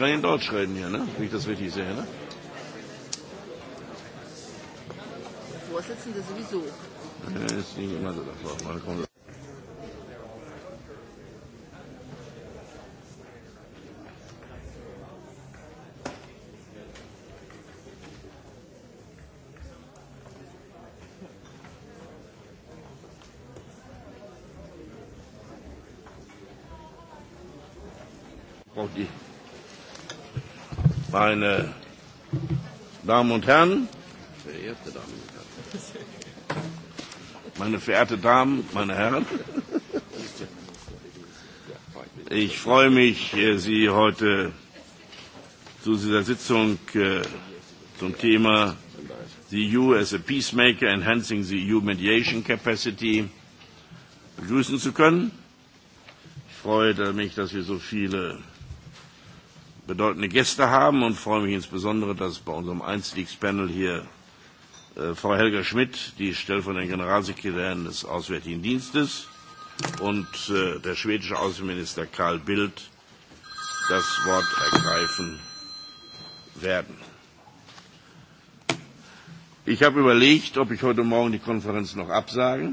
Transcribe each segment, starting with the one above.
kann in Deutsch reden hier, ne? wie ich das richtig sehe. Ne? Vorsitzende sowieso. Ja, ist nicht immer so der Fall. meine Damen und Herren, verehrte Damen und Herren, meine verehrte Damen, meine Herren, ich freue mich, Sie heute zu dieser Sitzung zum Thema The EU as a Peacemaker, Enhancing the EU Mediation Capacity begrüßen zu können. Ich freue mich, dass wir so viele bedeutende Gäste haben und freue mich insbesondere, dass bei unserem Einstiegspanel hier Frau Helga Schmidt, die stellvertretende Generalsekretärin des Auswärtigen Dienstes, und der schwedische Außenminister Karl Bildt das Wort ergreifen werden. Ich habe überlegt, ob ich heute Morgen die Konferenz noch absage.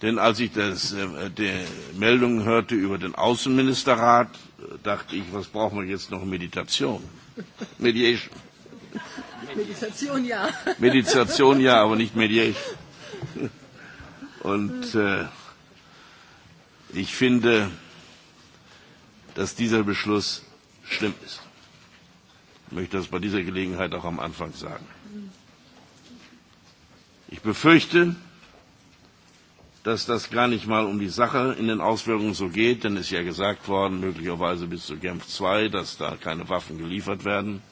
Denn als ich das, äh, die Meldung hörte über den Außenministerrat, dachte ich, was brauchen wir jetzt noch? Meditation. Mediation. Meditation ja. Meditation ja, aber nicht Mediation. Und äh, ich finde, dass dieser Beschluss schlimm ist. Ich möchte das bei dieser Gelegenheit auch am Anfang sagen. Ich befürchte, dass das gar nicht mal um die Sache in den Auswirkungen so geht, denn es ist ja gesagt worden, möglicherweise bis zu Genf II, dass da keine Waffen geliefert werden.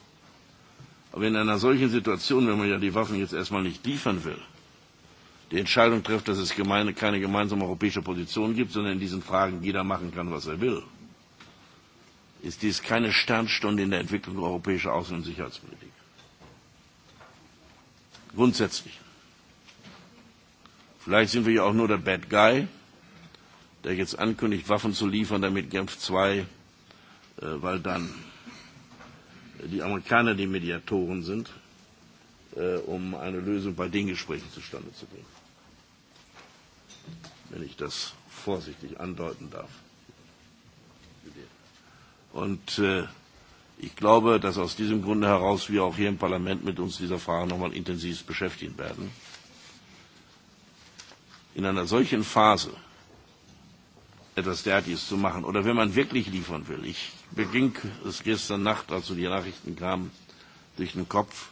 Aber in einer solchen Situation, wenn man ja die Waffen jetzt erstmal nicht liefern will, die Entscheidung trifft, dass es gemeine, keine gemeinsame europäische Position gibt, sondern in diesen Fragen jeder machen kann, was er will, ist dies keine Sternstunde in der Entwicklung europäischer Außen- und Sicherheitspolitik. Grundsätzlich. Vielleicht sind wir ja auch nur der Bad Guy, der jetzt ankündigt, Waffen zu liefern, damit Genf II, weil dann die Amerikaner die Mediatoren sind, um eine Lösung bei den Gesprächen zustande zu bringen. Wenn ich das vorsichtig andeuten darf. Und äh, ich glaube, dass aus diesem Grunde heraus wir auch hier im Parlament mit uns dieser Frage nochmal intensiv beschäftigen werden in einer solchen Phase etwas derartiges zu machen oder wenn man wirklich liefern will. Ich beging es gestern Nacht, als die Nachrichten kamen, durch den Kopf.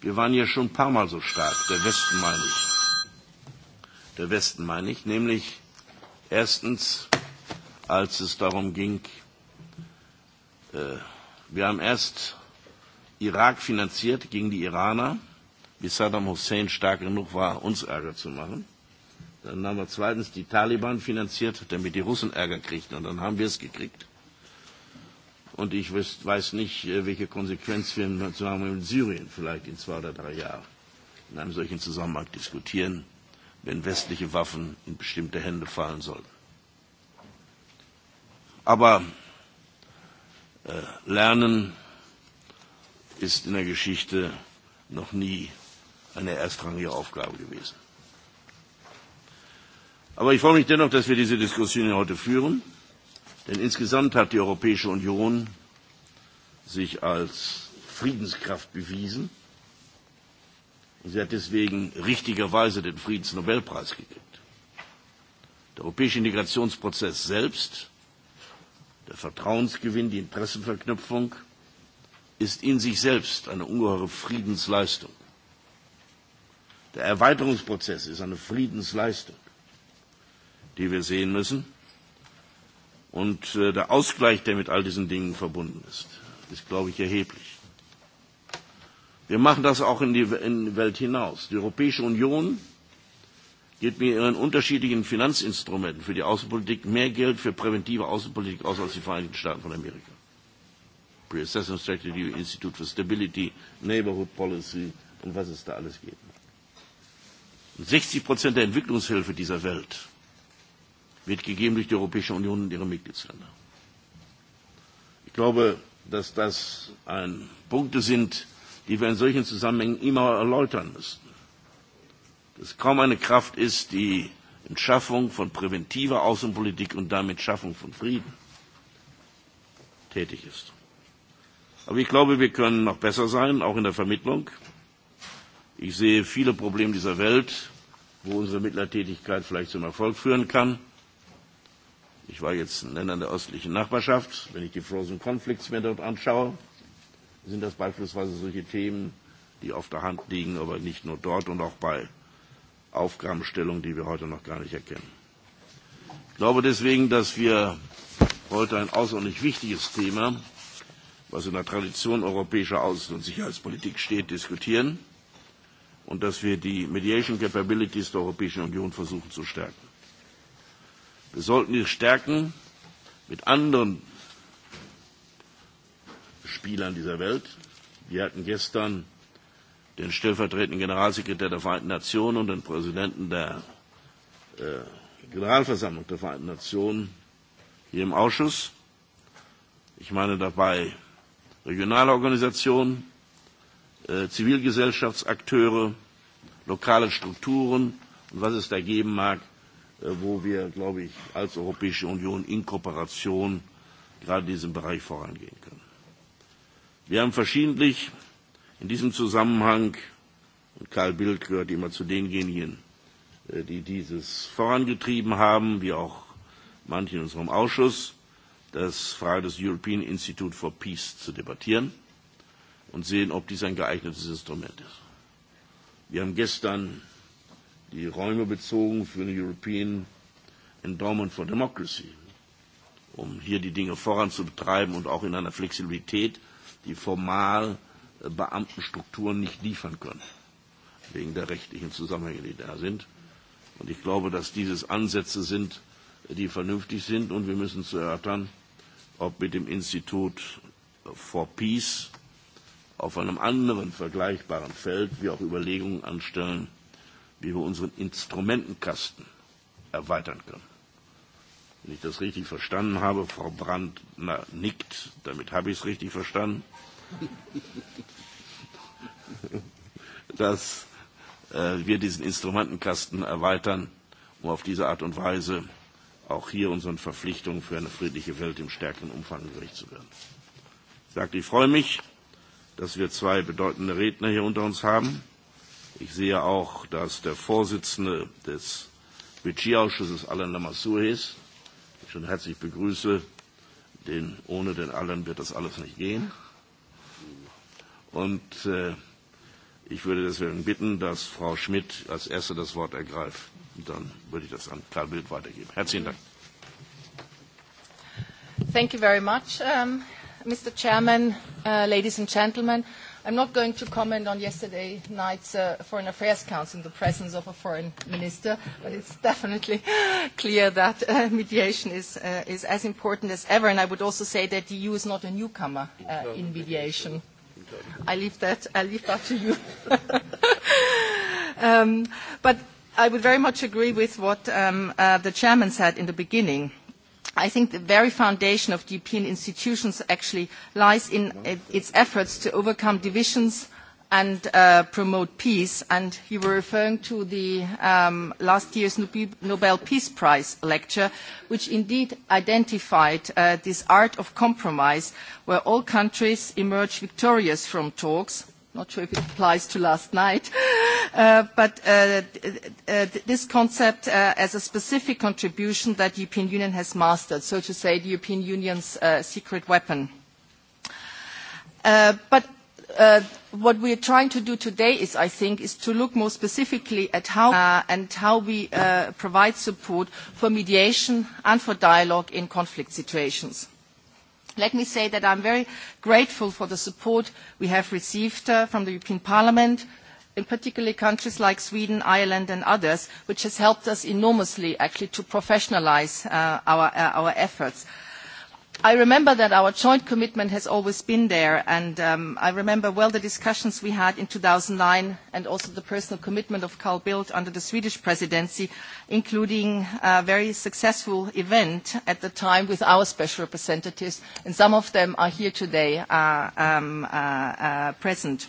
Wir waren ja schon ein paar Mal so stark, der Westen meine ich. Der Westen meine ich, nämlich erstens, als es darum ging, äh, wir haben erst Irak finanziert gegen die Iraner, bis Saddam Hussein stark genug war, uns Ärger zu machen. Dann haben wir zweitens die Taliban finanziert, damit die Russen Ärger kriegen, Und dann haben wir es gekriegt. Und ich weiß nicht, welche Konsequenz wir im mit Syrien vielleicht in zwei oder drei Jahren in einem solchen Zusammenhang diskutieren, wenn westliche Waffen in bestimmte Hände fallen sollten. Aber äh, Lernen ist in der Geschichte noch nie eine erstrangige Aufgabe gewesen. Aber ich freue mich dennoch, dass wir diese Diskussion heute führen, denn insgesamt hat die Europäische Union sich als Friedenskraft bewiesen. Und sie hat deswegen richtigerweise den Friedensnobelpreis gekriegt. Der europäische Integrationsprozess selbst, der Vertrauensgewinn, die Interessenverknüpfung, ist in sich selbst eine ungeheure Friedensleistung. Der Erweiterungsprozess ist eine Friedensleistung die wir sehen müssen und der Ausgleich, der mit all diesen Dingen verbunden ist, ist, glaube ich, erheblich. Wir machen das auch in die, Welt hinaus. Die Europäische Union geht mit ihren unterschiedlichen Finanzinstrumenten für die Außenpolitik mehr Geld für präventive Außenpolitik aus als die Vereinigten Staaten von Amerika. Pre-Assessment Strategy, Institute for Stability, Neighborhood Policy und was es da alles gibt. 60 Prozent der Entwicklungshilfe dieser Welt wird gegeben durch die Europäische Union und ihre Mitgliedsländer. Ich glaube, dass das ein Punkte sind, die wir in solchen Zusammenhängen immer erläutern müssen. Dass es kaum eine Kraft ist, die in Schaffung von präventiver Außenpolitik und damit Schaffung von Frieden tätig ist. Aber ich glaube, wir können noch besser sein, auch in der Vermittlung. Ich sehe viele Probleme dieser Welt, wo unsere Mittlertätigkeit vielleicht zum Erfolg führen kann. Ich war jetzt in Ländern der östlichen Nachbarschaft. Wenn ich die Frozen Conflicts mir dort anschaue, sind das beispielsweise solche Themen, die auf der Hand liegen, aber nicht nur dort und auch bei Aufgabenstellungen, die wir heute noch gar nicht erkennen. Ich glaube deswegen, dass wir heute ein außerordentlich wichtiges Thema, was in der Tradition europäischer Außen- und Sicherheitspolitik steht, diskutieren und dass wir die Mediation Capabilities der Europäischen Union versuchen zu stärken. Wir sollten die stärken mit anderen Spielern dieser Welt. Wir hatten gestern den stellvertretenden Generalsekretär der Vereinten Nationen und den Präsidenten der Generalversammlung der Vereinten Nationen hier im Ausschuss. Ich meine dabei regionale Organisationen, Zivilgesellschaftsakteure, lokale Strukturen und was es da geben mag wo wir, glaube ich, als Europäische Union in Kooperation gerade in diesem Bereich vorangehen können. Wir haben verschiedentlich in diesem Zusammenhang, und Karl Bild gehört immer zu denjenigen, die dieses vorangetrieben haben, wie auch manche in unserem Ausschuss, das Frage des European Institute for Peace zu debattieren und sehen, ob dies ein geeignetes Instrument ist. Wir haben gestern die Räume bezogen für den European Endowment for Democracy, um hier die Dinge voranzutreiben und auch in einer Flexibilität, die formal Beamtenstrukturen nicht liefern können, wegen der rechtlichen Zusammenhänge, die da sind. Und ich glaube, dass dieses Ansätze sind, die vernünftig sind. Und wir müssen zu erörtern, ob mit dem Institut for Peace auf einem anderen vergleichbaren Feld wir auch Überlegungen anstellen, wie wir unseren Instrumentenkasten erweitern können. Wenn ich das richtig verstanden habe, Frau Brandt na, nickt, damit habe ich es richtig verstanden, dass äh, wir diesen Instrumentenkasten erweitern, um auf diese Art und Weise auch hier unseren Verpflichtungen für eine friedliche Welt im stärkeren Umfang gerecht zu werden. Ich sage, ich freue mich, dass wir zwei bedeutende Redner hier unter uns haben Ich sehe auch, dass der Vorsitzende des Budgetausschusses Alain Lamassoure ist. Ich schon herzlich begrüße, denn ohne den Alain wird das alles nicht gehen. Und äh, ich würde deswegen bitten, dass Frau Schmidt als Erste das Wort ergreift. Dann würde ich das an Karl Bild weitergeben. Herzlichen Dank. Thank you very much, um, Mr. Chairman, uh, ladies and gentlemen. I'm not going to comment on yesterday night's uh, Foreign Affairs Council in the presence of a foreign minister, but it's definitely clear that uh, mediation is, uh, is as important as ever. And I would also say that the EU is not a newcomer uh, in mediation. I leave that, I leave that to you. um, but I would very much agree with what um, uh, the chairman said in the beginning I think the very foundation of European institutions actually lies in its efforts to overcome divisions and promote peace. And you were referring to the last year's Nobel Peace Prize lecture, which indeed identified this art of compromise, where all countries emerge victorious from talks not sure if it applies to last night, but this concept as a specific contribution that the European Union has mastered, so to say, the European Union's secret weapon. But what we are trying to do today is, I think, is to look more specifically at how and how we provide support for mediation and for dialogue in conflict situations Let me say that I'm very grateful for the support we have received from the European Parliament, in particular countries like Sweden, Ireland and others, which has helped us enormously actually to professionalise our efforts. I remember that our joint commitment has always been there, and I remember well the discussions we had in two thousand nine and also the personal commitment of Carl Bildt under the Swedish presidency, including a very successful event at the time with our special representatives, and some of them are here today present.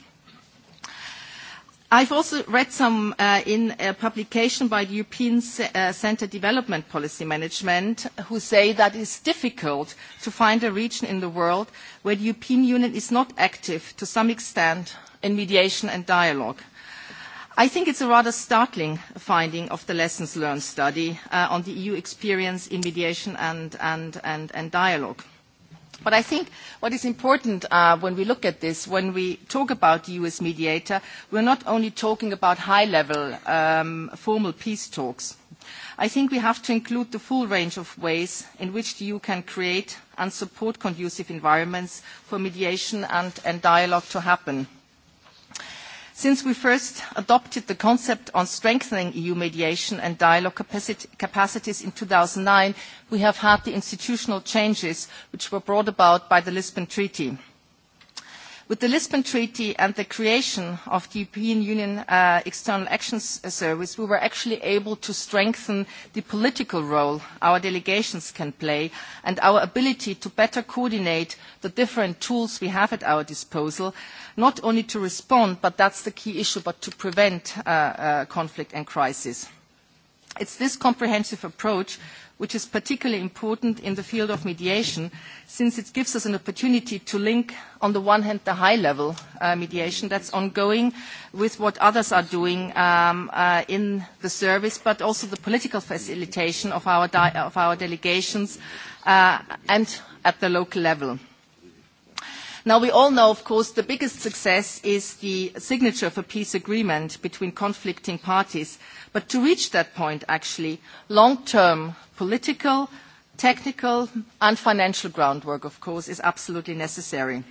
I've also read some uh, in a publication by the European C- uh, Centre Development Policy Management who say that it's difficult to find a region in the world where the European Union is not active to some extent in mediation and dialogue. I think it's a rather startling finding of the lessons learned study uh, on the EU experience in mediation and, and, and, and dialogue. But I think what is important uh, when we look at this, when we talk about the US mediator, we're not only talking about high-level um, formal peace talks. I think we have to include the full range of ways in which the EU can create and support conducive environments for mediation and, and dialogue to happen Since we first adopted the concept on strengthening EU mediation and dialogue capacities in two thousand nine, we have had the institutional changes which were brought about by the Lisbon Treaty. With the Lisbon Treaty and the creation of the European Union uh, External Action Service, we were actually able to strengthen the political role our delegations can play and our ability to better coordinate the different tools we have at our disposal, not only to respond, but that's the key issue, but to prevent uh, uh, conflict and crisis. It's this comprehensive approach which is particularly important in the field of mediation, since it gives us an opportunity to link, on the one hand, the high-level mediation that's ongoing with what others are doing in the service, but also the political facilitation of our delegations and at the local level. Now, we all know, of course, the biggest success is the signature of a peace agreement between conflicting parties. But to reach that point, actually, long-term political, technical, and financial groundwork, of course, is absolutely necessary.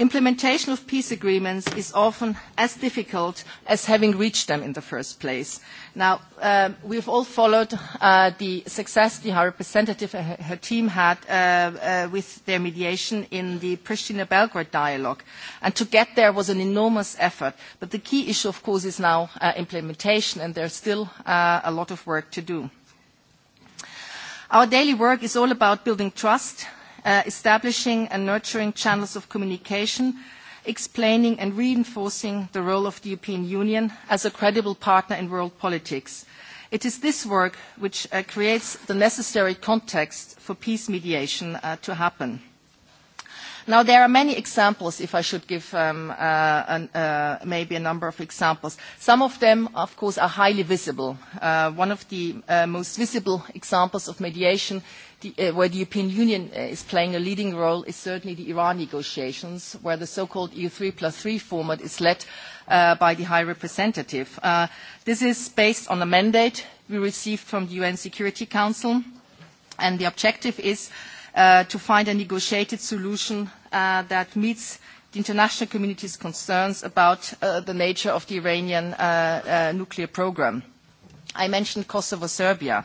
Implementation of peace agreements is often as difficult as having reached them in the first place. Now, uh, we've all followed uh, the success the High Representative and her, her team had uh, uh, with their mediation in the Pristina-Belgrade dialogue. And to get there was an enormous effort. But the key issue, of course, is now uh, implementation, and there's still uh, a lot of work to do. Our daily work is all about building trust establishing and nurturing channels of communication, explaining and reinforcing the role of the European Union as a credible partner in world politics. It is this work which creates the necessary context for peace mediation to happen. Now, there are many examples, if I should give maybe a number of examples. Some of them, of course, are highly visible. One of the most visible examples of mediation where the European Union is playing a leading role is certainly the Iran negotiations, where the so-called EU3 plus 3 format is led by the High Representative. This is based on a mandate we received from the UN Security Council, and the objective is to find a negotiated solution that meets the international community's concerns about the nature of the Iranian nuclear program. I mentioned Kosovo-Serbia.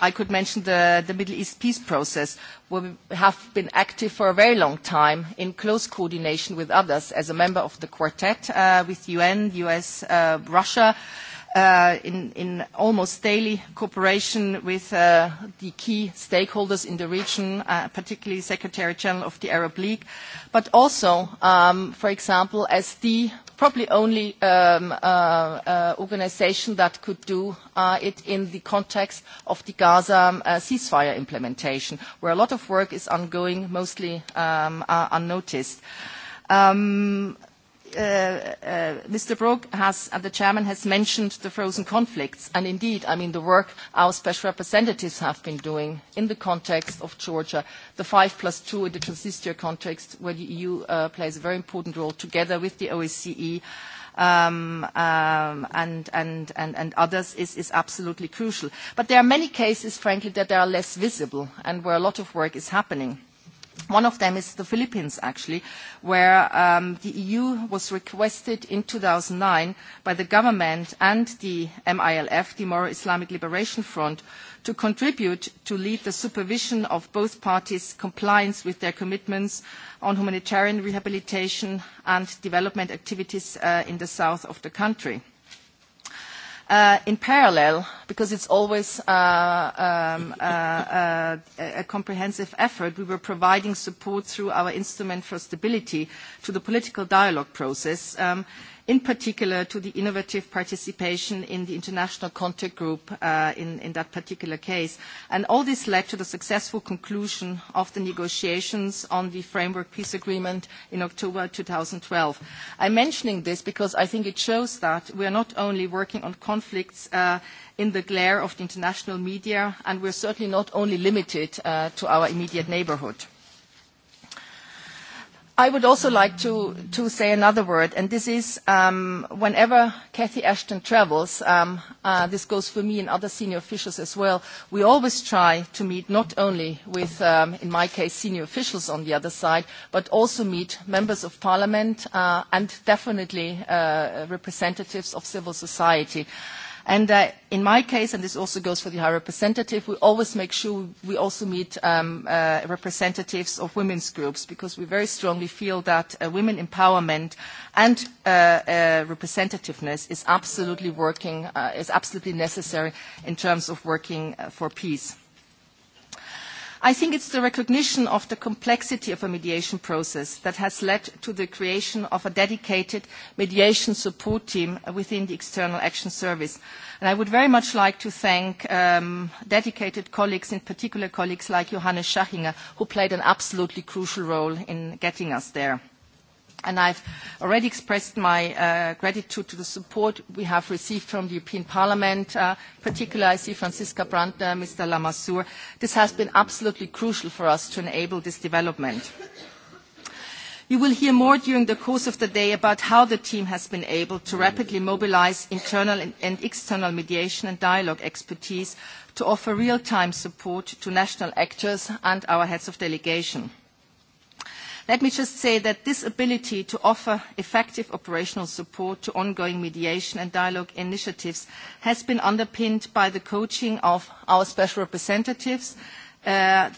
I could mention the, the Middle East peace process, where we have been active for a very long time in close coordination with others as a member of the quartet uh, with UN, US, uh, Russia, uh, in, in almost daily cooperation with uh, the key stakeholders in the region, uh, particularly Secretary General of the Arab League, but also, um, for example, as the probably only um, uh, organization that could do uh, it in the context of the Gaza uh, ceasefire implementation, where a lot of work is ongoing, mostly um, uh, unnoticed. Um, Mr. Brok has, and the chairman has mentioned the frozen conflicts, and indeed, I mean, the work our special representatives have been doing in the context of Georgia, the five plus two in the transnistria context, where the EU plays a very important role together with the OSCE and others is absolutely crucial. But there are many cases, frankly, that are less visible and where a lot of work is happening. One of them is the Philippines, actually, where um, the EU was requested in 2009 by the government and the MILF, the Moro Islamic Liberation Front, to contribute to lead the supervision of both parties' compliance with their commitments on humanitarian rehabilitation and development activities uh, in the south of the country in parallel, because it's always uh, um, uh, a comprehensive effort, we were providing support through our instrument for stability to the political dialogue process. Um, in particular to the innovative participation in the international contact group in that particular case. All this led to the successful conclusion of the negotiations on the framework peace agreement in October 2012. I'm mentioning this because I think it shows that we are not only working on conflicts in the glare of the international media, and we're certainly not only limited to our immediate neighborhood. I would also like to, to say another word, and this is um, whenever Cathy Ashton travels, um, uh, this goes for me and other senior officials as well, we always try to meet not only with, um, in my case, senior officials on the other side, but also meet members of parliament uh, and definitely uh, representatives of civil society. And uh, in my case, and this also goes for the High Representative, we always make sure we also meet um, uh, representatives of women's groups because we very strongly feel that uh, women empowerment and uh, uh, representativeness is absolutely working, uh, is absolutely necessary in terms of working uh, for peace. I think it's the recognition of the complexity of a mediation process that has led to the creation of a dedicated mediation support team within the External Action Service. And I would very much like to thank um, dedicated colleagues, in particular colleagues like Johannes Schachinger, who played an absolutely crucial role in getting us there and I've already expressed my gratitude to the support we have received from the European Parliament, particularly I see Franziska Brandner, Mr. Lamassoure. This has been absolutely crucial for us to enable this development. You will hear more during the course of the day about how the team has been able to rapidly mobilise internal and external mediation and dialogue expertise to offer real-time support to national actors and our heads of delegation. Let me just say that this ability to offer effective operational support to ongoing mediation and dialogue initiatives has been underpinned by the coaching of our special representatives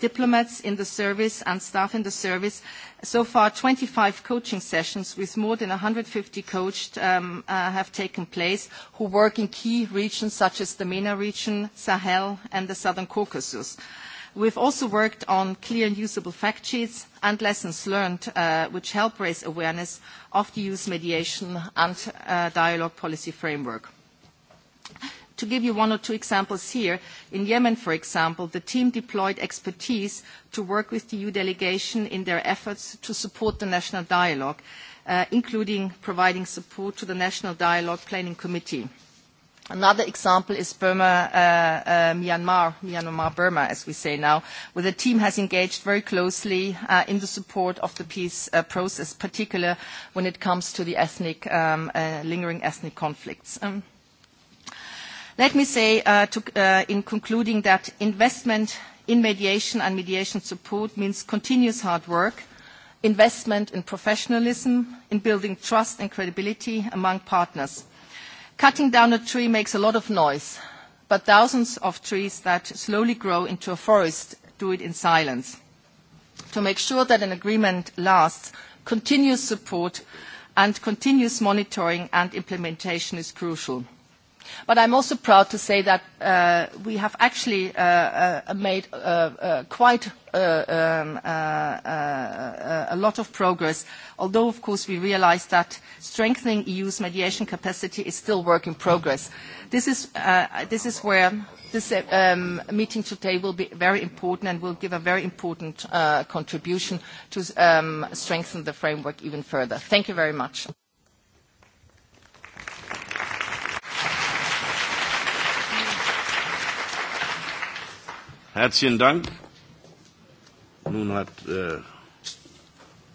diplomats in the service and staff in the service. So far, 25 coaching sessions with more than 150 coached have taken place who work in key regions such as the MENA region, Sahel, and the Southern Caucasus. We've also worked on clear and usable fact sheets and lessons learned, which help raise awareness of the use mediation and dialogue policy framework. To give you one or two examples here, in Yemen, for example, the team deployed expertise to work with the EU delegation in their efforts to support the national dialogue, including providing support to the National Dialogue Planning Committee. Another example is Burma, uh, uh, Myanmar, Myanmar, Burma, as we say now, where the team has engaged very closely uh, in the support of the peace uh, process, particularly when it comes to the ethnic, um, uh, lingering ethnic conflicts. Um, let me say uh, to, uh, in concluding that investment in mediation and mediation support means continuous hard work, investment in professionalism, in building trust and credibility among partners Cutting down a tree makes a lot of noise, but thousands of trees that slowly grow into a forest do it in silence. To make sure that an agreement lasts, continuous support and continuous monitoring and implementation is crucial. But I'm also proud to say that we have actually made quite a lot of progress, although, of course, we realize that strengthening EU's mediation capacity is still work in progress. This is, where this meeting today will be very important and will give a very important contribution to strengthen the framework even further. Thank you very much. Herzlichen Dank. Nun hat äh,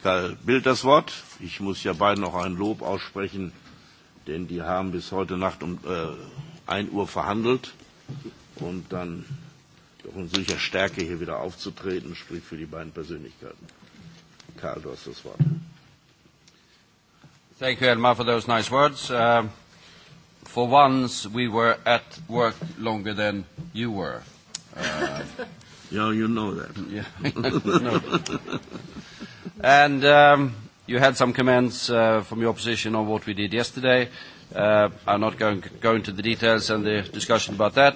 Karl Bild das Wort. Ich muss ja beiden noch ein Lob aussprechen, denn die haben bis heute Nacht um äh, 1 Uhr verhandelt und dann doch in solcher Stärke hier wieder aufzutreten, spricht für die beiden Persönlichkeiten. Karl, du hast das Wort. Thank you, Elmar, for those nice words. Uh, for once, we were at work longer than you were. Uh, yeah, you know that. Yeah. And um, you had some comments uh, from your opposition on what we did yesterday. Uh, I'm not going to go into the details and the discussion about that.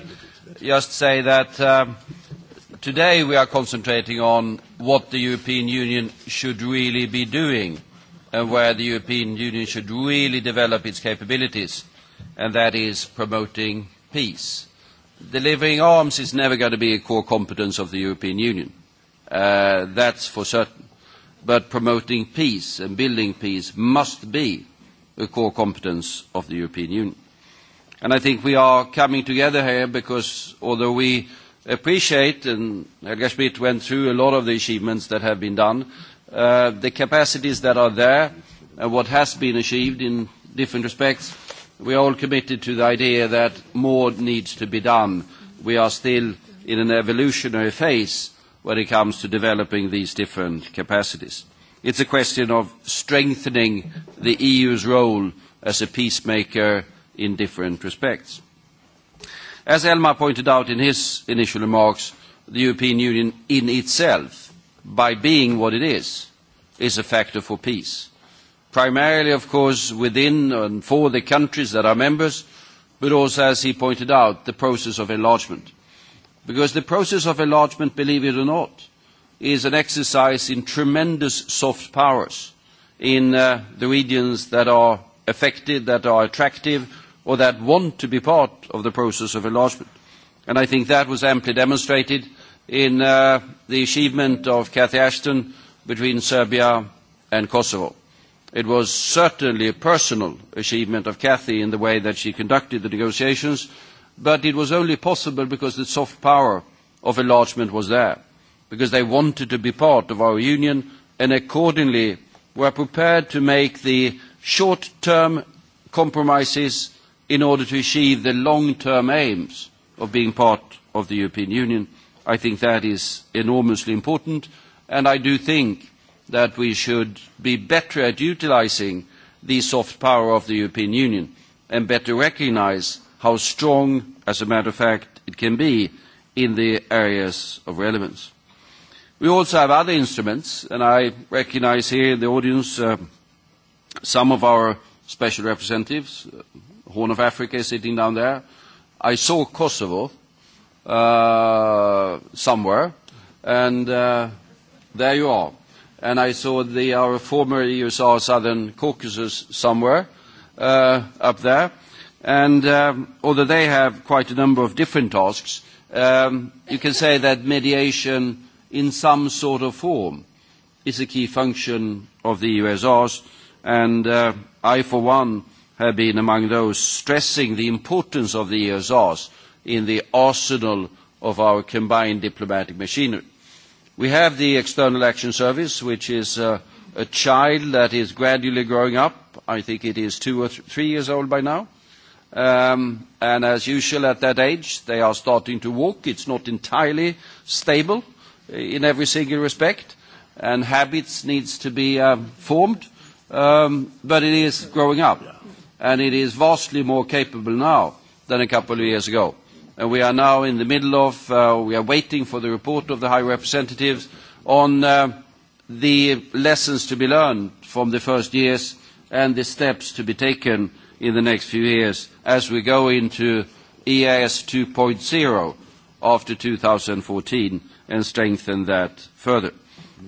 Just say that um, today we are concentrating on what the European Union should really be doing and where the European Union should really develop its capabilities, and that is promoting peace delivering arms is never going to be a core competence of the European Union. Uh, that's for certain. But promoting peace and building peace must be a core competence of the European Union. And I think we are coming together here because although we appreciate, and Helga Schmidt went through a lot of the achievements that have been done, uh, the capacities that are there and what has been achieved in different respects, We are all committed to the idea that more needs to be done. We are still in an evolutionary phase when it comes to developing these different capacities. It's a question of strengthening the EU's role as a peacemaker in different respects. As Elmar pointed out in his initial remarks, the European Union in itself, by being what it is, is a factor for peace primarily, of course, within and for the countries that are members, but also, as he pointed out, the process of enlargement. Because the process of enlargement, believe it or not, is an exercise in tremendous soft powers in uh, the regions that are affected, that are attractive, or that want to be part of the process of enlargement. And I think that was amply demonstrated in uh, the achievement of Cathy Ashton between Serbia and Kosovo. It was certainly a personal achievement of Cathy in the way that she conducted the negotiations, but it was only possible because the soft power of enlargement was there, because they wanted to be part of our union and accordingly were prepared to make the short-term compromises in order to achieve the long-term aims of being part of the European Union. I think that is enormously important, and I do think that we should be better at utilising the soft power of the European Union and better recognise how strong, as a matter of fact, it can be in the areas of relevance. We also have other instruments, and I recognise here in the audience some of our special representatives. Horn of Africa is sitting down there. I saw Kosovo somewhere, and there you are and I saw the, our former USR Southern Caucasus somewhere uh, up there. And um, although they have quite a number of different tasks, um, you can say that mediation in some sort of form is a key function of the USRs, and uh, I, for one, have been among those stressing the importance of the USRs in the arsenal of our combined diplomatic machinery. We have the External Action Service, which is a child that is gradually growing up. I think it is two or three years old by now. And as usual, at that age, they are starting to walk. It's not entirely stable in every single respect, and habits needs to be formed, but it is growing up, and it is vastly more capable now than a couple of years ago. We are now in the middle of, we are waiting for the report of the High Representative on the lessons to be learned from the first years and the steps to be taken in the next few years as we go into EAS 2.0 after 2014 and strengthen that further.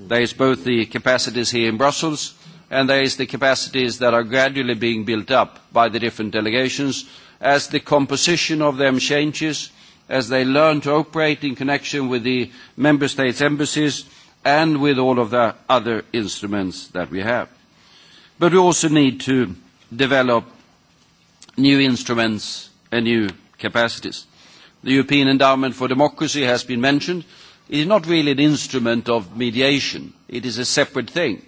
There is both the capacities here in Brussels, and there is the capacities that are gradually being built up by the different delegations, as the composition of them changes, as they learn to operate in connection with the member states' embassies and with all of the other instruments that we have. But we also need to develop new instruments and new capacities. The European Endowment for Democracy has been mentioned. It is not really an instrument of mediation. It is a separate thing.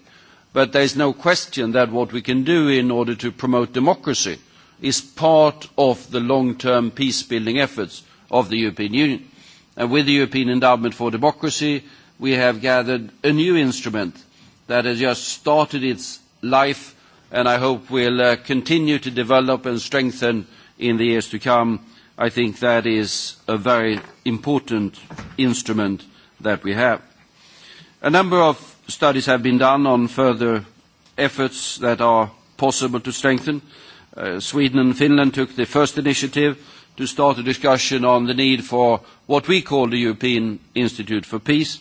But there is no question that what we can do in order to promote democracy – is part of the long-term peace-building efforts of the European Union. And with the European Endowment for Democracy, we have gathered a new instrument that has just started its life and I hope will uh, continue to develop and strengthen in the years to come. I think that is a very important instrument that we have. A number of studies have been done on further efforts that are possible to strengthen. Sweden and Finland took the first initiative to start a discussion on the need for what we call the European Institute for Peace.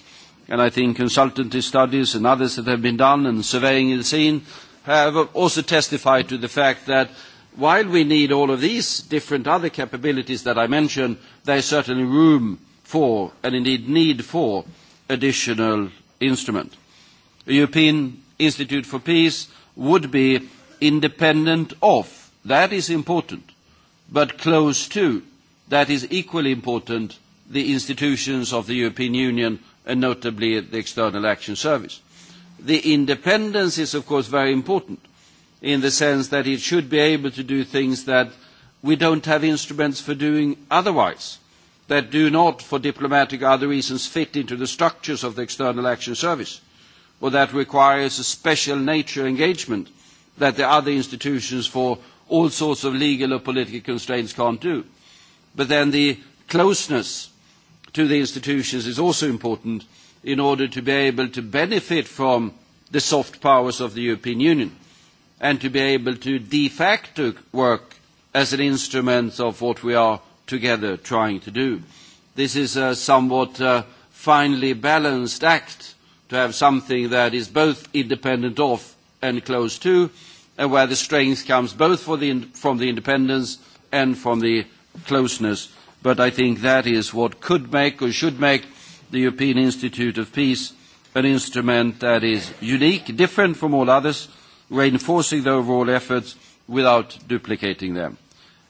And I think consultancy studies and others that have been done and surveying the scene have also testified to the fact that while we need all of these different other capabilities that I mentioned, there is certainly room for and indeed need for additional instrument. A European Institute for Peace would be independent of That is important. But close to, that is equally important, the institutions of the European Union and notably the External Action Service. The independence is of course very important in the sense that it should be able to do things that we don't have instruments for doing otherwise, that do not, for diplomatic or other reasons, fit into the structures of the External Action Service, or that requires a special nature engagement that the other institutions for all sorts of legal or political constraints can't do. But then the closeness to the institutions is also important in order to be able to benefit from the soft powers of the European Union and to be able to de facto work as an instrument of what we are together trying to do. This is a somewhat uh, finely balanced act to have something that is both independent of and close to, and where the strength comes both for the, from the independence and from the closeness. But I think that is what could make or should make the European Institute of Peace an instrument that is unique, different from all others, reinforcing the overall efforts without duplicating them.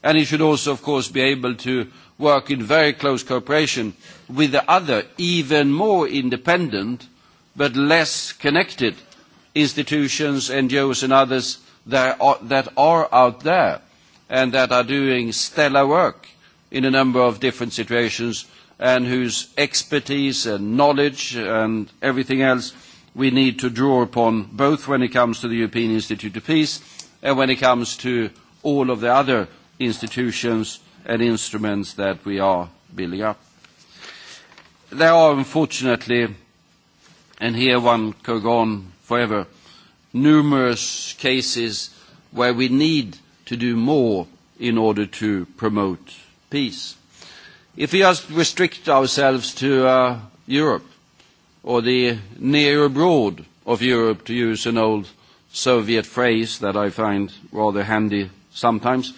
And it should also, of course, be able to work in very close cooperation with the other, even more independent but less connected institutions, NGOs and others there are, that are out there and that are doing stellar work in a number of different situations and whose expertise and knowledge and everything else we need to draw upon, both when it comes to the European Institute of Peace and when it comes to all of the other institutions and instruments that we are building up. There are unfortunately, and here one could go on forever, numerous cases where we need to do more in order to promote peace. If we just restrict ourselves to uh, Europe or the near abroad of Europe, to use an old Soviet phrase that I find rather handy sometimes,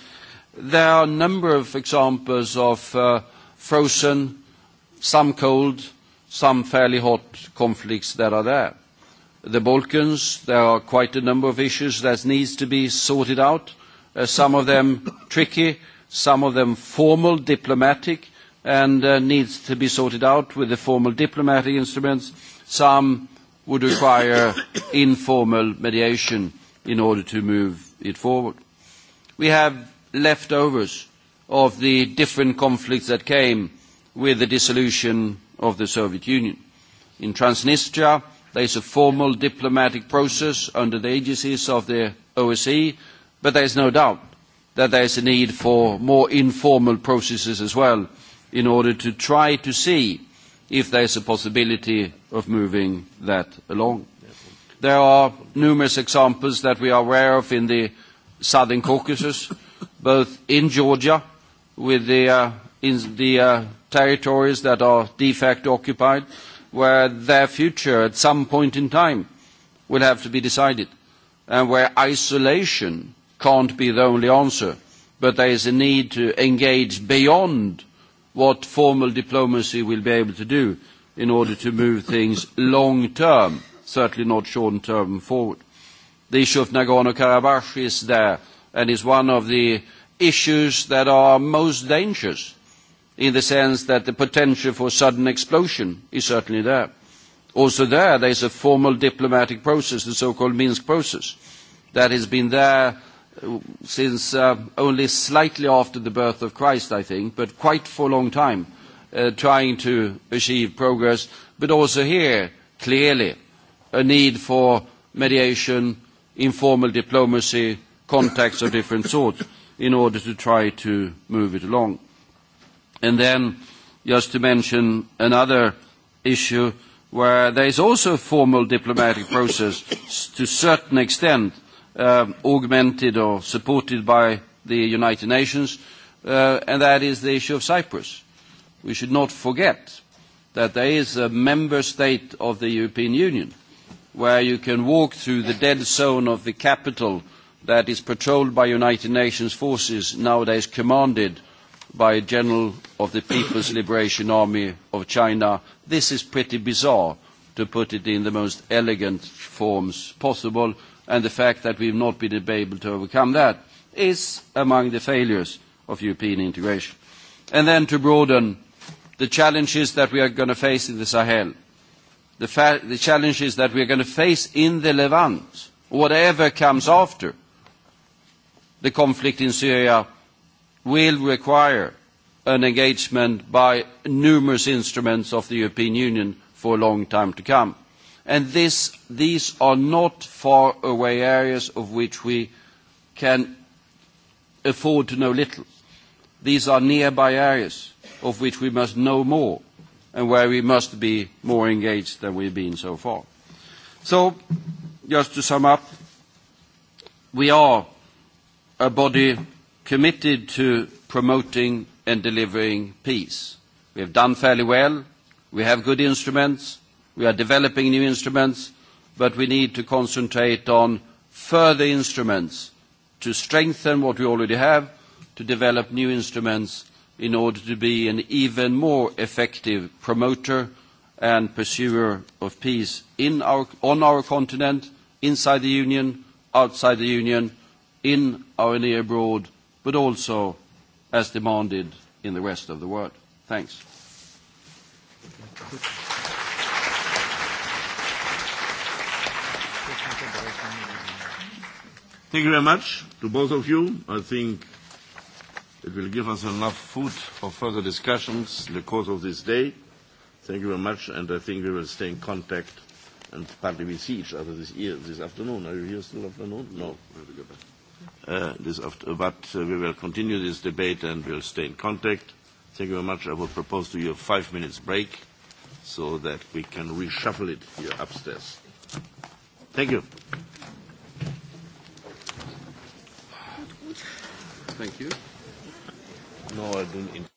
there are a number of examples of uh, frozen, some cold, some fairly hot conflicts that are there the Balkans. There are quite a number of issues that needs to be sorted out, some of them tricky, some of them formal, diplomatic, and needs to be sorted out with the formal diplomatic instruments. Some would require informal mediation in order to move it forward. We have leftovers of the different conflicts that came with the dissolution of the Soviet Union. In Transnistria, There is a formal diplomatic process under the agencies of the OSCE, but there is no doubt that there is a need for more informal processes as well in order to try to see if there is a possibility of moving that along. There are numerous examples that we are aware of in the southern Caucasus, both in Georgia with the, uh, in the uh, territories that are de facto occupied, where their future at some point in time will have to be decided and where isolation can't be the only answer, but there is a need to engage beyond what formal diplomacy will be able to do in order to move things long term, certainly not short term forward. The issue of Nagorno-Karabakh is there and is one of the issues that are most dangerous in the sense that the potential for sudden explosion is certainly there. Also there, there is a formal diplomatic process, the so-called Minsk process, that has been there since uh, only slightly after the birth of Christ, I think, but quite for a long time, uh, trying to achieve progress. But also here, clearly, a need for mediation, informal diplomacy, contacts of different sorts, in order to try to move it along. And then, just to mention another issue where there is also a formal diplomatic process to a certain extent uh, augmented or supported by the United Nations, uh, and that is the issue of Cyprus. We should not forget that there is a member state of the European Union where you can walk through the dead zone of the capital that is patrolled by United Nations forces, nowadays commanded by a general of the People's Liberation Army of China. This is pretty bizarre, to put it in the most elegant forms possible, and the fact that we have not been able to overcome that is among the failures of European integration. And then to broaden the challenges that we are going to face in the Sahel, the, fa- the challenges that we are going to face in the Levant, whatever comes after the conflict in Syria will require an engagement by numerous instruments of the European Union for a long time to come. And these are not far away areas of which we can afford to know little. These are nearby areas of which we must know more and where we must be more engaged than we've been so far. So, just to sum up, we are a body committed to promoting and delivering peace. We have done fairly well. We have good instruments. We are developing new instruments, but we need to concentrate on further instruments to strengthen what we already have, to develop new instruments in order to be an even more effective promoter and pursuer of peace in our, on our continent, inside the Union, outside the Union, in our near abroad, but also as demanded in the rest of the world. Thanks. Thank you very much to both of you. I think it will give us enough food for further discussions in the course of this day. Thank you very much, and I think we will stay in contact, and partly we see each other this, this afternoon. Are you here still afternoon? No. We have to go back. Uh, this after, but uh, we will continue this debate and we'll stay in contact. Thank you very much. I will propose to you a five minutes break so that we can reshuffle it here upstairs. Thank you. Thank you. No, I don't.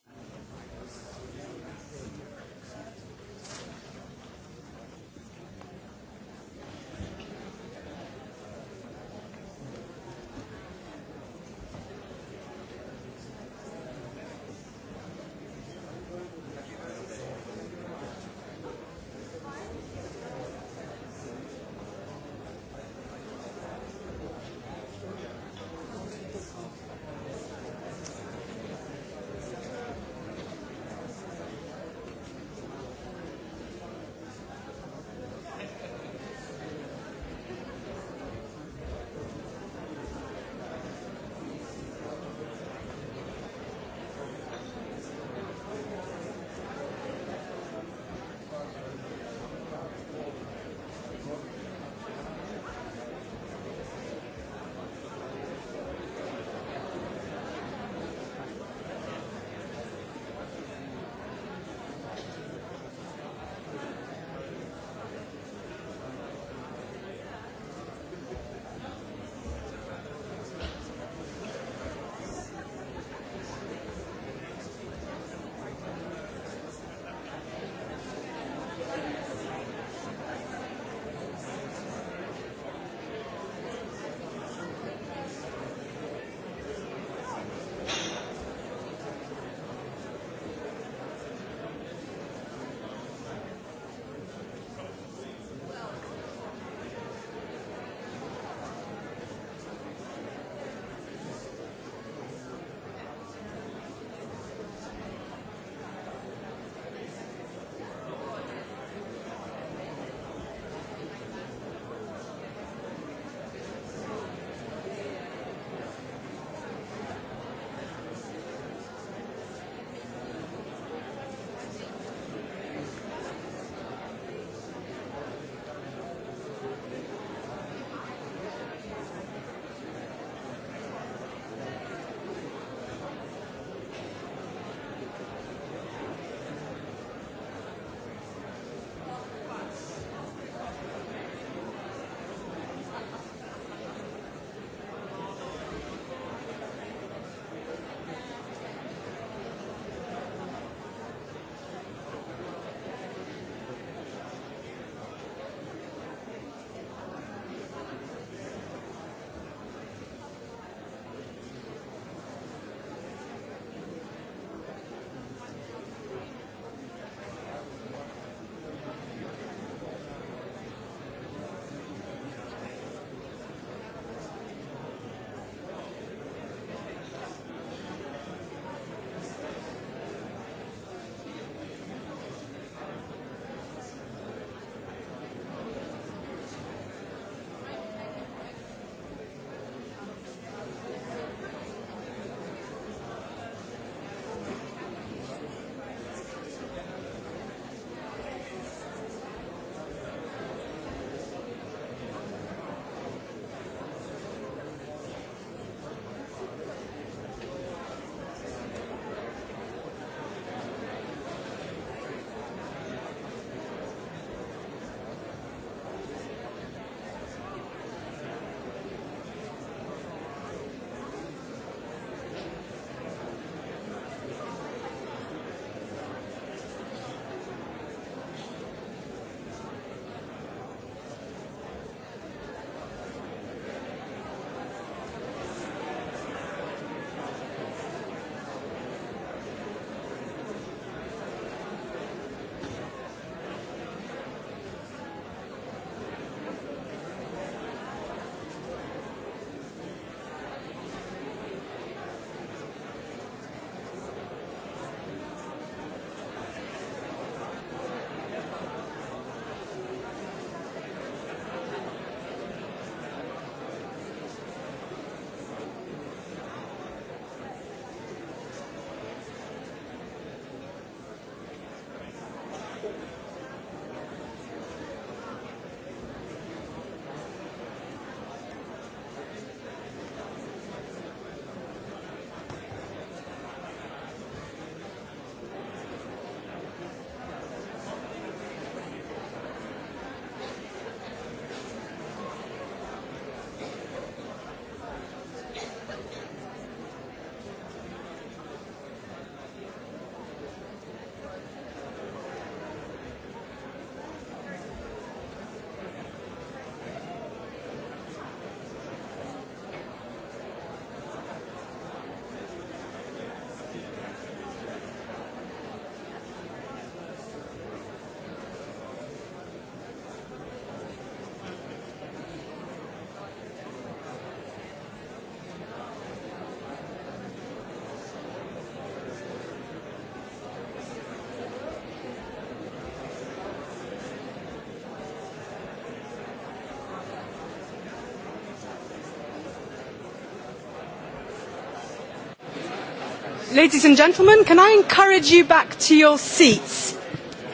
Ladies and gentlemen, can I encourage you back to your seats,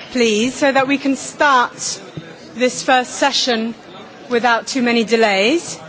please, so that we can start this first session without too many delays?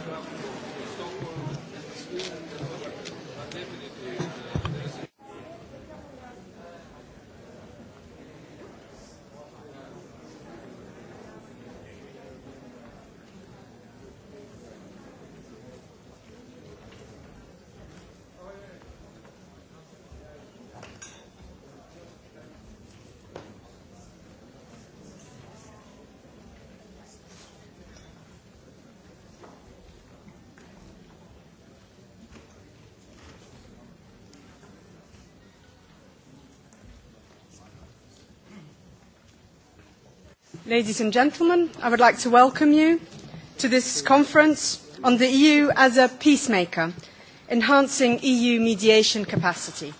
ladies and gentlemen, I would like to welcome you to this conference on the EU as a peacemaker, enhancing EU mediation capacity.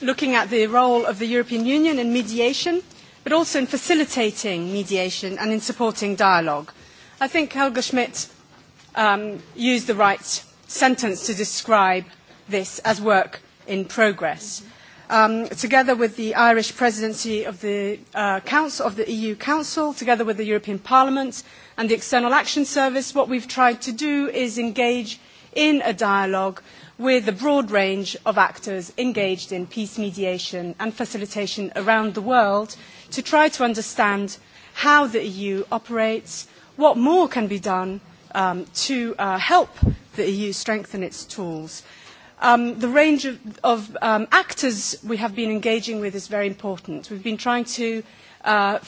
Looking at the role of the European Union in mediation, but also in facilitating mediation and in supporting dialogue. I think Helga Schmidt um, used the right sentence to describe this as work in progress. Mm-hmm um, together with the Irish presidency of the, uh, Council, of the EU Council, together with the European Parliament and the External Action Service, what we've tried to do is engage in a dialogue with a broad range of actors engaged in peace mediation and facilitation around the world to try to understand how the EU operates, what more can be done to help the EU strengthen its tools the range of, of um, actors we have been engaging with is very important. We've been trying to uh,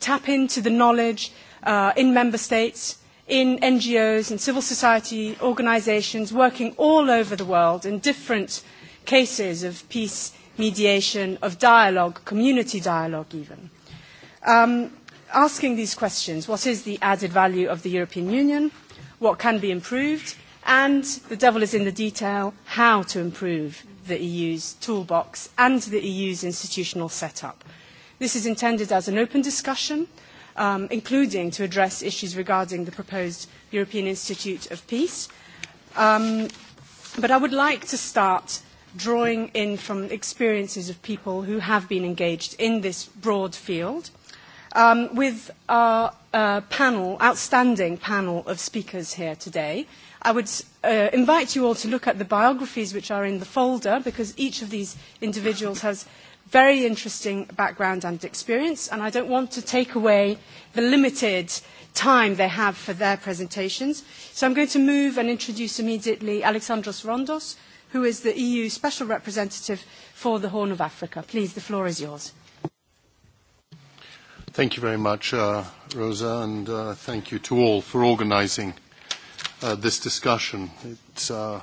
tap into the knowledge uh, in member states, in NGOs and civil society organisations working all over the world in different cases of peace, mediation, of dialogue, community dialogue even. Um, asking these questions, what is the added value of the European Union? What can be improved? And the devil is in the detail how to improve the EU's toolbox and the EU's institutional setup. This is intended as an open discussion, um, including to address issues regarding the proposed European Institute of Peace. Um, but I would like to start drawing in from experiences of people who have been engaged in this broad field um, with our uh, panel, outstanding panel of speakers here today I would uh, invite you all to look at the biographies which are in the folder because each of these individuals has very interesting background and experience and I don't want to take away the limited time they have for their presentations. So I'm going to move and introduce immediately Alexandros Rondos, who is the EU Special Representative for the Horn of Africa. Please, the floor is yours. Thank you very much, uh, Rosa, and uh, thank you to all for organising this discussion. It's uh,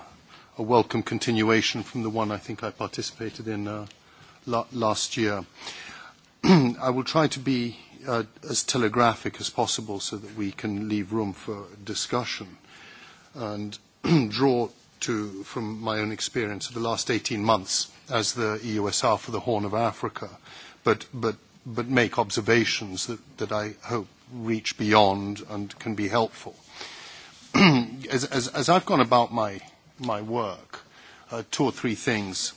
a welcome continuation from the one I think I participated in uh, la- last year. I will try to be uh, as telegraphic as possible so that we can leave room for discussion and draw to, from my own experience of the last 18 months as the EUSR for the Horn of Africa, but, but, but make observations that, that I hope reach beyond and can be helpful. Uh, as, as, as I've gone about my, my work, uh, two or three things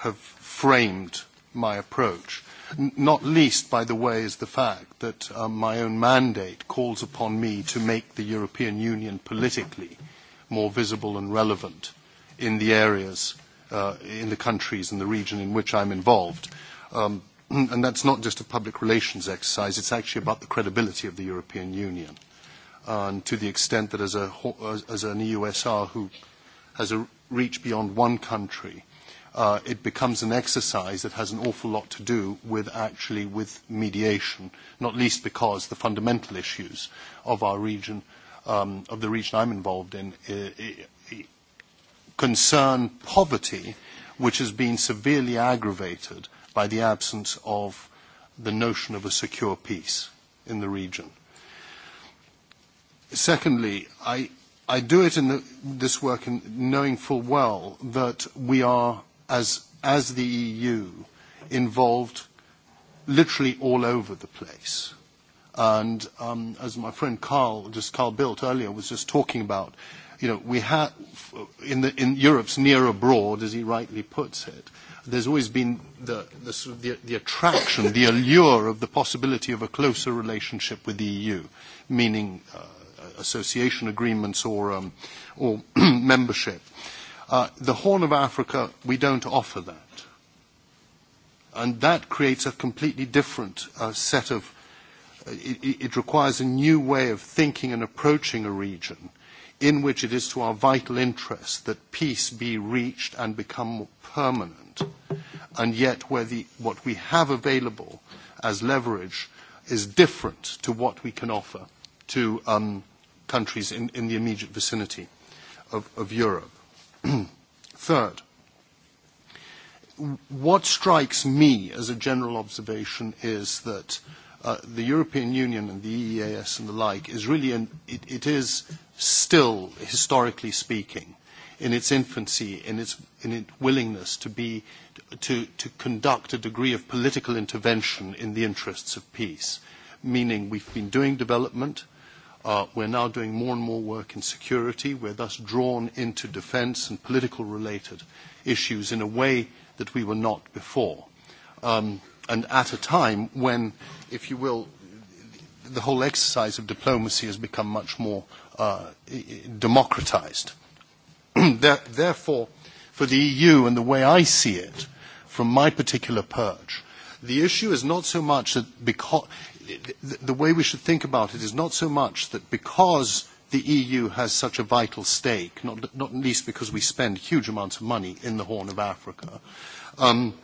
have framed my approach, not least, by the way, is the fact that uh, my own mandate calls upon me to make the European Union politically more visible and relevant in the areas, uh, in the countries and the region in which I'm involved. Um, and that's not just a public relations exercise, it's actually about the credibility of the European Union and to the extent that as, a, as an EUSR who has a reach beyond one country, uh, it becomes an exercise that has an awful lot to do with actually with mediation, not least because the fundamental issues of our region, um, of the region I'm involved in, uh, concern poverty, which has been severely aggravated by the absence of the notion of a secure peace in the region Secondly, I, I do it in the, this work in knowing full well that we are, as, as the EU, involved literally all over the place. And um, as my friend Carl, just Carl Bildt earlier, was just talking about, you know, we have in, the, in Europe's near abroad, as he rightly puts it, there's always been the, the, sort of the, the attraction, the allure of the possibility of a closer relationship with the EU, meaning uh, association agreements or, um, or membership. Uh, the Horn of Africa, we don't offer that. And that creates a completely different uh, set of, it, it requires a new way of thinking and approaching a region in which it is to our vital interest that peace be reached and become more permanent, and yet where the, what we have available as leverage is different to what we can offer to um, countries in, in the immediate vicinity of, of Europe. Third, what strikes me as a general observation is that uh, the European Union and the EEAS and the like is really, an, it, it is still, historically speaking, in its infancy, in its, in its willingness to, be, to, to conduct a degree of political intervention in the interests of peace. Meaning we've been doing development, We're now doing more and more work in security. We're thus drawn into defense and political-related issues in a way that we were not before. And at a time when, if you will, the whole exercise of diplomacy has become much more democratized. Therefore, for the EU and the way I see it, from my particular perch, the issue is not so much that because the way we should think about it is not so much that because the EU has such a vital stake, not, not least because we spend huge amounts of money in the Horn of Africa, um,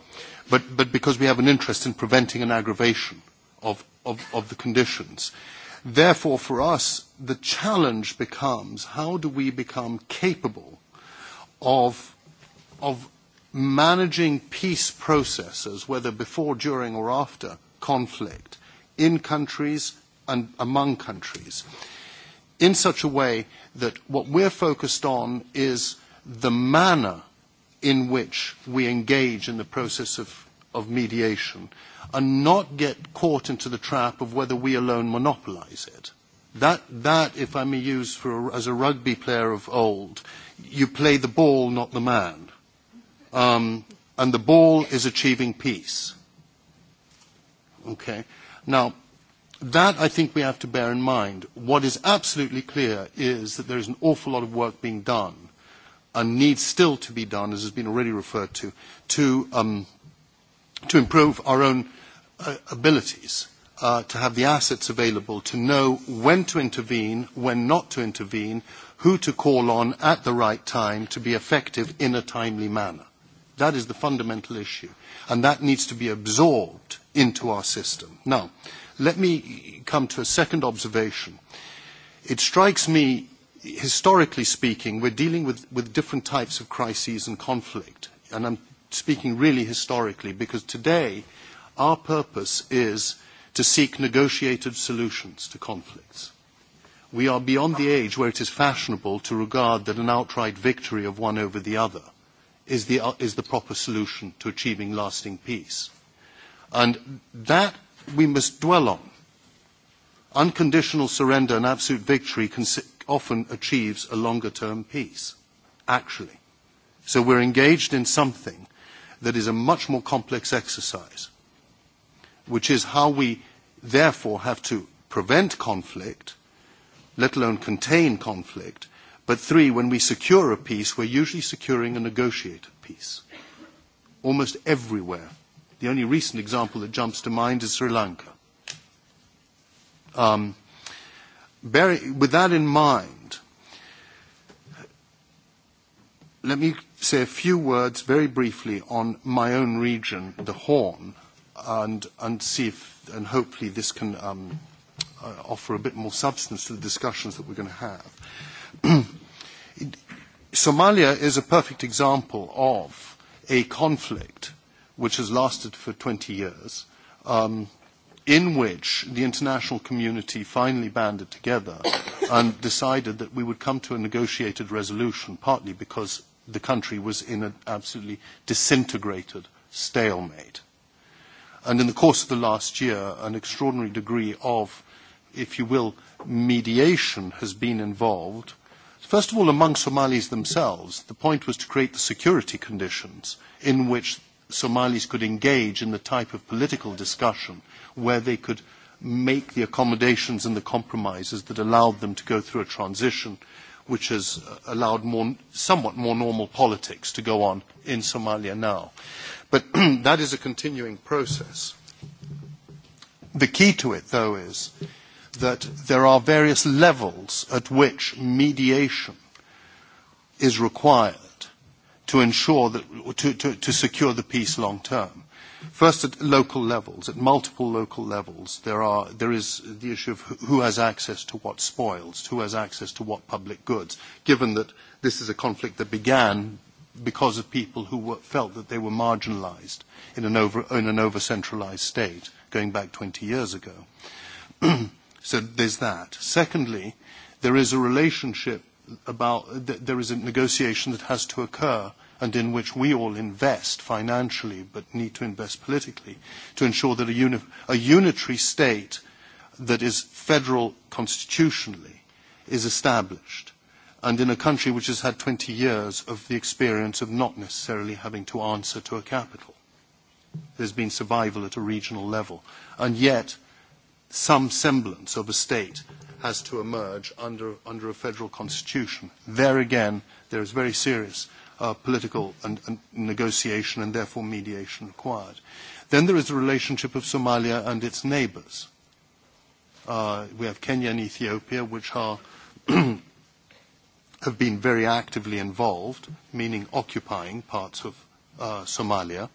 but, but because we have an interest in preventing an aggravation of, of, of the conditions. Therefore, for us, the challenge becomes how do we become capable of, of managing peace processes, whether before, during, or after conflict, in countries and among countries in such a way that what we're focused on is the manner in which we engage in the process of, of mediation and not get caught into the trap of whether we alone monopolize it. That, that if I may use for, as a rugby player of old, you play the ball, not the man. Um, and the ball is achieving peace. Okay? Now, that I think we have to bear in mind. What is absolutely clear is that there is an awful lot of work being done and needs still to be done, as has been already referred to, to, um, to improve our own uh, abilities uh, to have the assets available, to know when to intervene, when not to intervene, who to call on at the right time to be effective in a timely manner. That is the fundamental issue. And that needs to be absorbed into our system. Now, let me come to a second observation. It strikes me, historically speaking, we're dealing with, with different types of crises and conflict. And I'm speaking really historically because today our purpose is to seek negotiated solutions to conflicts. We are beyond the age where it is fashionable to regard that an outright victory of one over the other is the, uh, is the proper solution to achieving lasting peace. And that we must dwell on. Unconditional surrender and absolute victory can often achieves a longer term peace, actually. So we're engaged in something that is a much more complex exercise, which is how we therefore have to prevent conflict, let alone contain conflict, But three, when we secure a peace, we're usually securing a negotiated peace. Almost everywhere. The only recent example that jumps to mind is Sri Lanka. Um, bearing, with that in mind, let me say a few words very briefly on my own region, the Horn, and, and see if, and hopefully this can um, uh, offer a bit more substance to the discussions that we're going to have. Somalia is a perfect example of a conflict which has lasted for 20 years, um, in which the international community finally banded together and decided that we would come to a negotiated resolution, partly because the country was in an absolutely disintegrated stalemate. And in the course of the last year, an extraordinary degree of, if you will, mediation has been involved First of all, among Somalis themselves, the point was to create the security conditions in which Somalis could engage in the type of political discussion where they could make the accommodations and the compromises that allowed them to go through a transition which has allowed more, somewhat more normal politics to go on in Somalia now. But that is a continuing process. The key to it, though, is that there are various levels at which mediation is required to ensure that, to, to, to secure the peace long term. First, at local levels, at multiple local levels, there, are, there is the issue of who has access to what spoils, who has access to what public goods, given that this is a conflict that began because of people who were, felt that they were marginalized in an over, in an over-centralized state going back 20 years ago. So there's that. Secondly, there is a relationship about, there is a negotiation that has to occur and in which we all invest financially but need to invest politically to ensure that a, uni- a unitary state that is federal constitutionally is established. And in a country which has had 20 years of the experience of not necessarily having to answer to a capital, there's been survival at a regional level. And yet, some semblance of a state has to emerge under, under a federal constitution. There again, there is very serious uh, political and, and negotiation and therefore mediation required. Then there is the relationship of Somalia and its neighbors. Uh, we have Kenya and Ethiopia, which are have been very actively involved, meaning occupying parts of uh, Somalia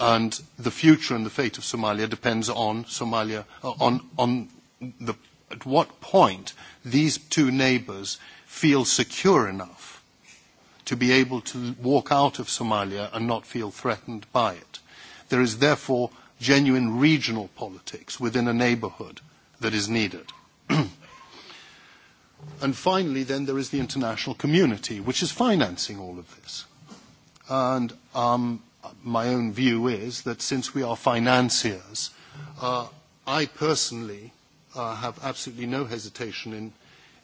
and the future and the fate of Somalia depends on Somalia on on the at what point these two neighbours feel secure enough to be able to walk out of Somalia and not feel threatened by it. There is therefore genuine regional politics within a neighbourhood that is needed. and finally, then, there is the international community, which is financing all of this. And um, my own view is that since we are financiers, uh, I personally uh, have absolutely no hesitation in,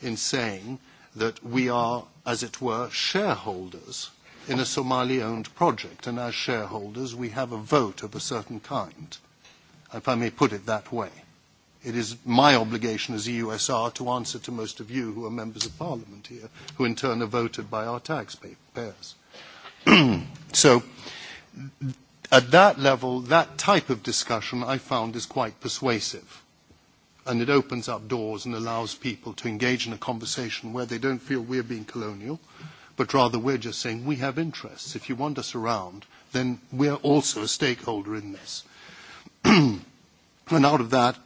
in saying that we are, as it were, shareholders in a Somali-owned project, and as shareholders we have a vote of a certain kind, if I may put it that way. It is my obligation as a USR to answer to most of you who are members of parliament here, who in turn are voted by our taxpayers. so at that level, that type of discussion I found is quite persuasive. And it opens up doors and allows people to engage in a conversation where they don't feel we're being colonial, but rather we're just saying we have interests. If you want us around, then we're also a stakeholder in this. and out of that,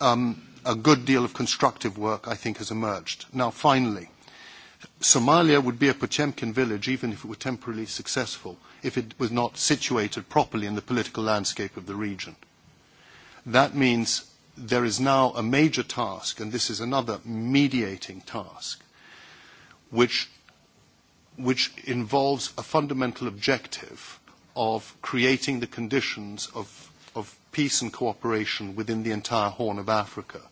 um, a good deal of constructive work, I think, has emerged. Now, finally, Somalia would be a Pochemkin village even if it were temporarily successful if it was not situated properly in the political landscape of the region. That means there is now a major task, and this is another mediating task, which, which involves a fundamental objective of creating the conditions of, of peace and cooperation within the entire Horn of Africa.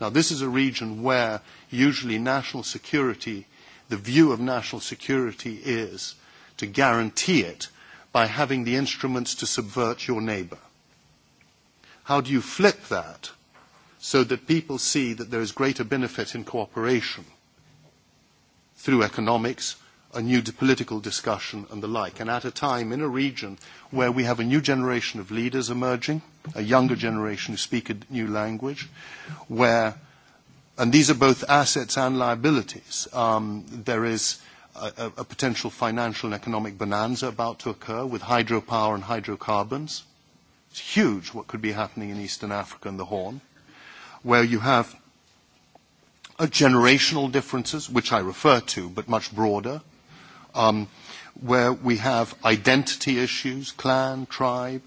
Now, this is a region where usually national security, the view of national security is to guarantee it by having the instruments to subvert your neighbour? How do you flip that so that people see that there is greater benefit in cooperation through economics, a new political discussion and the like. And at a time in a region where we have a new generation of leaders emerging, a younger generation who speak a new language, where, and these are both assets and liabilities, um, there is a, a potential financial and economic bonanza about to occur with hydropower and hydrocarbons. It's huge what could be happening in Eastern Africa and the Horn, where you have a generational differences, which I refer to, but much broader, um, where we have identity issues, clan, tribe,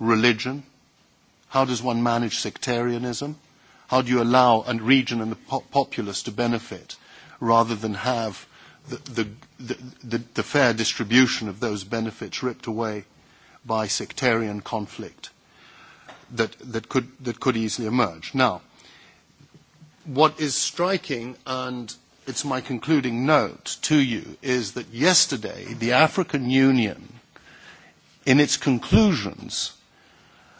religion. How does one manage sectarianism? How do you allow a region and the po- populace to benefit rather than have the, the, the, the fair distribution of those benefits ripped away by sectarian conflict that, that, could, that could easily emerge. Now, what is striking, and it's my concluding note to you, is that yesterday the African Union, in its conclusions,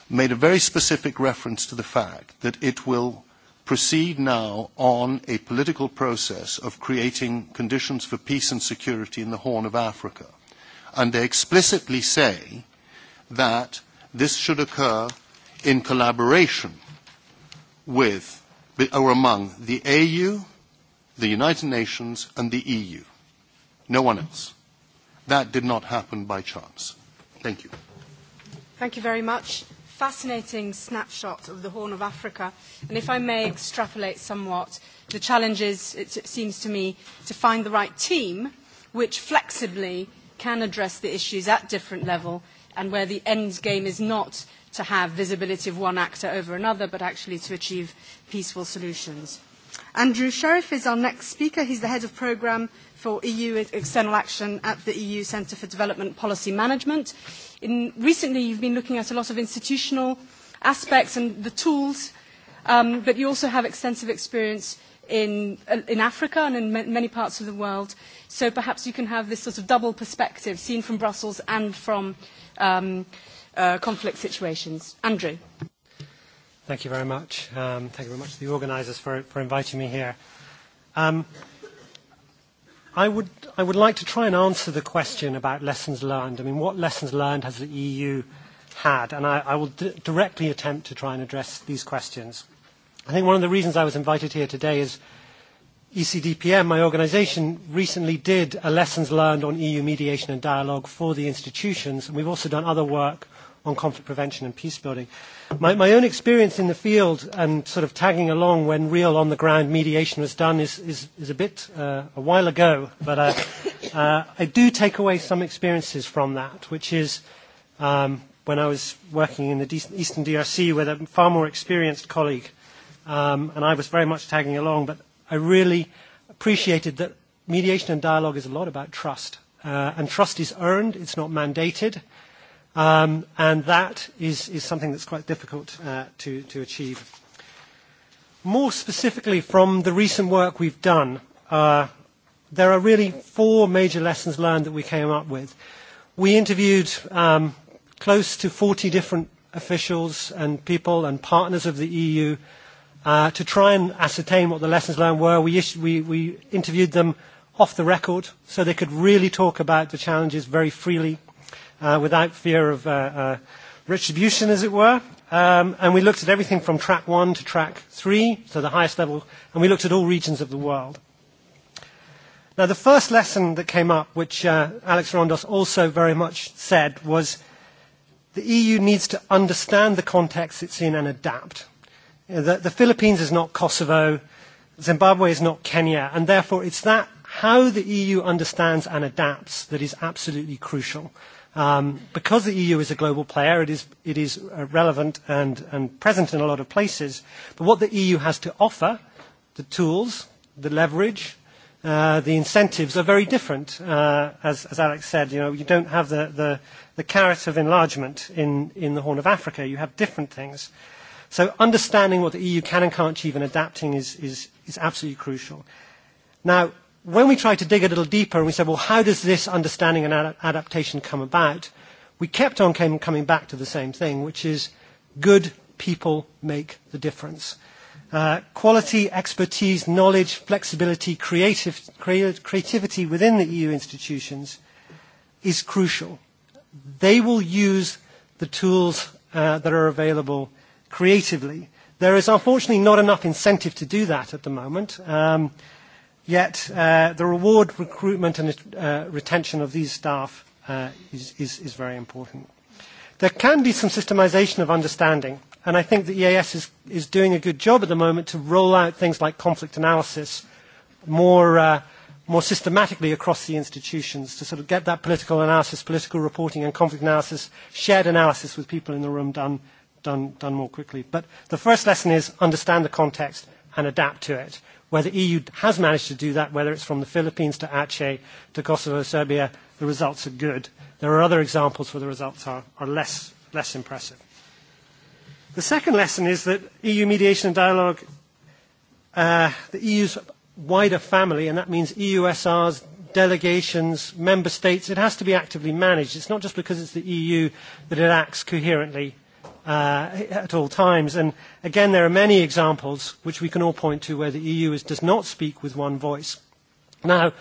made a very specific reference to the fact that it will proceed now on a political process of creating conditions for peace and security in the Horn of Africa. And they explicitly say that this should occur in collaboration with or among the AU, the United Nations, and the EU. No one else. That did not happen by chance. Thank you. Thank you very much fascinating snapshot of the Horn of Africa. And if I may extrapolate somewhat, the challenge is, it seems to me, to find the right team which flexibly can address the issues at different level and where the end game is not to have visibility of one actor over another, but actually to achieve peaceful solutions. Andrew Sheriff is our next speaker. He's the head of programme for EU external action at the EU Centre for Development Policy Management. In, recently, you've been looking at a lot of institutional aspects and the tools, um, but you also have extensive experience in, in Africa and in many parts of the world. So perhaps you can have this sort of double perspective seen from Brussels and from um, uh, conflict situations. Andrew. Thank you very much. Um, thank you very much to the organisers for, for inviting me here. Um, I would, I would like to try and answer the question about lessons learned. I mean, what lessons learned has the EU had? And I, I will d- directly attempt to try and address these questions. I think one of the reasons I was invited here today is ECDPM, my organisation, recently did a lessons learned on EU mediation and dialogue for the institutions, and we've also done other work on conflict prevention and peace building. My, my own experience in the field and sort of tagging along when real on the ground mediation was done is, is, is a bit uh, a while ago, but uh, uh, I do take away some experiences from that, which is um, when I was working in the Eastern DRC with a far more experienced colleague, um, and I was very much tagging along, but I really appreciated that mediation and dialogue is a lot about trust. Uh, and trust is earned, it's not mandated Um, and that is, is something that's quite difficult uh, to, to achieve. More specifically, from the recent work we've done, uh, there are really four major lessons learned that we came up with. We interviewed um, close to 40 different officials and people and partners of the EU uh, to try and ascertain what the lessons learned were. We, issued, we, we interviewed them off the record so they could really talk about the challenges very freely uh, without fear of uh, uh, retribution, as it were. Um, and we looked at everything from track one to track three, so the highest level, and we looked at all regions of the world. Now, the first lesson that came up, which uh, Alex Rondos also very much said, was the EU needs to understand the context it's in and adapt. The, the Philippines is not Kosovo, Zimbabwe is not Kenya, and therefore it's that how the EU understands and adapts that is absolutely crucial. Um, because the EU is a global player, it is, it is relevant and, and present in a lot of places. But what the EU has to offer, the tools, the leverage, uh, the incentives are very different. Uh, as, as Alex said, you know, you don't have the, the, the carrot of enlargement in, in the Horn of Africa. You have different things. So understanding what the EU can and can't achieve and adapting is, is, is absolutely crucial. Now, when we tried to dig a little deeper and we said, well, how does this understanding and ad- adaptation come about? We kept on came, coming back to the same thing, which is good people make the difference. Uh, quality, expertise, knowledge, flexibility, creative, creative, creativity within the EU institutions is crucial. They will use the tools uh, that are available creatively. There is unfortunately not enough incentive to do that at the moment. Um, Yet uh, the reward, recruitment and uh, retention of these staff uh, is, is, is very important. There can be some systemization of understanding, and I think the EAS is, is doing a good job at the moment to roll out things like conflict analysis more, uh, more systematically across the institutions to sort of get that political analysis, political reporting and conflict analysis, shared analysis with people in the room done, done, done more quickly. But the first lesson is understand the context and adapt to it Whether EU has managed to do that, whether it's from the Philippines to Aceh to Kosovo, Serbia, the results are good. There are other examples where the results are, are less, less impressive. The second lesson is that EU mediation and dialogue, uh, the EU's wider family, and that means EUSRs, delegations, member states, it has to be actively managed. It's not just because it's the EU that it acts coherently uh, at all times. And again, there are many examples which we can all point to where the EU is, does not speak with one voice. Now,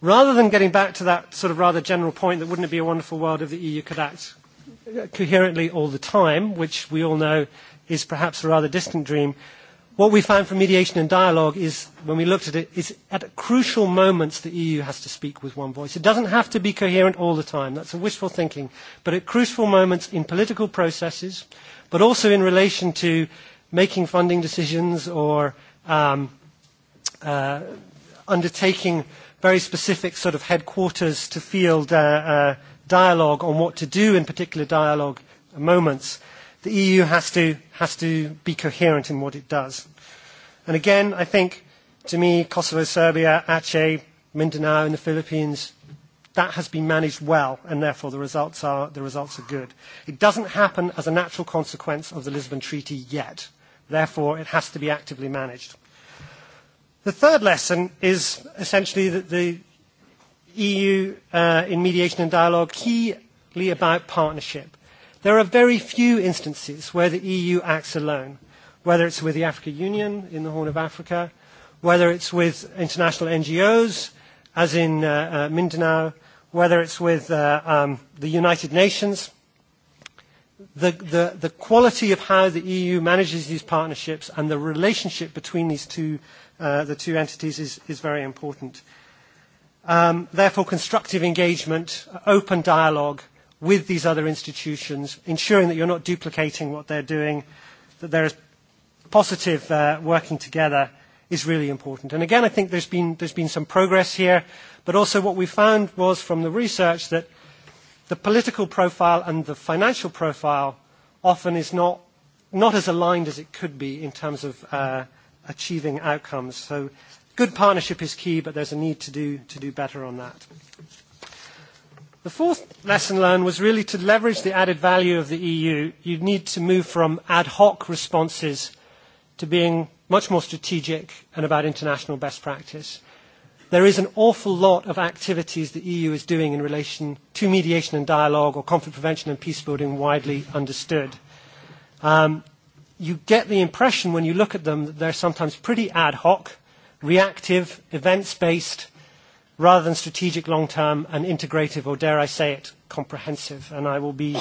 rather than getting back to that sort of rather general point that wouldn't it be a wonderful world if the EU could act coherently all the time, which we all know is perhaps a rather distant dream, What we find from mediation and dialogue is, when we looked at it, is at crucial moments the EU has to speak with one voice. It doesn't have to be coherent all the time. That's a wishful thinking. But at crucial moments in political processes, but also in relation to making funding decisions or um, uh, undertaking very specific sort of headquarters to field uh, uh, dialogue on what to do in particular dialogue moments the EU has to, has to be coherent in what it does. And again, I think, to me, Kosovo, Serbia, Aceh, Mindanao and the Philippines, that has been managed well, and therefore the results are, the results are good. It doesn't happen as a natural consequence of the Lisbon Treaty yet. Therefore, it has to be actively managed. The third lesson is essentially that the EU uh, in mediation and dialogue keyly about partnership. There are very few instances where the EU acts alone, whether it's with the African Union in the Horn of Africa, whether it's with international NGOs, as in uh, uh, Mindanao, whether it's with uh, um, the United Nations. The, the, the quality of how the EU manages these partnerships and the relationship between these two, uh, the two entities is, is very important. Um, therefore, constructive engagement, open dialogue, with these other institutions, ensuring that you're not duplicating what they're doing, that there is positive uh, working together is really important. And again, I think there's been, there's been some progress here, but also what we found was from the research that the political profile and the financial profile often is not, not as aligned as it could be in terms of uh, achieving outcomes. So good partnership is key, but there's a need to do, to do better on that. The fourth lesson learned was really to leverage the added value of the EU, you need to move from ad hoc responses to being much more strategic and about international best practice. There is an awful lot of activities the EU is doing in relation to mediation and dialogue or conflict prevention and peace building widely understood. Um, you get the impression when you look at them that they're sometimes pretty ad hoc, reactive, events based, rather than strategic long-term and integrative, or dare I say it, comprehensive. And I will be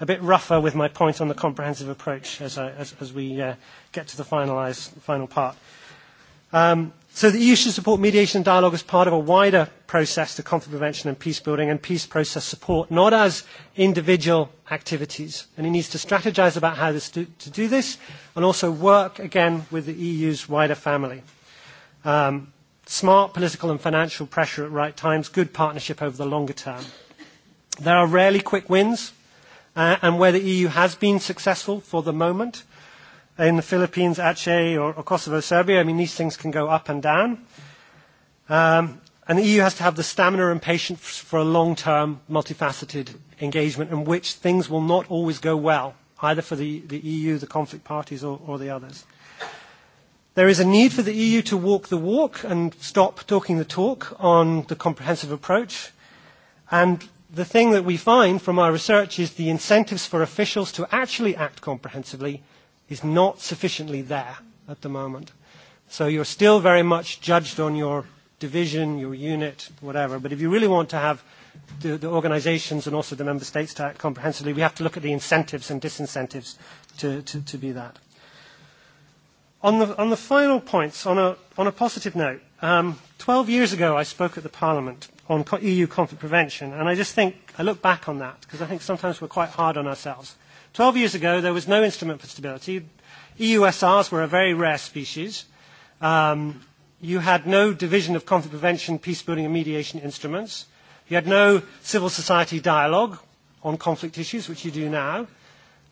a bit rougher with my point on the comprehensive approach as, I, as, as we uh, get to the finalized, final part. Um, so the EU should support mediation and dialogue as part of a wider process to conflict prevention and peace building and peace process support, not as individual activities. And it needs to strategize about how this to, to do this and also work, again, with the EU's wider family. Um, smart political and financial pressure at right times, good partnership over the longer term. There are rarely quick wins, uh, and where the EU has been successful for the moment, in the Philippines, Aceh, or, or Kosovo, Serbia, I mean, these things can go up and down. Um, and the EU has to have the stamina and patience for a long-term, multifaceted engagement in which things will not always go well, either for the, the EU, the conflict parties, or, or the others. There is a need for the EU to walk the walk and stop talking the talk on the comprehensive approach. And the thing that we find from our research is the incentives for officials to actually act comprehensively is not sufficiently there at the moment. So you're still very much judged on your division, your unit, whatever. But if you really want to have the, the organizations and also the member states to act comprehensively, we have to look at the incentives and disincentives to, to, to be that. On the, on the final points, on a, on a positive note, um, 12 years ago I spoke at the Parliament on co EU conflict prevention, and I just think, I look back on that, because I think sometimes we're quite hard on ourselves. 12 years ago, there was no instrument for stability. EUSRs were a very rare species. Um, you had no division of conflict prevention, peace building, and mediation instruments. You had no civil society dialogue on conflict issues, which you do now.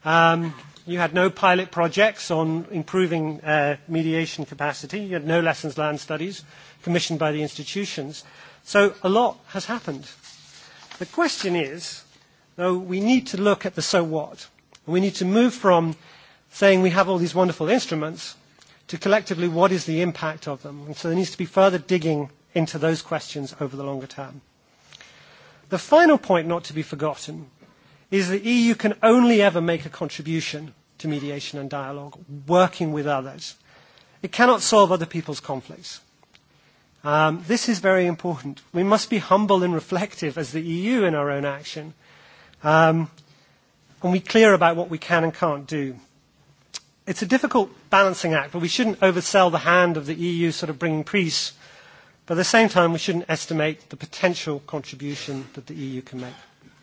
Um, You had no pilot projects on improving uh, mediation capacity. You had no lessons learned studies commissioned by the institutions. So a lot has happened. The question is, though, we need to look at the so what. we need to move from saying we have all these wonderful instruments to collectively what is the impact of them. And so there needs to be further digging into those questions over the longer term. The final point not to be forgotten is the EU can only ever make a contribution to mediation and dialogue, working with others. It cannot solve other people's conflicts. Um, this is very important. We must be humble and reflective as the EU in our own action, um, and be clear about what we can and can't do. It's a difficult balancing act, but we shouldn't oversell the hand of the EU sort of bringing peace. But at the same time, we shouldn't estimate the potential contribution that the EU can make.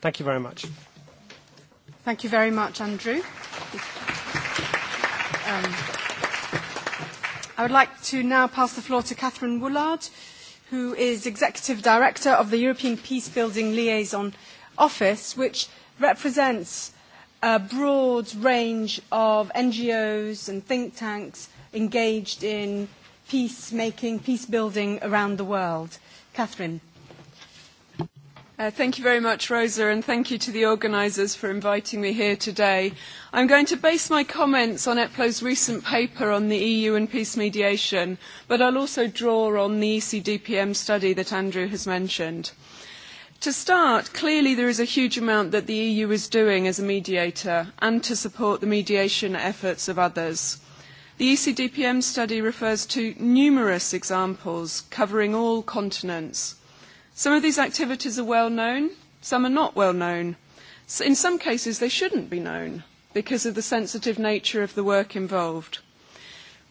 Thank you very much. Thank you very much, Andrew. Um, I would like to now pass the floor to Catherine Woolard, who is Executive Director of the European Peacebuilding Liaison Office, which represents a broad range of NGOs and think tanks engaged in peacemaking, peace building around the world. Catherine. Uh, thank you very much, Rosa, and thank you to the organisers for inviting me here today. I'm going to base my comments on EPLO's recent paper on the EU and peace mediation, but I'll also draw on the ECDPM study that Andrew has mentioned. To start, clearly there is a huge amount that the EU is doing as a mediator and to support the mediation efforts of others. The ECDPM study refers to numerous examples covering all continents – Some of these activities are well known, some are not well known. So in some cases, they shouldn't be known because of the sensitive nature of the work involved.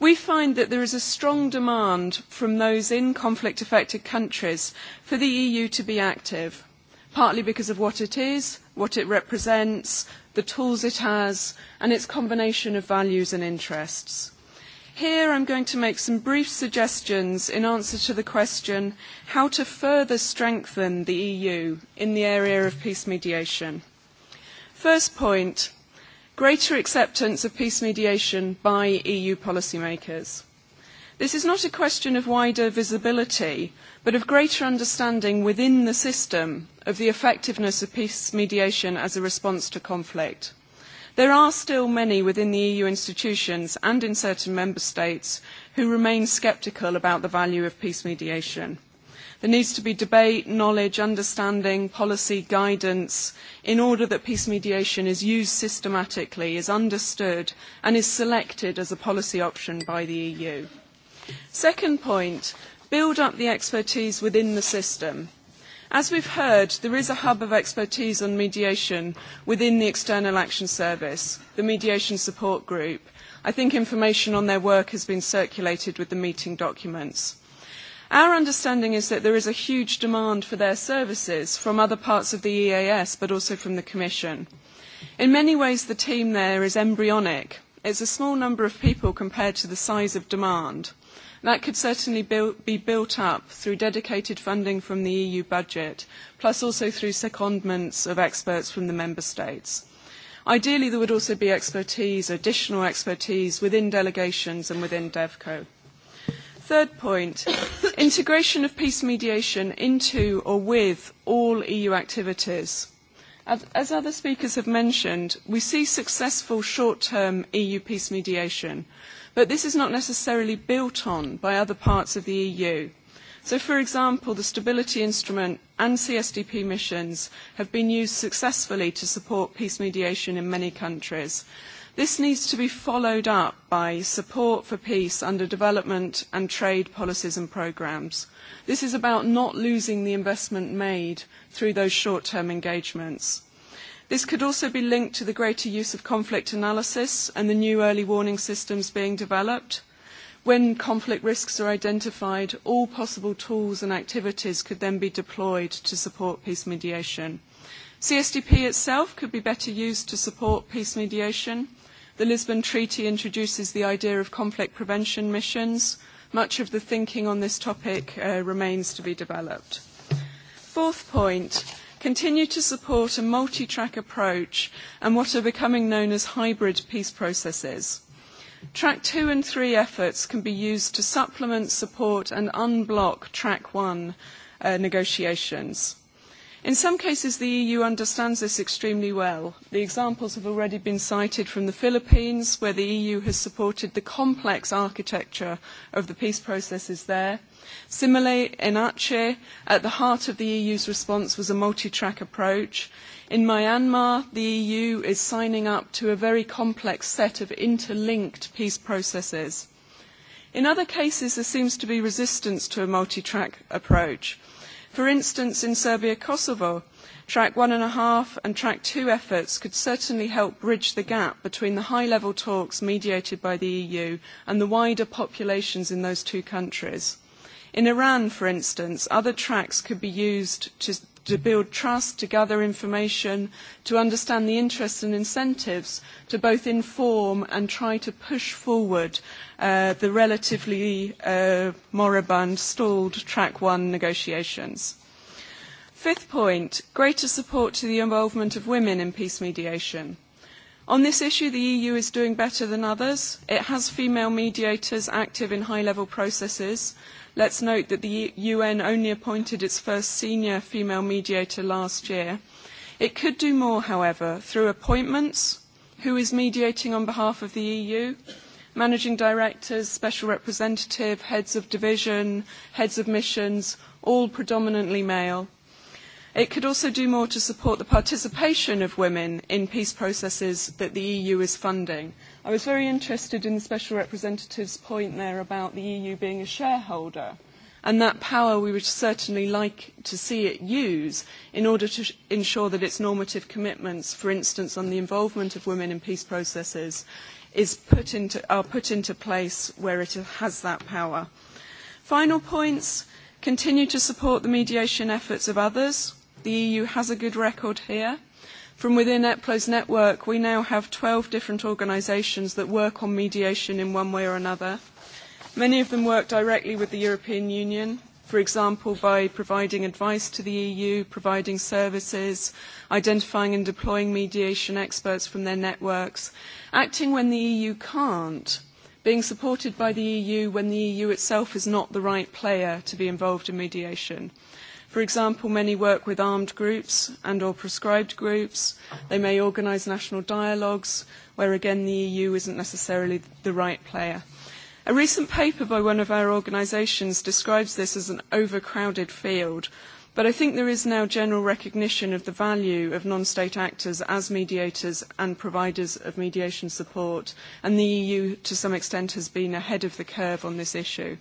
We find that there is a strong demand from those in conflict affected countries for the EU to be active, partly because of what it is, what it represents, the tools it has, and its combination of values and interests. Here I'm going to make some brief suggestions in answer to the question how to further strengthen the EU in the area of peace mediation. First point, greater acceptance of peace mediation by EU policymakers. This is not a question of wider visibility, but of greater understanding within the system of the effectiveness of peace mediation as a response to conflict. There are still many within the EU institutions and in certain member states who remain sceptical about the value of peace mediation. There needs to be debate, knowledge, understanding, policy, guidance, in order that peace mediation is used systematically, is understood, and is selected as a policy option by the EU. Second point, build up the expertise within the system As we've heard, there is a hub of expertise on mediation within the External Action Service, the Mediation Support Group. I think information on their work has been circulated with the meeting documents. Our understanding is that there is a huge demand for their services from other parts of the EAS, but also from the Commission. In many ways, the team there is embryonic. It's a small number of people compared to the size of demand. That could certainly be built up through dedicated funding from the EU budget, plus also through secondments of experts from the member states. Ideally, there would also be expertise, additional expertise within delegations and within DevCo. Third point, integration of peace mediation into or with all EU activities. As other speakers have mentioned, we see successful short-term EU peace mediation, But this is not necessarily built on by other parts of the EU. So, for example, the Stability Instrument and CSDP missions have been used successfully to support peace mediation in many countries. This needs to be followed up by support for peace under development and trade policies and programmes. This is about not losing the investment made through those short-term engagements. This could also be linked to the greater use of conflict analysis and the new early warning systems being developed. When conflict risks are identified, all possible tools and activities could then be deployed to support peace mediation. CSDP itself could be better used to support peace mediation. The Lisbon Treaty introduces the idea of conflict prevention missions. Much of the thinking on this topic remains to be developed. Fourth point, continue to support a multi-track approach and what are becoming known as hybrid peace processes. Track two and three efforts can be used to supplement, support and unblock track one negotiations. In some cases, the EU understands this extremely well. The examples have already been cited from the Philippines, where the EU has supported the complex architecture of the peace processes there. Similarly, in Aceh, at the heart of the EU's response was a multi-track approach. In Myanmar, the EU is signing up to a very complex set of interlinked peace processes. In other cases, there seems to be resistance to a multi-track approach. For instance, in Serbia-Kosovo, Track one and a half and Track two efforts could certainly help bridge the gap between the high-level talks mediated by the EU and the wider populations in those two countries. In Iran, for instance, other tracks could be used to to build trust, to gather information, to understand the interests and incentives, to both inform and try to push forward the relatively moribund, stalled Track one negotiations. Fifth point, greater support to the involvement of women in peace mediation. On this issue, the EU is doing better than others. It has female mediators active in high-level processes, Let's note that the UN only appointed its first senior female mediator last year. It could do more, however, through appointments, who is mediating on behalf of the EU, managing directors, special representative, heads of division, heads of missions, all predominantly male. It could also do more to support the participation of women in peace processes that the EU is funding. I was very interested in the Special Representative's point there about the EU being a shareholder. And that power we would certainly like to see it use in order to ensure that its normative commitments, for instance, on the involvement of women in peace processes, is put into, are put into place where it has that power. Final points continue to support the mediation efforts of others. The EU has a good record here. From within EPLO's network, we now have 12 different organisations that work on mediation in one way or another. Many of them work directly with the European Union, for example, by providing advice to the EU, providing services, identifying and deploying mediation experts from their networks, acting when the EU can't, being supported by the EU when the EU itself is not the right player to be involved in mediation. For example, many work with armed groups and or proscribed groups. They may organise national dialogues where again the EU isn't necessarily the right player. A recent paper by one of our organisations describes this as an overcrowded field, but I think there is now general recognition of the value of non-state actors as mediators and providers of mediation support, and the EU to some extent has been ahead of the curve on this issue.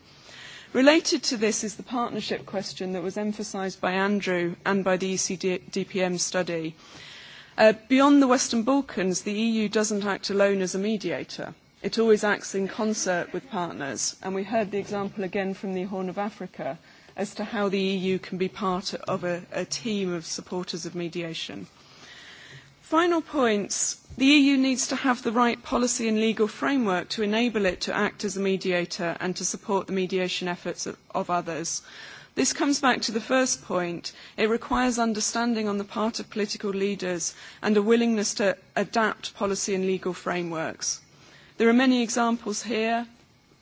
Related to this is the partnership question that was emphasised by Andrew and by the ECDPM study. Uh, beyond the Western Balkans, the EU doesn't act alone as a mediator. It always acts in concert with partners, and we heard the example again from the Horn of Africa as to how the EU can be part of a, a team of supporters of mediation. Final points. The EU needs to have the right policy and legal framework to enable it to act as a mediator and to support the mediation efforts of others. This comes back to the first point. It requires understanding on the part of political leaders and a willingness to adapt policy and legal frameworks. There are many examples here.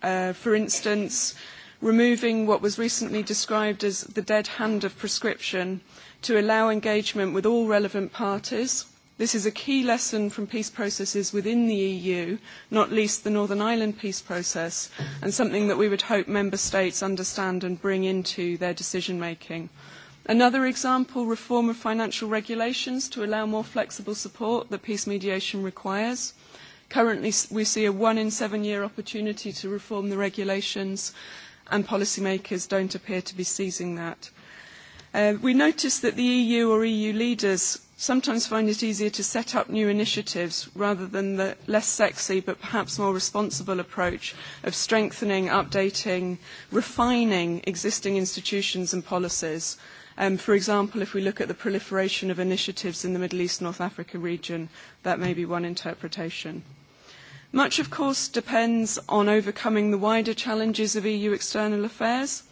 for instance, removing what was recently described as the dead hand of prescription to allow engagement with all relevant parties This is a key lesson from peace processes within the EU, not least the Northern Ireland peace process, and something that we would hope member states understand and bring into their decision making. Another example, reform of financial regulations to allow more flexible support that peace mediation requires. Currently, we see a one in seven year opportunity to reform the regulations, and policymakers don't appear to be seizing that. we notice that the EU or EU leaders sometimes find it easier to set up new initiatives rather than the less sexy but perhaps more responsible approach of strengthening, updating, refining existing institutions and policies. for example, if we look at the proliferation of initiatives in the Middle East North Africa region, that may be one interpretation. Much, of course, depends on overcoming the wider challenges of EU external affairs.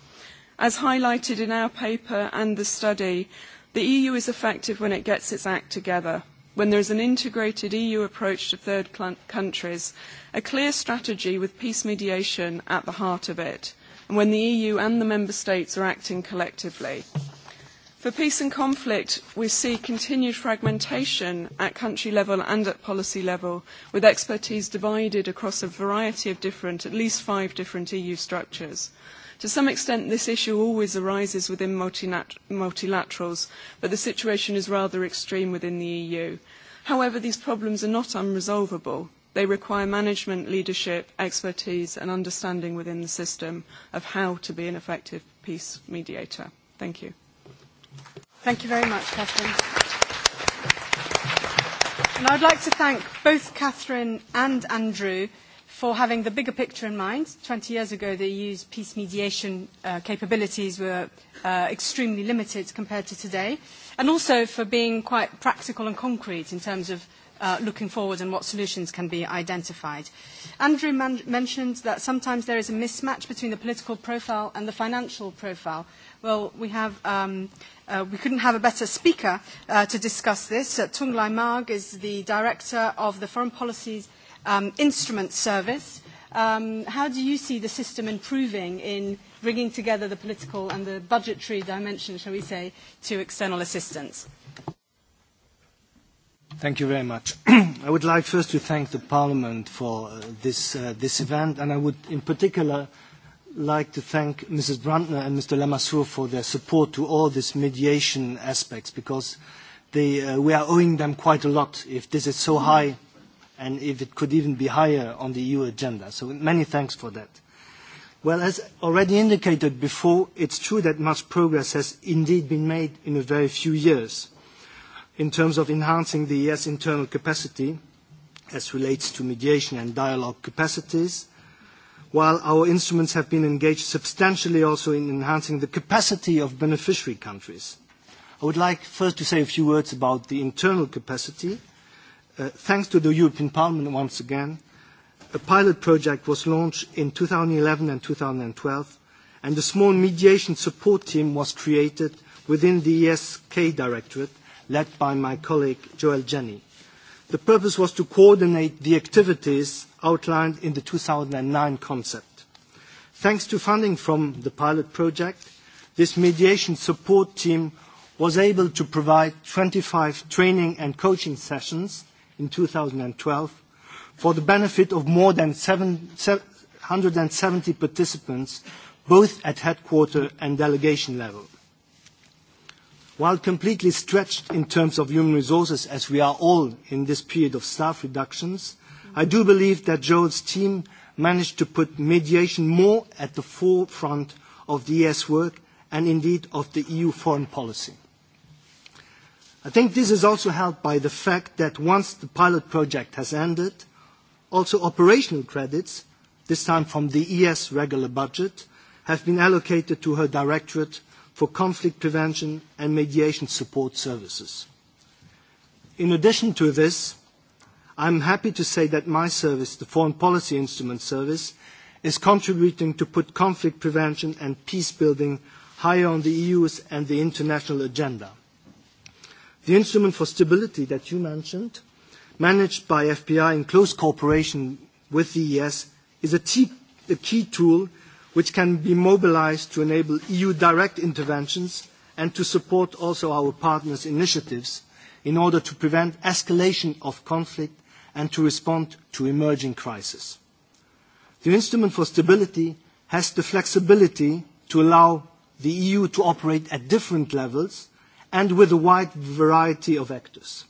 As highlighted in our paper and the study, The EU is effective when it gets its act together, when there is an integrated EU approach to third countries, a clear strategy with peace mediation at the heart of it, and when the EU and the Member States are acting collectively. For peace and conflict, we see continued fragmentation at country level and at policy level, with expertise divided across a variety of different, at least five different EU structures. To some extent, this issue always arises within multilaterals, but the situation is rather extreme within the EU. However, these problems are not unresolvable. They require management, leadership, expertise, and understanding within the system of how to be an effective peace mediator. Thank you. Thank you very much, Catherine. And I'd like to thank both Catherine and Andrew for having the bigger picture in mind. Twenty years ago, the EU's peace mediation uh, capabilities were uh, extremely limited compared to today, and also for being quite practical and concrete in terms of uh, looking forward and what solutions can be identified. Andrew man- mentioned that sometimes there is a mismatch between the political profile and the financial profile. Well, we have um, uh, we couldn't have a better speaker uh, to discuss this. Uh, Tung Lai Marg is the director of the Foreign Policies um, instrument service. Um, how do you see the system improving in bringing together the political and the budgetary dimension, shall we say, to external assistance? Thank you very much. I would like first to thank the Parliament for this, uh, this event, and I would in particular like to thank Mrs. Brandner and Mr. Lamassoure for their support to all these mediation aspects, because they, uh, we are owing them quite a lot if this is so high and if it could even be higher on the EU agenda. So many thanks for that. Well, as already indicated before, it's true that much progress has indeed been made in a very few years in terms of enhancing the ES internal capacity as relates to mediation and dialogue capacities, while our instruments have been engaged substantially also in enhancing the capacity of beneficiary countries. I would like first to say a few words about the internal capacity – thanks to the European Parliament once again, a pilot project was launched in 2011 and 2012, and a small mediation support team was created within the ESK Directorate, led by my colleague Joel Jenny. The purpose was to coordinate the activities outlined in the 2009 concept. Thanks to funding from the pilot project, this mediation support team was able to provide 25 training and coaching sessions in 2012 for the benefit of more than 770 participants, both at headquarter and delegation level. While completely stretched in terms of human resources, as we are all in this period of staff reductions, I do believe that Joel's team managed to put mediation more at the forefront of the ES work and indeed of the EU foreign policy. I think this is also helped by the fact that once the pilot project has ended, also operational credits, this time from the ES regular budget, have been allocated to her directorate for conflict prevention and mediation support services. In addition to this, I am happy to say that my service, the Foreign Policy Instrument Service, is contributing to put conflict prevention and peace building higher on the EU's and the international agenda – The instrument for stability that you mentioned, managed by FPI in close cooperation with the ES, is a, t- a key tool which can be mobilized to enable EU direct interventions and to support also our partners' initiatives in order to prevent escalation of conflict and to respond to emerging crises. The instrument for stability has the flexibility to allow the EU to operate at different levels and with a wide variety of actors.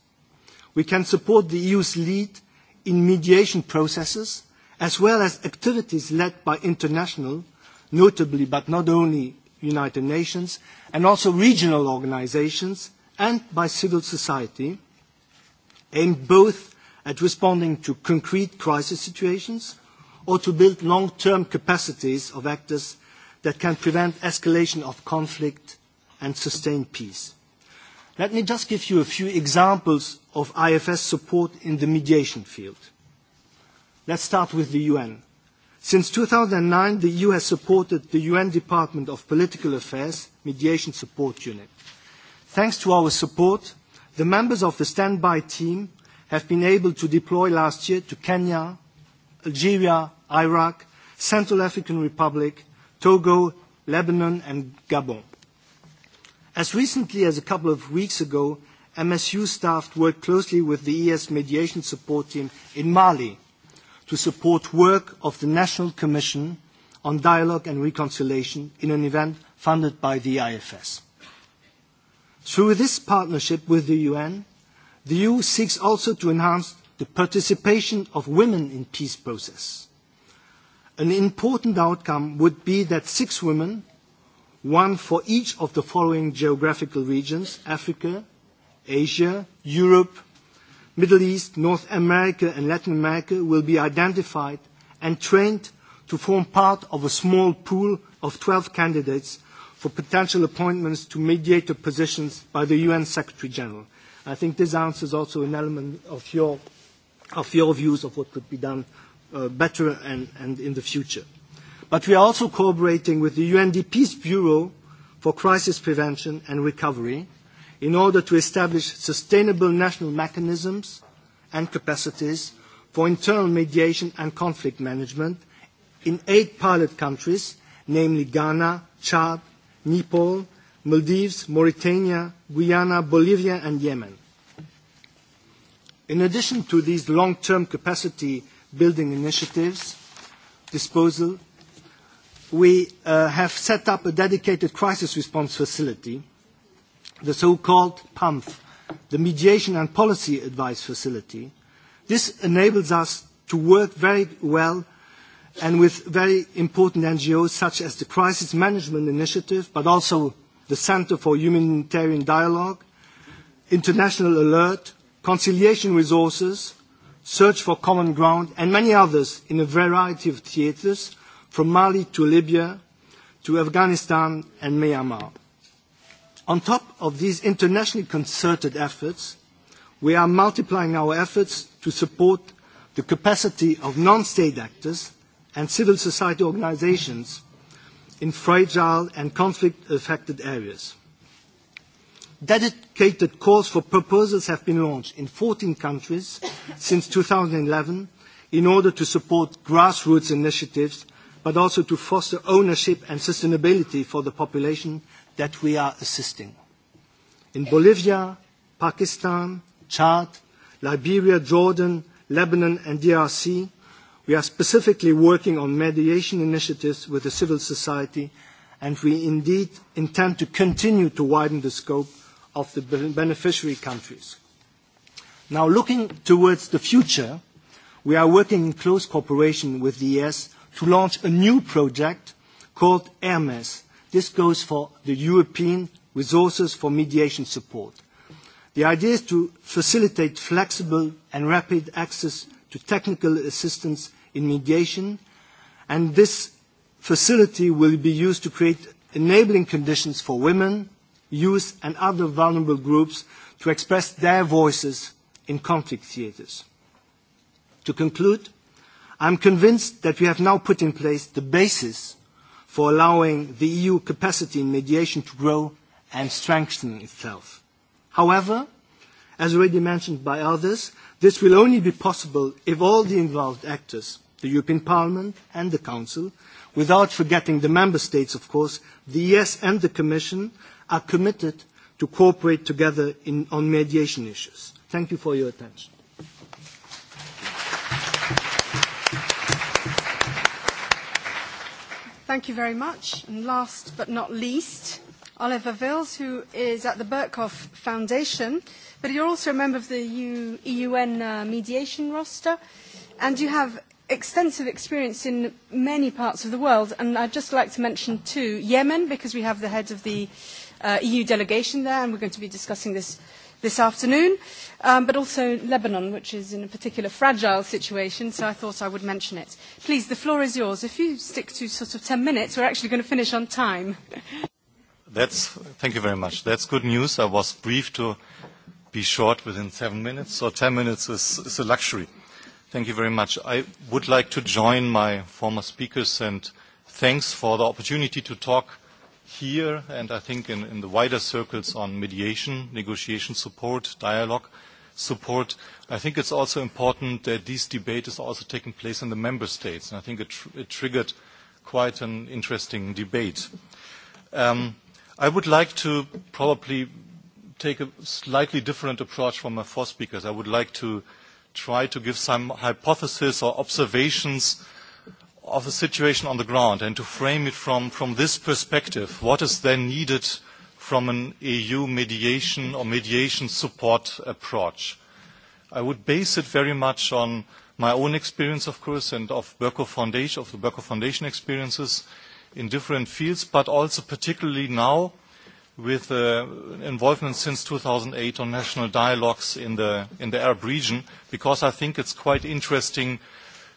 We can support the EU's lead in mediation processes as well as activities led by international, notably but not only United Nations, and also regional organizations and by civil society, aimed both at responding to concrete crisis situations or to build long-term capacities of actors that can prevent escalation of conflict and sustain peace. Let me just give you a few examples of IFS support in the mediation field. Let's start with the UN. Since 2009, the EU has supported the UN Department of Political Affairs Mediation Support Unit. Thanks to our support, the members of the standby team have been able to deploy last year to Kenya, Algeria, Iraq, Central African Republic, Togo, Lebanon, and Gabon. As recently as a couple of weeks ago, MSU staff worked closely with the ES mediation support team in Mali to support work of the National Commission on Dialogue and Reconciliation in an event funded by the IFS. Through this partnership with the UN, the EU seeks also to enhance the participation of women in peace process. An important outcome would be that six women one for each of the following geographical regions Africa, Asia, Europe, Middle East, North America, and Latin America will be identified and trained to form part of a small pool of 12 candidates for potential appointments to mediator positions by the UN Secretary General. I think this answers also an element of your, of your views of what could be done uh, better and, and in the future. But we are also cooperating with the UNDP's Bureau for Crisis Prevention and Recovery in order to establish sustainable national mechanisms and capacities for internal mediation and conflict management in eight pilot countries, namely Ghana, Chad, Nepal, Maldives, Mauritania, Guyana, Bolivia, and Yemen. In addition to these long-term capacity building initiatives, disposal we have set up a dedicated crisis response facility, the so-called PAMF, the Mediation and Policy Advice Facility. This enables us to work very well and with very important NGOs such as the Crisis Management Initiative, but also the Center for Humanitarian Dialogue, International Alert, Conciliation Resources, Search for Common Ground, and many others in a variety of theatres from Mali to Libya to Afghanistan and Myanmar. On top of these internationally concerted efforts, we are multiplying our efforts to support the capacity of non-state actors and civil society organizations in fragile and conflict-affected areas. Dedicated calls for proposals have been launched in 14 countries since 2011 in order to support grassroots initiatives but also to foster ownership and sustainability for the population that we are assisting. In Bolivia, Pakistan, Chad, Liberia, Jordan, Lebanon, and DRC, we are specifically working on mediation initiatives with the civil society, and we indeed intend to continue to widen the scope of the beneficiary countries. Now, looking towards the future, we are working in close cooperation with the ES to launch a new project called Hermes. This goes for the European Resources for Mediation Support. The idea is to facilitate flexible and rapid access to technical assistance in mediation, and this facility will be used to create enabling conditions for women, youth, and other vulnerable groups to express their voices in conflict theatres. To conclude, I am convinced that we have now put in place the basis for allowing the EU capacity in mediation to grow and strengthen itself. However, as already mentioned by others, this will only be possible if all the involved actors, the European Parliament and the Council, without forgetting the Member States, of course, the ES and the Commission, are committed to cooperate together on mediation issues. Thank you for your attention. Thank you very much. And last but not least, Oliver Vils, who is at the Birkhoff Foundation, but you're also a member of the EUN uh, mediation roster, and you have extensive experience in many parts of the world, and I'd just like to mention too Yemen, because we have the head of the uh, EU delegation there, and we're going to be discussing this this afternoon, um, but also Lebanon, which is in a particular fragile situation, so I thought I would mention it. Please, the floor is yours. If you stick to sort of 10 minutes, we're actually going to finish on time. That's, thank you very much. That's good news. I was briefed to be short within seven minutes, so 10 minutes is, is a luxury. Thank you very much. I would like to join my former speakers and thanks for the opportunity to talk here and I think in, in the wider circles on mediation, negotiation support, dialogue support. I think it's also important that this debate is also taking place in the member states. And I think it, tr it triggered quite an interesting debate. Um, I would like to probably take a slightly different approach from my four speakers. I would like to try to give some hypothesis or observations of the situation on the ground and to frame it from, from this perspective, what is then needed from an EU mediation or mediation support approach? I would base it very much on my own experience, of course, and of Berko Foundation, of the Berko Foundation experiences in different fields, but also particularly now with uh, involvement since 2008 on national dialogues in the, in the Arab region, because I think it's quite interesting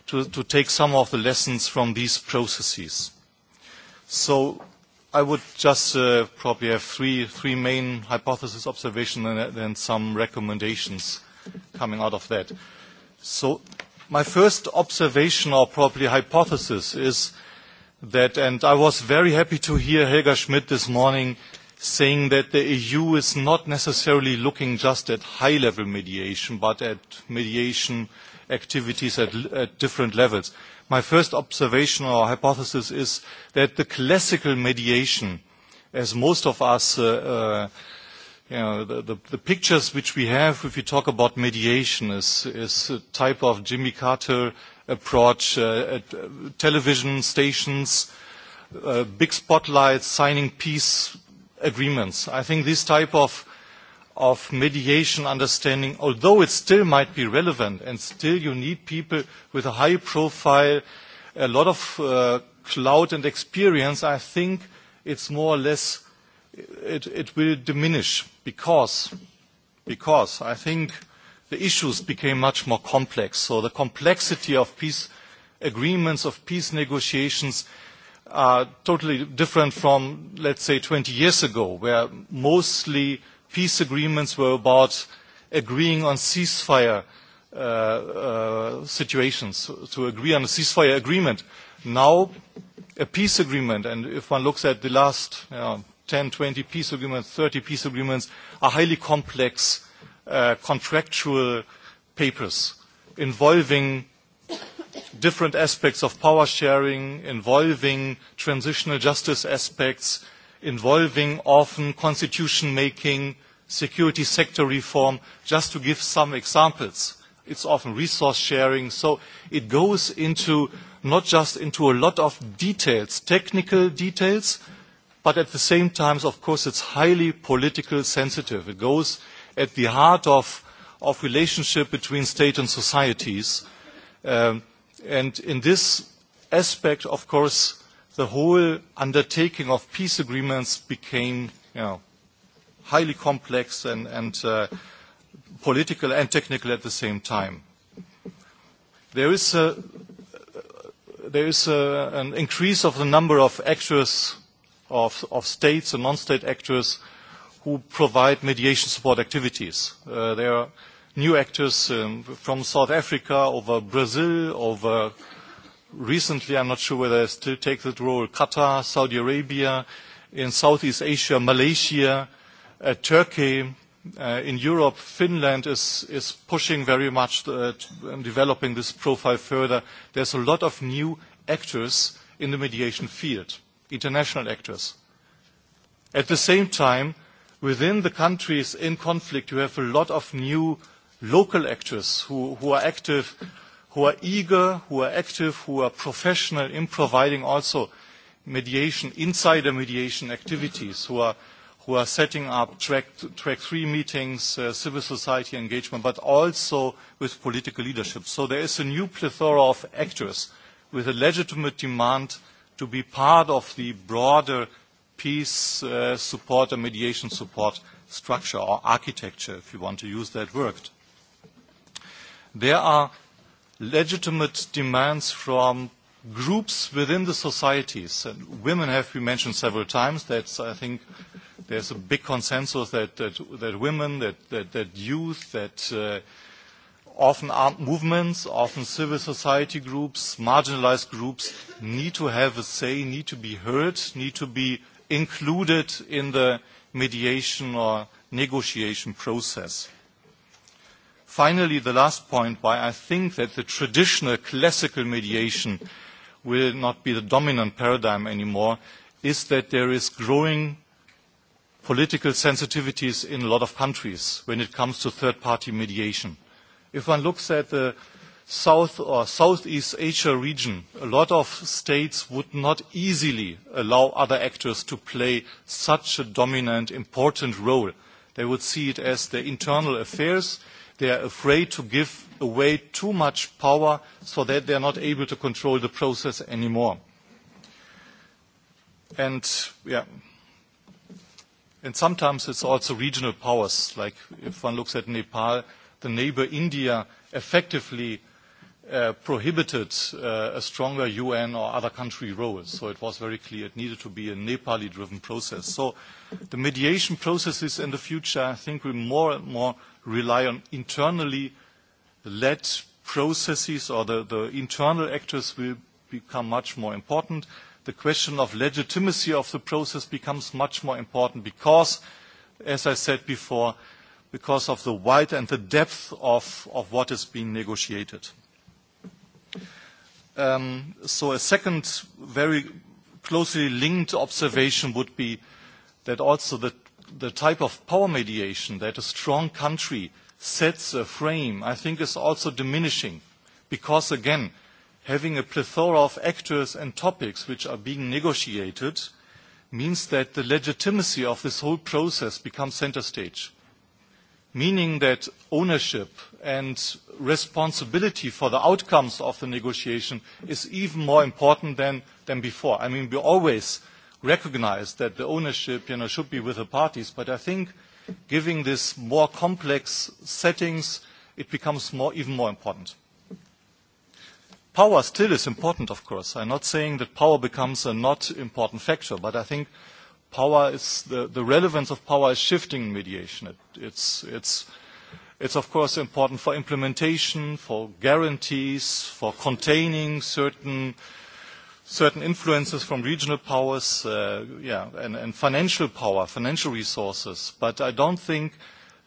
to, to take some of the lessons from these processes. So I would just uh, probably have three, three main hypothesis observations and then some recommendations coming out of that. So my first observation or probably hypothesis is that, and I was very happy to hear Helga Schmidt this morning saying that the EU is not necessarily looking just at high-level mediation, but at mediation uh, activities at, at different levels. My first observation or hypothesis is that the classical mediation, as most of us, uh, uh, you know, the, the, the pictures which we have if we talk about mediation is, is a type of Jimmy Carter approach uh, at television stations, uh, big spotlights, signing peace agreements. I think this type of of mediation understanding, although it still might be relevant and still you need people with a high profile, a lot of uh, clout and experience, I think it's more or less, it, it will diminish because, because I think the issues became much more complex. So the complexity of peace agreements, of peace negotiations, are totally different from, let's say, 20 years ago, where mostly peace agreements were about agreeing on ceasefire uh, uh, situations, to agree on a ceasefire agreement. Now, a peace agreement, and if one looks at the last you know, 10, 20 peace agreements, 30 peace agreements, are highly complex uh, contractual papers involving different aspects of power sharing, involving transitional justice aspects, involving often constitution making, security sector reform, just to give some examples. It's often resource sharing. So it goes into not just into a lot of details, technical details, but at the same time, of course, it's highly political sensitive. It goes at the heart of, of relationship between state and societies. Um, and in this aspect, of course, the whole undertaking of peace agreements became you know, highly complex and, and uh, political and technical at the same time. There is, a, there is a, an increase of the number of actors, of, of states and non-state actors who provide mediation support activities. Uh, there are new actors um, from South Africa, over Brazil, over recently, I'm not sure whether they still take that role, Qatar, Saudi Arabia, in Southeast Asia, Malaysia, Turkey, in Europe, Finland is pushing very much developing this profile further. There's a lot of new actors in the mediation field, international actors. At the same time, within the countries in conflict, you have a lot of new local actors who are active, who are eager, who are active, who are professional in providing also mediation, insider mediation activities, who are who are setting up track, track three meetings, uh, civil society engagement, but also with political leadership. So there is a new plethora of actors with a legitimate demand to be part of the broader peace uh, support and mediation support structure or architecture, if you want to use that word. There are legitimate demands from groups within the societies, and women have been mentioned several times. That's, I think, there's a big consensus that, that, that women, that, that, that youth, that uh, often armed movements, often civil society groups, marginalized groups need to have a say, need to be heard, need to be included in the mediation or negotiation process. Finally, the last point why I think that the traditional classical mediation will not be the dominant paradigm anymore is that there is growing political sensitivities in a lot of countries when it comes to third-party mediation. If one looks at the South or Southeast Asia region, a lot of states would not easily allow other actors to play such a dominant, important role. They would see it as their internal affairs. They are afraid to give away too much power so that they are not able to control the process anymore. And yeah, And sometimes it's also regional powers. Like if one looks at Nepal, the neighbor India effectively uh, prohibited uh, a stronger UN or other country role. So it was very clear it needed to be a Nepali-driven process. So the mediation processes in the future, I think, will more and more rely on internally led processes or the, the internal actors will become much more important the question of legitimacy of the process becomes much more important because, as I said before, because of the width and the depth of, of what is being negotiated. Um, so a second very closely linked observation would be that also the, the type of power mediation that a strong country sets a frame, I think is also diminishing because, again, having a plethora of actors and topics which are being negotiated means that the legitimacy of this whole process becomes center stage, meaning that ownership and responsibility for the outcomes of the negotiation is even more important than, than before. I mean, we always recognize that the ownership you know, should be with the parties, but I think giving this more complex settings, it becomes more, even more important power still is important, of course. I'm not saying that power becomes a not important factor, but I think power is the, the relevance of power is shifting in mediation. It, it's, it's, it's of course important for implementation, for guarantees, for containing certain certain influences from regional powers, uh, yeah, and, and financial power, financial resources. But I don't think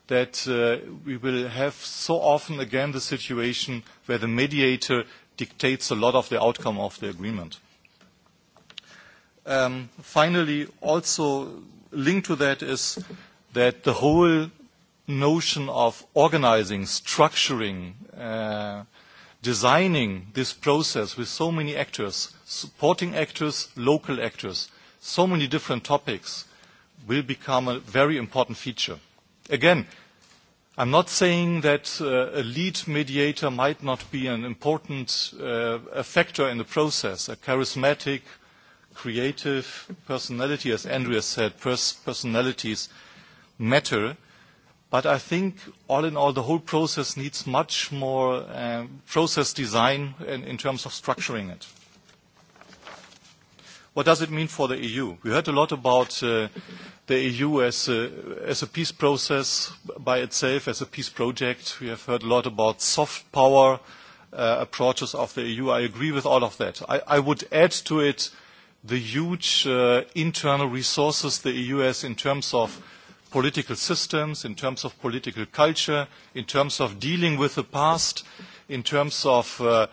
that uh, we will have so often again the situation where the mediator dictates a lot of the outcome of the agreement. Um, finally, also linked to that is that the whole notion of organizing, structuring, uh, designing this process with so many actors, supporting actors, local actors, so many different topics will become a very important feature. Again, I'm not saying that uh, a lead mediator might not be an important uh, factor in the process, a charismatic, creative personality, as Andrea said, pers personalities matter. But I think, all in all, the whole process needs much more um, process design in, in terms of structuring it. What does it mean for the EU? We heard a lot about uh, the EU as a, as a peace process by itself, as a peace project. We have heard a lot about soft power uh, approaches of the EU. I agree with all of that. I, I would add to it the huge uh, internal resources the EU has in terms of political systems, in terms of political culture, in terms of dealing with the past, in terms of uh,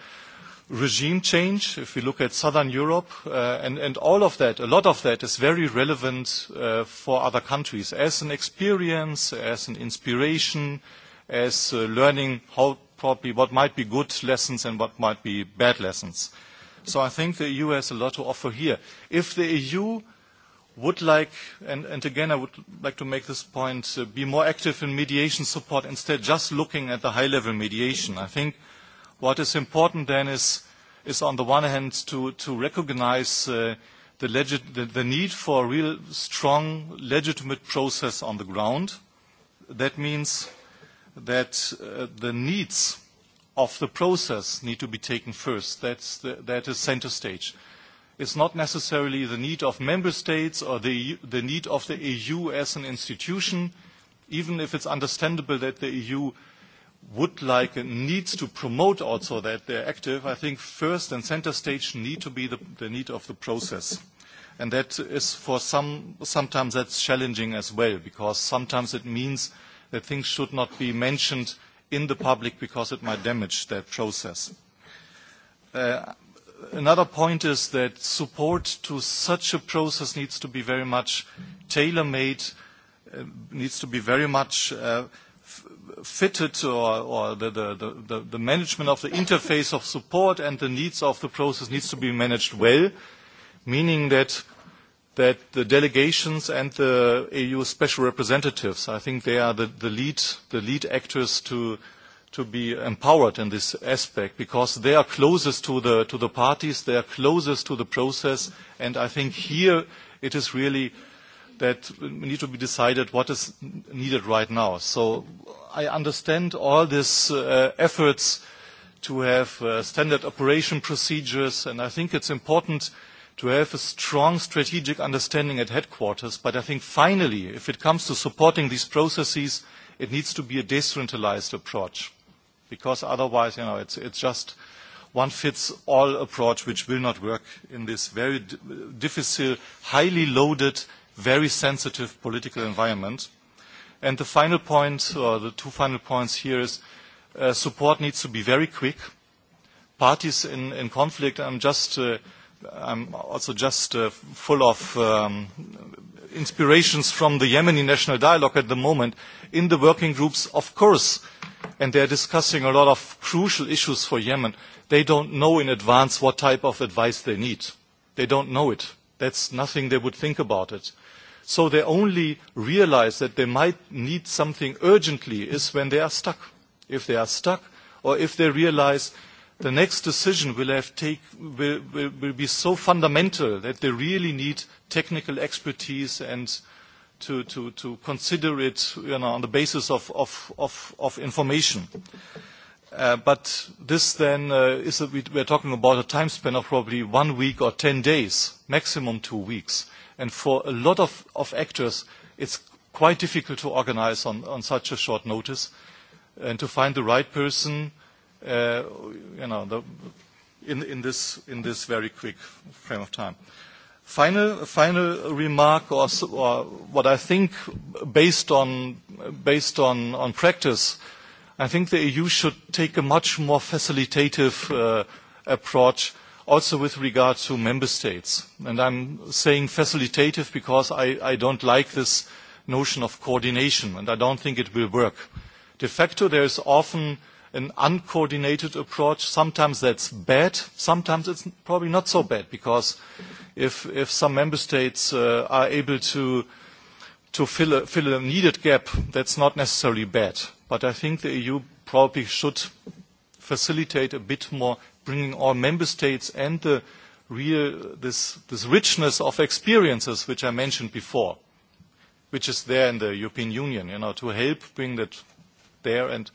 regime change, if we look at southern Europe, uh, and, and all of that, a lot of that is very relevant uh, for other countries as an experience, as an inspiration, as uh, learning how probably what might be good lessons and what might be bad lessons. So I think the EU has a lot to offer here. If the EU would like, and, and again I would like to make this point, uh, be more active in mediation support instead just looking at the high-level mediation. I think What is important then is, is on the one hand to, to recognize uh, the, legit, the, the need for a real strong legitimate process on the ground. That means that uh, the needs of the process need to be taken first. That's the, that is center stage. It's not necessarily the need of member states or the, the need of the EU as an institution, even if it's understandable that the EU would like needs to promote also that they're active, I think first and center stage need to be the, the need of the process. And that is for some, sometimes that's challenging as well, because sometimes it means that things should not be mentioned in the public because it might damage that process. Uh, another point is that support to such a process needs to be very much tailor-made, uh, needs to be very much uh, fitted or, or the, the, the, the management of the interface of support and the needs of the process needs to be managed well, meaning that that the delegations and the EU special representatives, I think they are the, the, lead, the lead actors to, to be empowered in this aspect because they are closest to the, to the parties, they are closest to the process, and I think here it is really that need to be decided what is needed right now. So I understand all these efforts to have standard operation procedures, and I think it's important to have a strong strategic understanding at headquarters. But I think finally, if it comes to supporting these processes, it needs to be a decentralized approach, because otherwise, you know, it's it's just one fits all approach which will not work in this very difficile, highly loaded, very sensitive political environment. And the final point, or the two final points here is uh, support needs to be very quick. Parties in, in conflict, I'm just, uh, I'm also just uh, full of um, inspirations from the Yemeni national dialogue at the moment. In the working groups, of course, and they're discussing a lot of crucial issues for Yemen. They don't know in advance what type of advice they need. They don't know it. That's nothing they would think about it. Uh, So they only realize that they might need something urgently is when they are stuck. If they are stuck or if they realize the next decision will, have take, will, will, will be so fundamental that they really need technical expertise and to, to, to consider it you know, on the basis of, of, of, of information. Uh, but this then uh, is we, are talking about a time span of probably one week or 10 days, maximum two weeks. And for a lot of, of actors, it's quite difficult to organize on, on such a short notice and to find the right person uh, you know, the, in, in, this, in this very quick frame of time. Final, final remark, or, or what I think, based on, based on, on practice, I think the EU should take a much more facilitative uh, approach also with regard to member states. And I'm saying facilitative because I, I don't like this notion of coordination, and I don't think it will work. De facto, there is often an uncoordinated approach. Sometimes that's bad. Sometimes it's probably not so bad because if, if some member states uh, are able to, to fill, a, fill a needed gap, that's not necessarily bad. But I think the EU probably should facilitate a bit more bringing all member states and the real, this, this richness of experiences which I mentioned before, which is there in the European Union, you know, to help bring that there. And,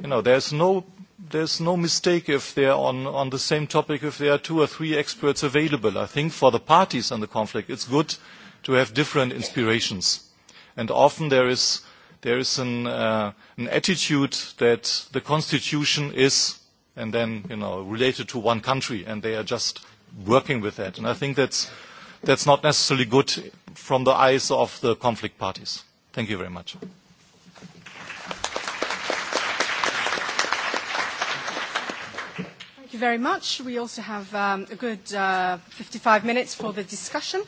you know, there's no, there's no mistake if they're on, on the same topic, if there are two or three experts available. I think for the parties in the conflict, it's good to have different inspirations. And often there is, there is an, uh, an attitude that the Constitution is and then you know related to one country, and they are just working with that. And I think that's that's not necessarily good from the eyes of the conflict parties. Thank you very much. Thank you very much. We also have um, a good uh, 55 minutes for the discussion.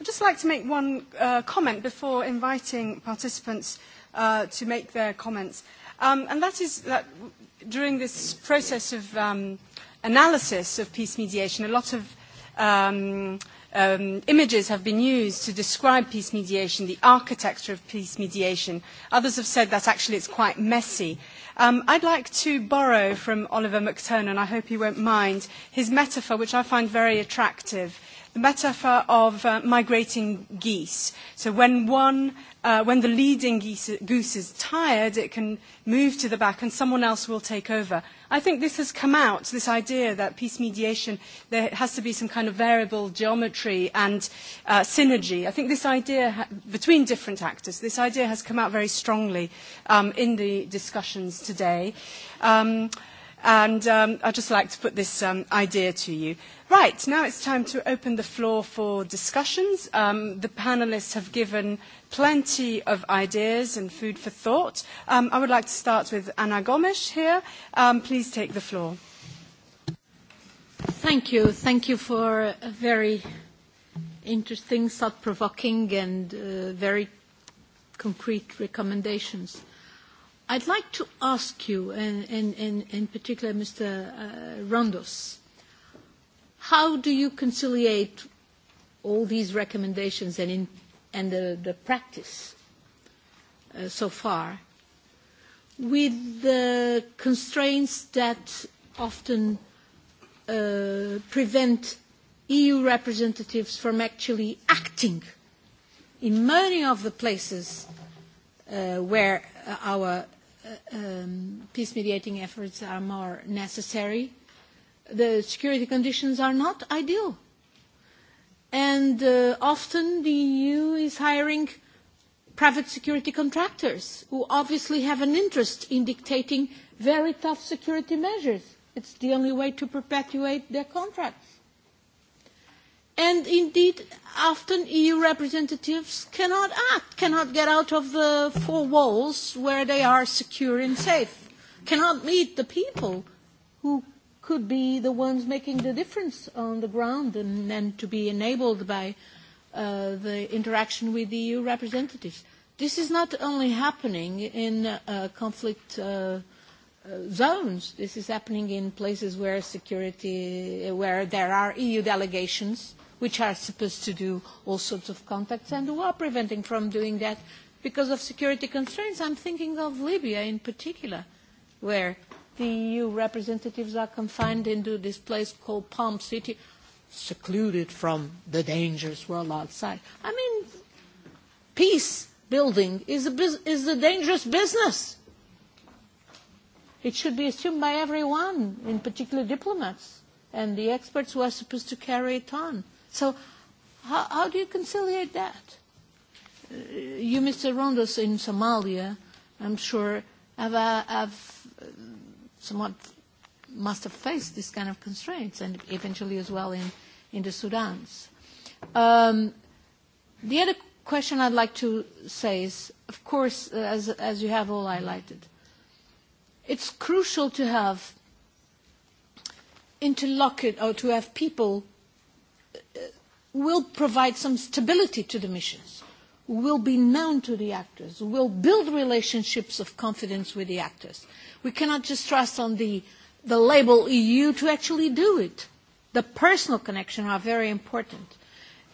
I'd just like to make one uh, comment before inviting participants uh, to make their comments. Um, and that is that during this process of um, analysis of peace mediation, a lot of um, um, images have been used to describe peace mediation, the architecture of peace mediation. Others have said that actually it's quite messy. Um, I'd like to borrow from Oliver McTurnan, I hope he won't mind, his metaphor, which I find very attractive the metaphor of uh, migrating geese. So when one, uh, when the leading geese, goose is tired, it can move to the back and someone else will take over. I think this has come out, this idea that peace mediation, there has to be some kind of variable geometry and uh, synergy. I think this idea ha- between different actors, this idea has come out very strongly um, in the discussions today. Um, And um, I'd just like to put this um, idea to you. Right, now it's time to open the floor for discussions. Um, the panelists have given plenty of ideas and food for thought. Um, I would like to start with Anna Gomes here. Um, please take the floor. Thank you. Thank you for a very interesting, thought-provoking, and uh, very concrete recommendations. I'd like to ask you, and, and, and in particular Mr. Uh, Rondos, how do you conciliate all these recommendations and, in, and the, the practice uh, so far with the constraints that often uh, prevent EU representatives from actually acting in many of the places uh, where our um, peace mediating efforts are more necessary. The security conditions are not ideal. And uh, often the EU is hiring private security contractors who obviously have an interest in dictating very tough security measures. It's the only way to perpetuate their contracts and indeed often EU representatives cannot act, cannot get out of the four walls where they are secure and safe, cannot meet the people who could be the ones making the difference on the ground and, and to be enabled by uh, the interaction with the EU representatives. This is not only happening in uh, conflict uh, zones. This is happening in places where security, where there are EU delegations which are supposed to do all sorts of contacts and who are preventing from doing that because of security concerns. I'm thinking of Libya in particular, where the EU representatives are confined into this place called Palm City, secluded from the dangerous world outside. I mean, peace building is a, bus- is a dangerous business. It should be assumed by everyone, in particular diplomats and the experts who are supposed to carry it on. So how, how do you conciliate that? You, Mr. Rondos, in Somalia, I'm sure, have, uh have somewhat must have faced these kind of constraints, and eventually as well in, in the Sudans. Um, the other question I'd like to say is, of course, as, as you have all highlighted, it's crucial to have interlocutors or to have people will provide some stability to the missions, will be known to the actors, will build relationships of confidence with the actors. We cannot just trust on the, the label EU to actually do it. The personal connection are very important.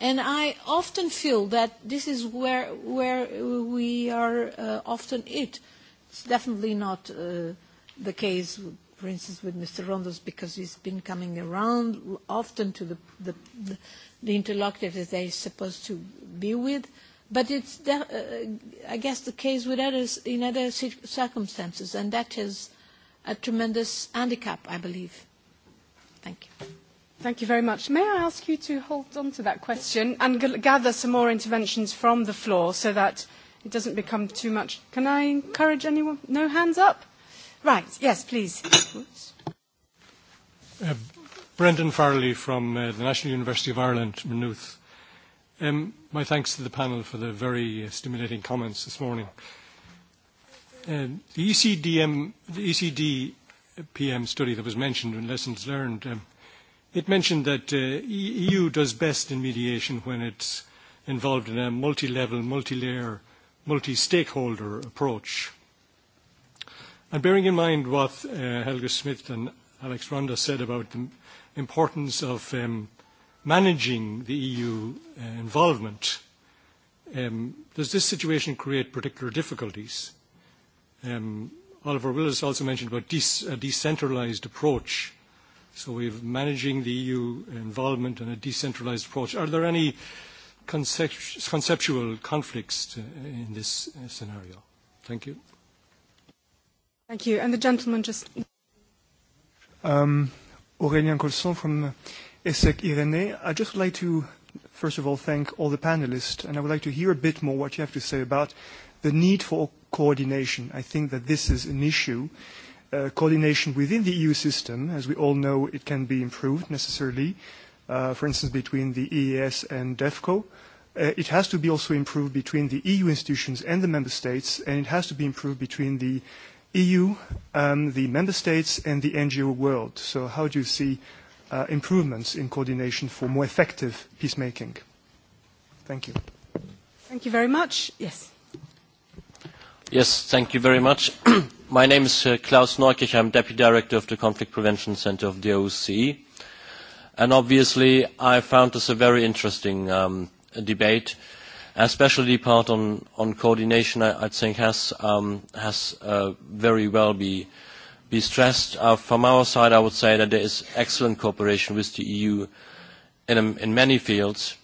And I often feel that this is where, where we are uh, often it. It's definitely not uh, the case for instance, with Mr. Rondos, because he's been coming around often to the the, the, the interlocutors they're supposed to be with. But it's, uh, I guess, the case with others in other circumstances, and that is a tremendous handicap, I believe. Thank you. Thank you very much. May I ask you to hold on to that question and g gather some more interventions from the floor so that it doesn't become too much. Can I encourage anyone? No hands up? Right, yes, please. Brendan Farley from uh, the National University of Ireland, Maynooth. Um, my thanks to the panel for the very uh, stimulating comments this morning. Um, the, ECDM, the ECD PM study that was mentioned in Lessons Learned, um, it mentioned that uh, EU does best in mediation when it's involved in a multi-level, multi-layer, multi-stakeholder approach. And bearing in mind what uh, Helga Smith and Alex Ronda said about the importance of um, managing the EU uh, involvement, um, does this situation create particular difficulties? Um, Oliver Willis also mentioned about a decentralized approach. So we're managing the EU involvement and a decentralized approach. Are there any conceptual conflicts in this scenario? Thank you. Thank you. And the gentleman just. Um, Aurélien Colson from ESSEC Irene. I'd just like to, first of all, thank all the panelists, and I would like to hear a bit more what you have to say about the need for coordination. I think that this is an issue. Uh, coordination within the EU system, as we all know, it can be improved necessarily, uh, for instance, between the EES and DEFCO. Uh, it has to be also improved between the EU institutions and the member states, and it has to be improved between the EU, um, the member states, and the NGO world. So how do you see uh, improvements in coordination for more effective peacemaking? Thank you. Thank you very much. Yes. Yes, thank you very much. My name is uh, Klaus Neukirch. I'm Deputy Director of the Conflict Prevention Center of the OSCE. And obviously, I found this a very interesting um, debate. Uh, especially part on, on coordination, I, I think has, um, has uh, very well be, be stressed. Uh, from our side, I would say that there is excellent cooperation with the EU in, um, in many fields,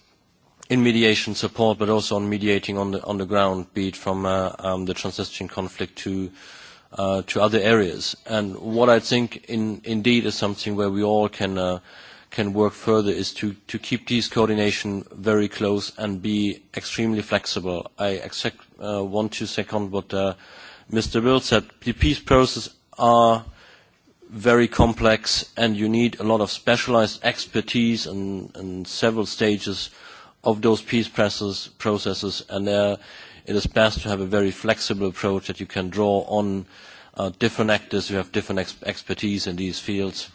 in mediation support, but also on mediating on the, on the ground, be it from uh, um, the Transnistrian conflict to, uh, to other areas. And what I think in, indeed is something where we all can uh, – can work further is to, to keep these coordination very close and be extremely flexible. I exact, uh, want to second what uh, Mr. Bill said. The peace process are very complex and you need a lot of specialized expertise in, in several stages of those peace processes and uh, it is best to have a very flexible approach that you can draw on uh, different actors who have different ex expertise in these fields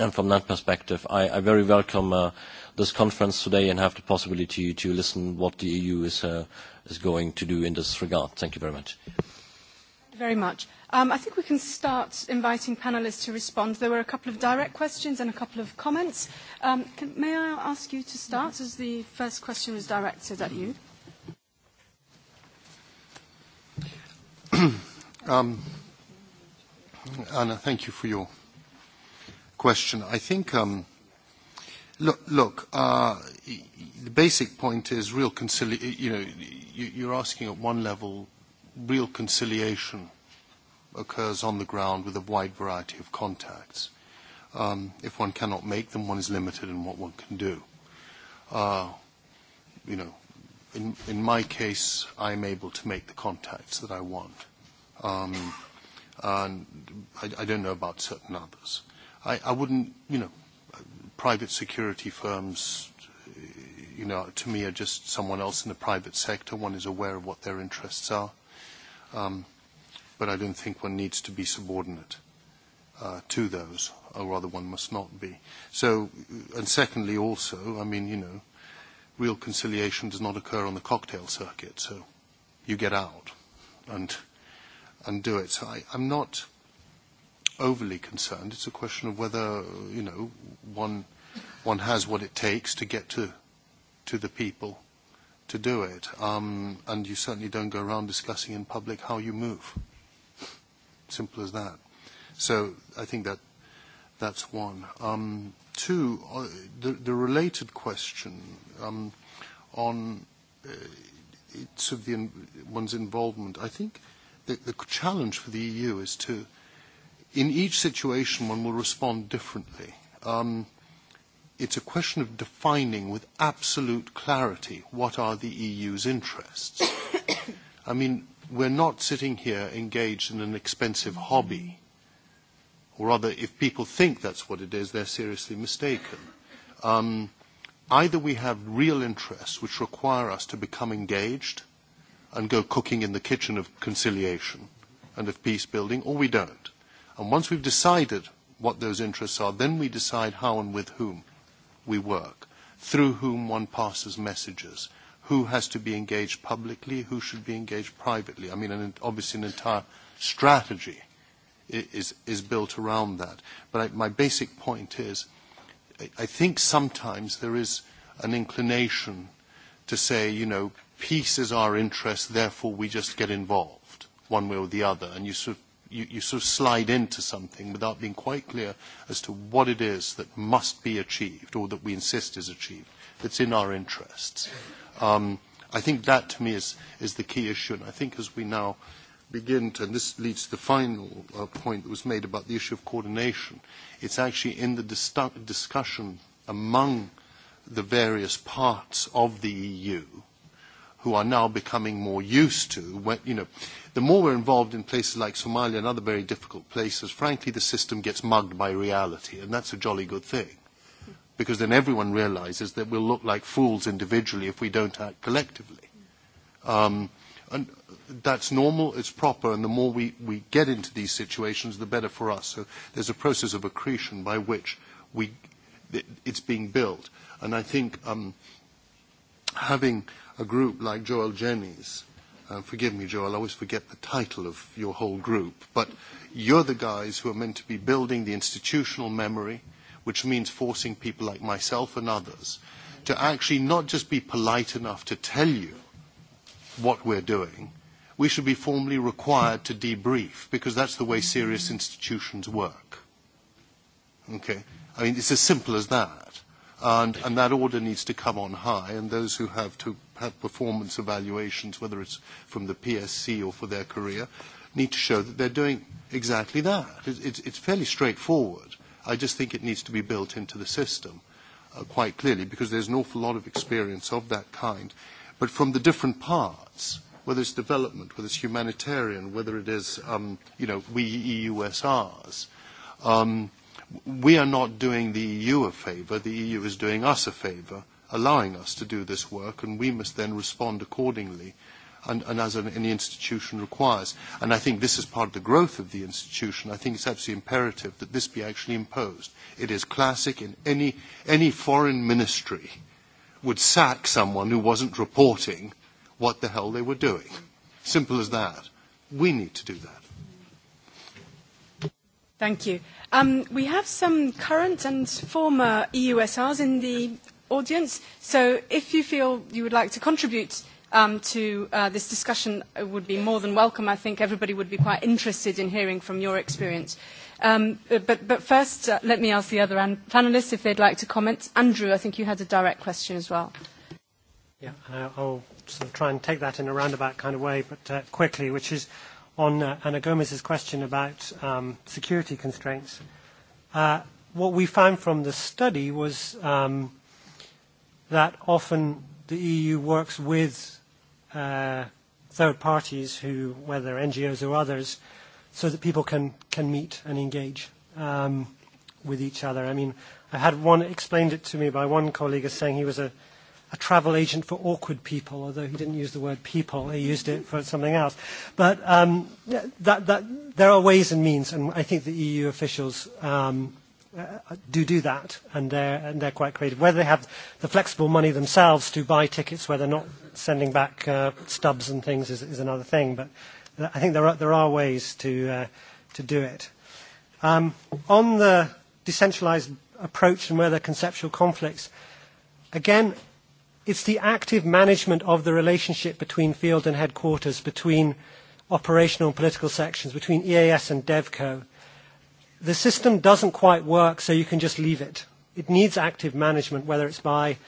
And from that perspective, I, I very welcome this conference today and have the possibility to listen what the EU is, going to do in this regard. Thank you very much. Thank you very much. I think we can start inviting panelists to respond. There were a couple of direct questions and a couple of comments. may I ask you to start, as the first question was directed at you? Anna, thank you for your question. I think, um, look, look uh, the basic point is real conciliation. You know, you, you're asking at one level, real conciliation occurs on the ground with a wide variety of contacts. Um, if one cannot make them, one is limited in what one can do. Uh, you know, in, in my case, I'm able to make the contacts that I want. Um, and I, I don't know about certain others. I, I wouldn't, you know, private security firms, you know, to me are just someone else in the private sector. One is aware of what their interests are. Um, but I don't think one needs to be subordinate uh, to those, or rather one must not be. So, and secondly also, I mean, you know, real conciliation does not occur on the cocktail circuit, so you get out and, and do it. So I, I'm not overly concerned. It's a question of whether, you know, one, one has what it takes to get to, to the people to do it. Um, and you certainly don't go around discussing in public how you move. Simple as that. So I think that that's one. Um, two, uh, the, the related question um, on uh, sort of the, in one's involvement. I think the, the challenge for the EU is to – in each situation, one will respond differently. Um, it's a question of defining with absolute clarity what are the EU's interests. I mean, we're not sitting here engaged in an expensive hobby. Or rather, if people think that's what it is, they're seriously mistaken. Um, either we have real interests which require us to become engaged and go cooking in the kitchen of conciliation and of peace building, or we don't. And once we've decided what those interests are, then we decide how and with whom we work, through whom one passes messages, who has to be engaged publicly, who should be engaged privately. I mean, an, obviously an entire strategy is, is built around that. But I, my basic point is, I, I think sometimes there is an inclination to say, you know, peace is our interest, therefore we just get involved one way or the other. And you sort of you, you sort of slide into something without being quite clear as to what it is that must be achieved or that we insist is achieved that's in our interests. Um, I think that to me is, is the key issue. And I think as we now begin to, and this leads to the final uh, point that was made about the issue of coordination, it's actually in the dis- discussion among the various parts of the EU who are now becoming more used to. When, you know, the more we're involved in places like Somalia and other very difficult places, frankly, the system gets mugged by reality, and that's a jolly good thing. Because then everyone realizes that we'll look like fools individually if we don't act collectively. Um, and that's normal, it's proper, and the more we, we get into these situations, the better for us. So there's a process of accretion by which we, it's being built. And I think um, having a group like Joel Jennings, uh, forgive me, Joel, I always forget the title of your whole group, but you're the guys who are meant to be building the institutional memory, which means forcing people like myself and others to actually not just be polite enough to tell you what we're doing, we should be formally required to debrief because that's the way serious institutions work. Okay? I mean, it's as simple as that. And, and that order needs to come on high, and those who have to have performance evaluations, whether it's from the PSC or for their career, need to show that they're doing exactly that. It's, it's, it's fairly straightforward. I just think it needs to be built into the system uh, quite clearly because there's an awful lot of experience of that kind. But from the different parts, whether it's development, whether it's humanitarian, whether it is, um, you know, we EUSRs, um, we are not doing the EU a favor. The EU is doing us a favor allowing us to do this work, and we must then respond accordingly and, and as an, any institution requires. And I think this is part of the growth of the institution. I think it's absolutely imperative that this be actually imposed. It is classic in any, any foreign ministry would sack someone who wasn't reporting what the hell they were doing. Simple as that. We need to do that. Thank you. Um, we have some current and former EUSRs in the audience. So if you feel you would like to contribute um, to uh, this discussion, it would be more than welcome. I think everybody would be quite interested in hearing from your experience. Um, but, but first, uh, let me ask the other an- panelists if they'd like to comment. Andrew, I think you had a direct question as well. Yeah, I'll sort of try and take that in a roundabout kind of way, but uh, quickly, which is on uh, Anna Gomez's question about um, security constraints. Uh, what we found from the study was um, that often the EU works with uh, third parties who, whether NGOs or others, so that people can, can meet and engage um, with each other. I mean, I had one explained it to me by one colleague as saying he was a, a travel agent for awkward people, although he didn't use the word people, he used it for something else. But um, that, that, there are ways and means, and I think the EU officials um, do do that, and they're, and they're quite creative. Whether they have the flexible money themselves to buy tickets where they're not sending back uh, stubs and things is, is another thing, but I think there are, there are ways to, uh, to do it. Um, on the decentralized approach and where there are conceptual conflicts, again, it's the active management of the relationship between field and headquarters, between operational and political sections, between EAS and DevCo the system doesn't quite work, so you can just leave it. It needs active management, whether it's by,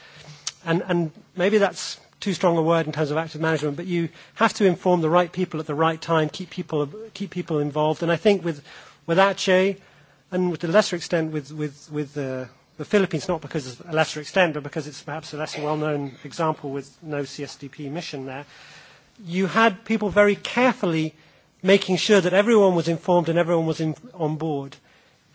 and, and maybe that's too strong a word in terms of active management, but you have to inform the right people at the right time, keep people, keep people involved. And I think with, with ACE and to a lesser extent with, with, with the, the Philippines, not because it's a lesser extent, but because it's perhaps a less well-known example with no CSDP mission there, you had people very carefully making sure that everyone was informed and everyone was in, on board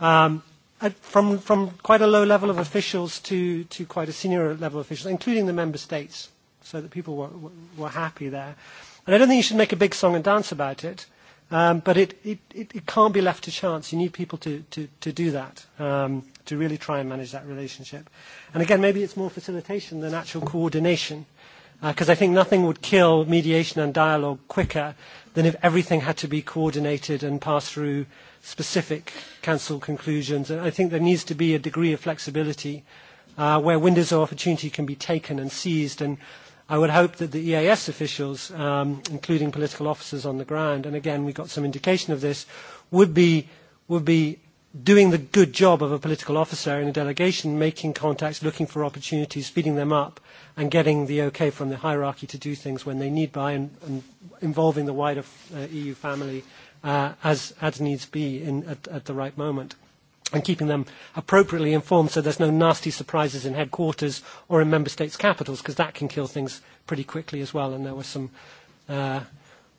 um, at, from, from quite a low level of officials to, to quite a senior level of officials, including the member states, so that people were, were happy there. And I don't think you should make a big song and dance about it, um, but it, it, it, it can't be left to chance. You need people to, to, to do that, um, to really try and manage that relationship. And again, maybe it's more facilitation than actual coordination because I think nothing would kill mediation and dialogue quicker than if everything had to be coordinated and passed through specific council conclusions. And I think there needs to be a degree of flexibility uh, where windows of opportunity can be taken and seized. And I would hope that the EAS officials, um, including political officers on the ground, and again, we got some indication of this, would be, would be doing the good job of a political officer in a delegation, making contacts, looking for opportunities, feeding them up, and getting the okay from the hierarchy to do things when they need by, and, and involving the wider uh, EU family uh, as, as needs be in, at, at the right moment and keeping them appropriately informed so there's no nasty surprises in headquarters or in member states' capitals because that can kill things pretty quickly as well. And there were some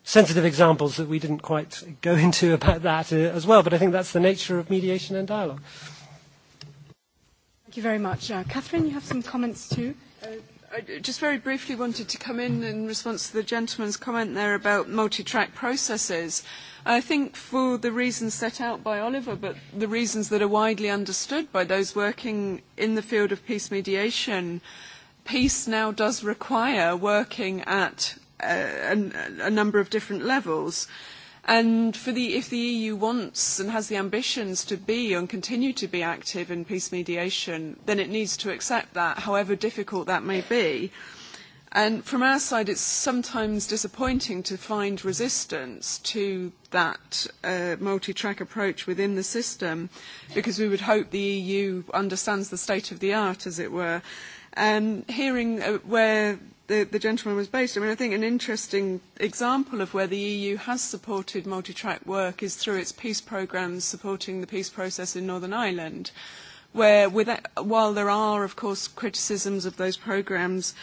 sensitive examples that we didn't quite go into about that as well. But I think that's the nature of mediation and dialogue. Thank you very much. Catherine, you have some comments too. I just very briefly wanted to come in in response to the gentleman's comment there about multi-track processes. I think for the reasons set out by Oliver, but the reasons that are widely understood by those working in the field of peace mediation, peace now does require working at a, a number of different levels. And for the, if the EU wants and has the ambitions to be and continue to be active in peace mediation, then it needs to accept that, however difficult that may be. Uh, And from our side, it's sometimes disappointing to find resistance to that uh, multi-track approach within the system, because we would hope the EU understands the state of the art, as it were. And hearing uh, where the, the gentleman was based, I mean, I think an interesting example of where the EU has supported multi-track work is through its peace programs supporting the peace process in Northern Ireland, where with, while there are, of course, criticisms of those programs,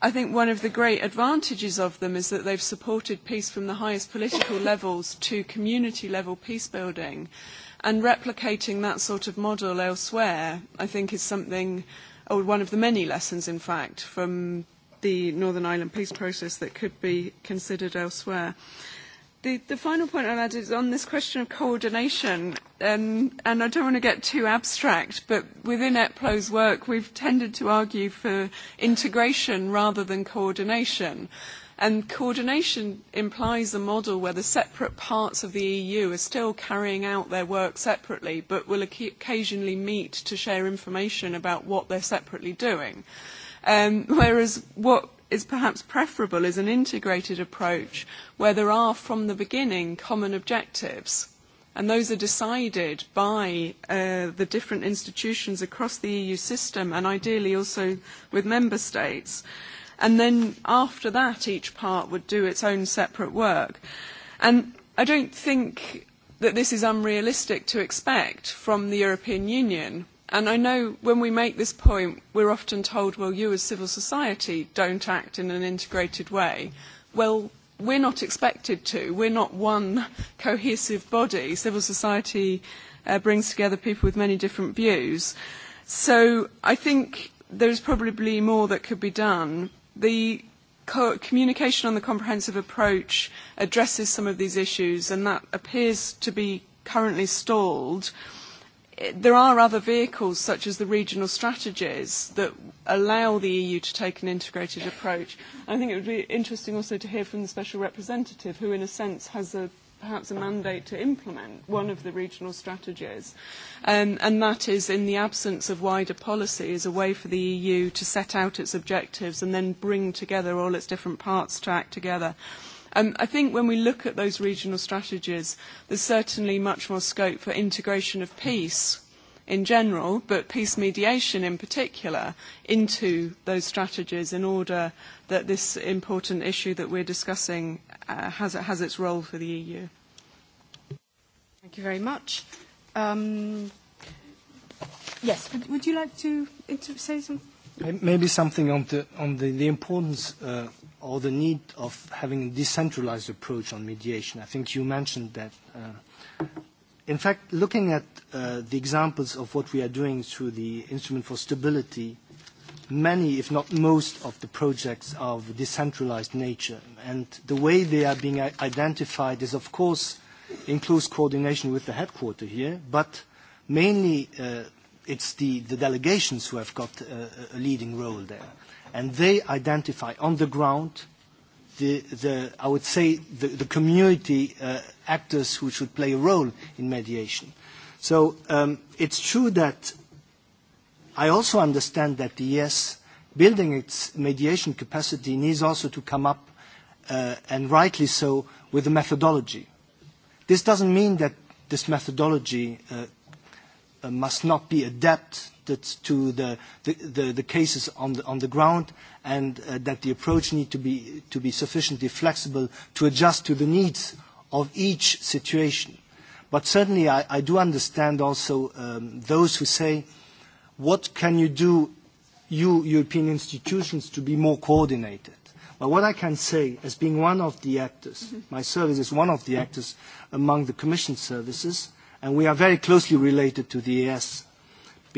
I think one of the great advantages of them is that they've supported peace from the highest political levels to community level peace building. And replicating that sort of model elsewhere, I think, is something, or one of the many lessons, in fact, from the Northern Ireland peace process that could be considered elsewhere. The, the final point I'll add is on this question of coordination, and, and I don't want to get too abstract, but within EPLO's work, we've tended to argue for integration rather than coordination. And coordination implies a model where the separate parts of the EU are still carrying out their work separately, but will occasionally meet to share information about what they're separately doing. Um, whereas what is perhaps preferable is an integrated approach where there are from the beginning common objectives and those are decided by uh, the different institutions across the EU system and ideally also with member states. And then after that, each part would do its own separate work. And I don't think that this is unrealistic to expect from the European Union And I know when we make this point, we're often told, well, you as civil society don't act in an integrated way. Well, we're not expected to. We're not one cohesive body. Civil society uh, brings together people with many different views. So I think there's probably more that could be done. The co- communication on the comprehensive approach addresses some of these issues, and that appears to be currently stalled there are other vehicles such as the regional strategies that allow the EU to take an integrated approach. I think it would be interesting also to hear from the special representative who in a sense has a perhaps a mandate to implement one of the regional strategies. Um, and that is, in the absence of wider policy, is a way for the EU to set out its objectives and then bring together all its different parts to act together. Um, I think when we look at those regional strategies, there's certainly much more scope for integration of peace in general, but peace mediation in particular, into those strategies in order that this important issue that we're discussing uh, has, has its role for the EU. Thank you very much. Um, yes, would, would you like to inter- say something? Maybe something on the, on the, the importance uh, or the need of having a decentralized approach on mediation. I think you mentioned that. Uh, in fact, looking at uh, the examples of what we are doing through the Instrument for Stability, many, if not most, of the projects are of decentralized nature. And the way they are being identified is, of course, in close coordination with the headquarter here, but mainly uh, it's the, the delegations who have got uh, a leading role there and they identify on the ground the, the I would say, the, the community uh, actors who should play a role in mediation. So um, it's true that I also understand that the ES, building its mediation capacity, needs also to come up, uh, and rightly so, with a methodology. This doesn't mean that this methodology uh, must not be adapted adapted to the, the, the, the cases on the, on the ground and uh, that the approach needs to be, to be sufficiently flexible to adjust to the needs of each situation. But certainly I, I do understand also um, those who say, what can you do, you European institutions, to be more coordinated? But what I can say, as being one of the actors, my service is one of the actors among the Commission services, and we are very closely related to the ES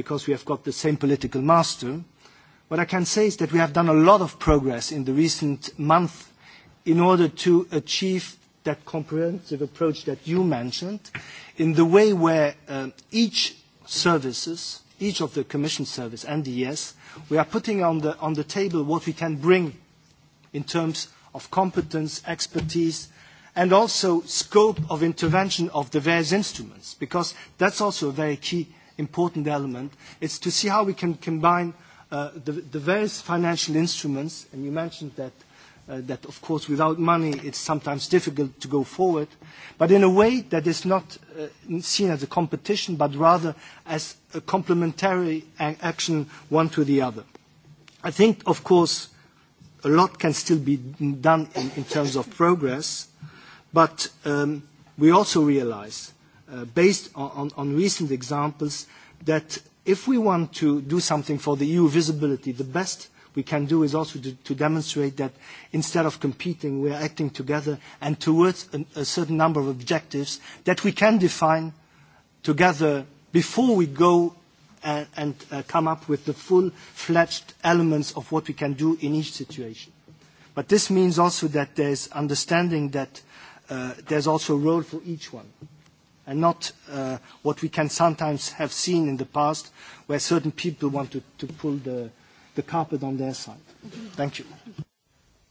because we have got the same political master. What I can say is that we have done a lot of progress in the recent month in order to achieve that comprehensive approach that you mentioned in the way where each services, each of the commission service and the ES, we are putting on the, on the table what we can bring in terms of competence, expertise, and also scope of intervention of the various instruments, because that's also a very key important element. is to see how we can combine uh, the, the various financial instruments, and you mentioned that, uh, that of course without money it's sometimes difficult to go forward, but in a way that is not uh, seen as a competition, but rather as a complementary action one to the other. I think, of course, a lot can still be done in, in terms of progress, but um, we also realize based on recent examples, that if we want to do something for the EU visibility, the best we can do is also to demonstrate that instead of competing, we are acting together and towards a certain number of objectives that we can define together before we go and come up with the full-fledged elements of what we can do in each situation. But this means also that there's understanding that there's also a role for each one and not uh, what we can sometimes have seen in the past where certain people want to, to pull the, the carpet on their side. Thank you.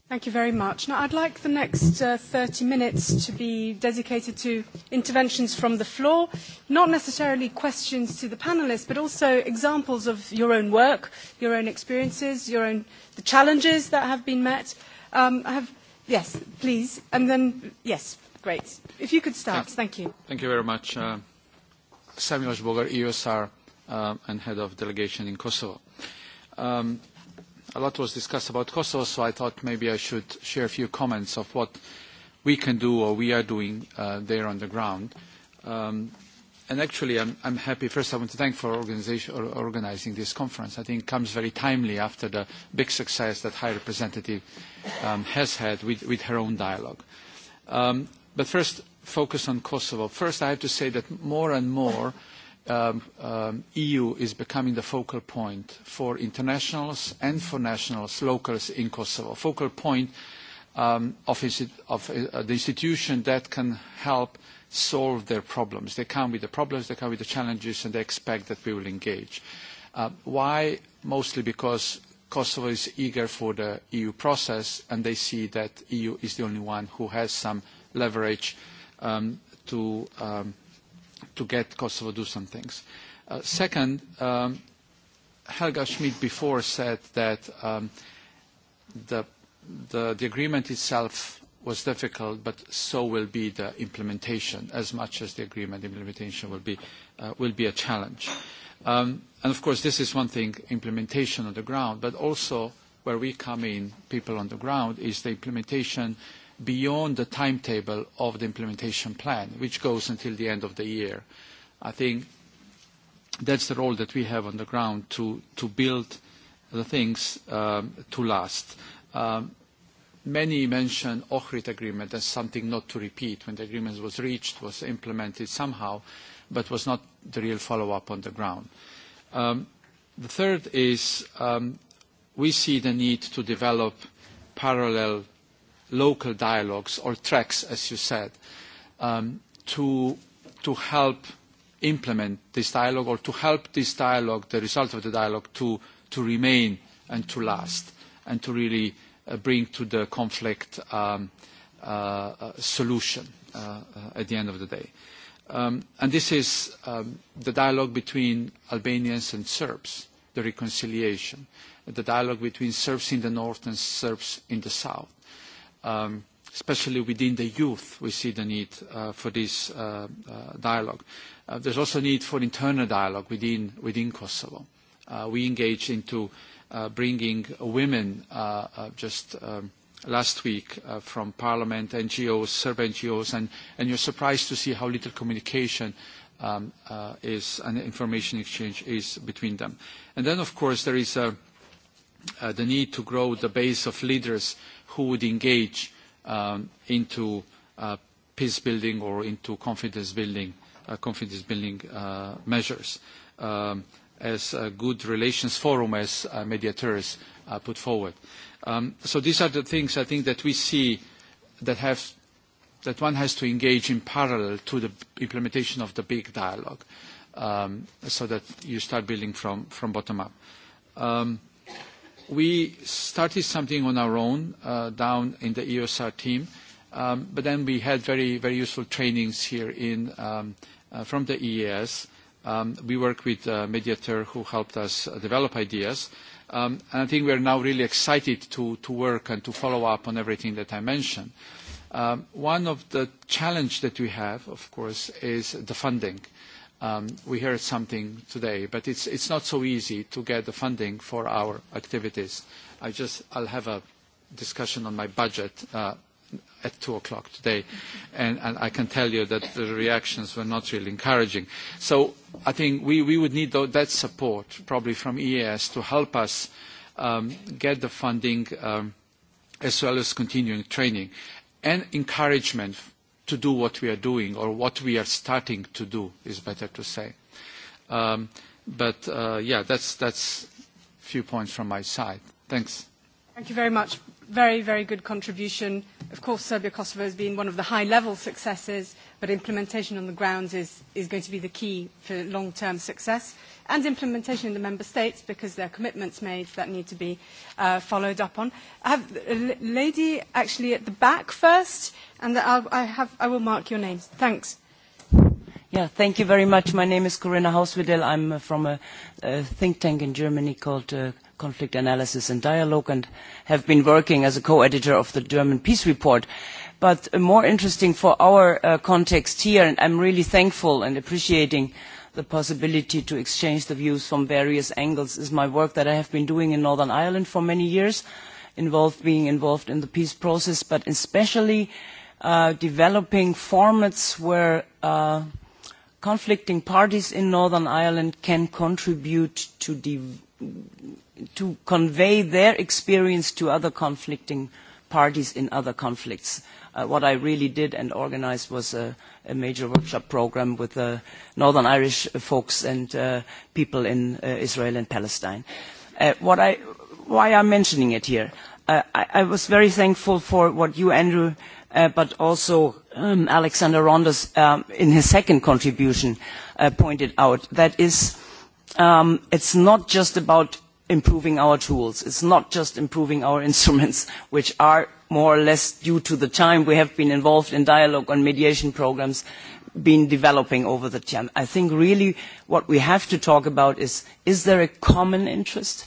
Thank you very much. Now, I'd like the next uh, 30 minutes to be dedicated to interventions from the floor, not necessarily questions to the panelists, but also examples of your own work, your own experiences, your own the challenges that have been met. Um, I have, yes, please, and then yes, Great. If you could start. Thank you. Thank you very much. Samuel Bogar, EUSR, and head of delegation in Kosovo. A lot was discussed about Kosovo, so I thought maybe I should share a few comments of what we can do or we are doing there on the ground. And actually, I'm happy. First, I want to thank for organizing this conference. I think it comes very timely after the big success that High Representative has had with her own dialogue. But first, focus on Kosovo. First, I have to say that more and more EU is becoming the focal point for internationals and for nationals, locals in Kosovo. Focal point of the institution that can help solve their problems. They come with the problems, they come with the challenges, and they expect that we will engage. Why? Mostly because Kosovo is eager for the EU process, and they see that EU is the only one who has some leverage to get Kosovo do some things. Second, Helga Schmid before said that the agreement itself was difficult, but so will be the implementation, as much as the agreement implementation will be a challenge. And Of course, this is one thing, implementation on the ground, but also where we come in, people on the ground, is the implementation beyond the timetable of the implementation plan, which goes until the end of the year. I think that's the role that we have on the ground to build the things to last. Many mention Ohrid agreement as something not to repeat when the agreement was reached, was implemented somehow, but was not the real follow-up on the ground. The third is, we see the need to develop parallel local dialogues or tracks, as you said, to, to help implement this dialogue or to help this dialogue, the result of the dialogue, to, to remain and to last and to really bring to the conflict a solution at the end of the day. and this is the dialogue between Albanians and Serbs, the reconciliation, the dialogue between Serbs in the north and Serbs in the south especially within the youth, we see the need for this dialogue. There's also a need for internal dialogue within Kosovo. We engage into bringing women just last week from parliament, NGOs, Serb NGOs, and you're surprised to see how little communication is and information exchange is between them. And then, of course, there is the need to grow the base of leaders who would engage into peace building or into confidence building, confidence building measures. as a good relations forum, as mediators put forward. so these are the things I think that we see that have that one has to engage in parallel to the implementation of the big dialogue, so that you start building from from bottom up. Um, We started something on our own down in the EOSR team, but then we had very, very useful trainings here in from the EAS. We work with Mediator, who helped us develop ideas. And I think we are now really excited to work and to follow up on everything that I mentioned. One of the challenge that we have, of course, is the funding we heard something today, but it's, it's not so easy to get the funding for our activities. I just, I'll have a discussion on my budget uh, at two o'clock today, and, and I can tell you that the reactions were not really encouraging. So I think we, we would need that support probably from EAS to help us um, get the funding um, as well as continuing training and encouragement to do what we are doing or what we are starting to do is better to say. but yeah, that's a few points from my side. Thanks. Thank you very much. Very, very good contribution. Of course, Serbia-Kosovo has been one of the high-level successes, but implementation on the grounds is going to be the key for long-term success and implementation in the member states because there are commitments made that need to be uh, followed up on. I have a lady actually at the back first, and I'll, I, have, I will mark your names. Thanks. Yeah, thank you very much. My name is Corinna Hauswedel. I'm from a, a think tank in Germany called uh, Conflict Analysis and Dialogue and have been working as a co-editor of the German Peace Report but more interesting for our context here and I am really thankful and appreciating uh, the possibility to exchange the views from various angles is my work that I have been doing in Northern Ireland for many years, involved being involved in the peace process, but especially developing formats where conflicting parties in Northern Ireland can contribute to, convey their experience to other conflicting parties parties in other conflicts. what I really did and organised was a, a major workshop programme with the Northern Irish folks and people in Israel and Palestine. why I'm mentioning it here, I, was very thankful for what you, Andrew, but also Alexander Rondas um in his second contribution pointed out. That is, um, it's not just about improving our tools. It's not just improving our instruments, which are more or less due to the time we have been involved in dialogue on mediation programs been developing over the time. I think really what we have to talk about is, is there a common interest?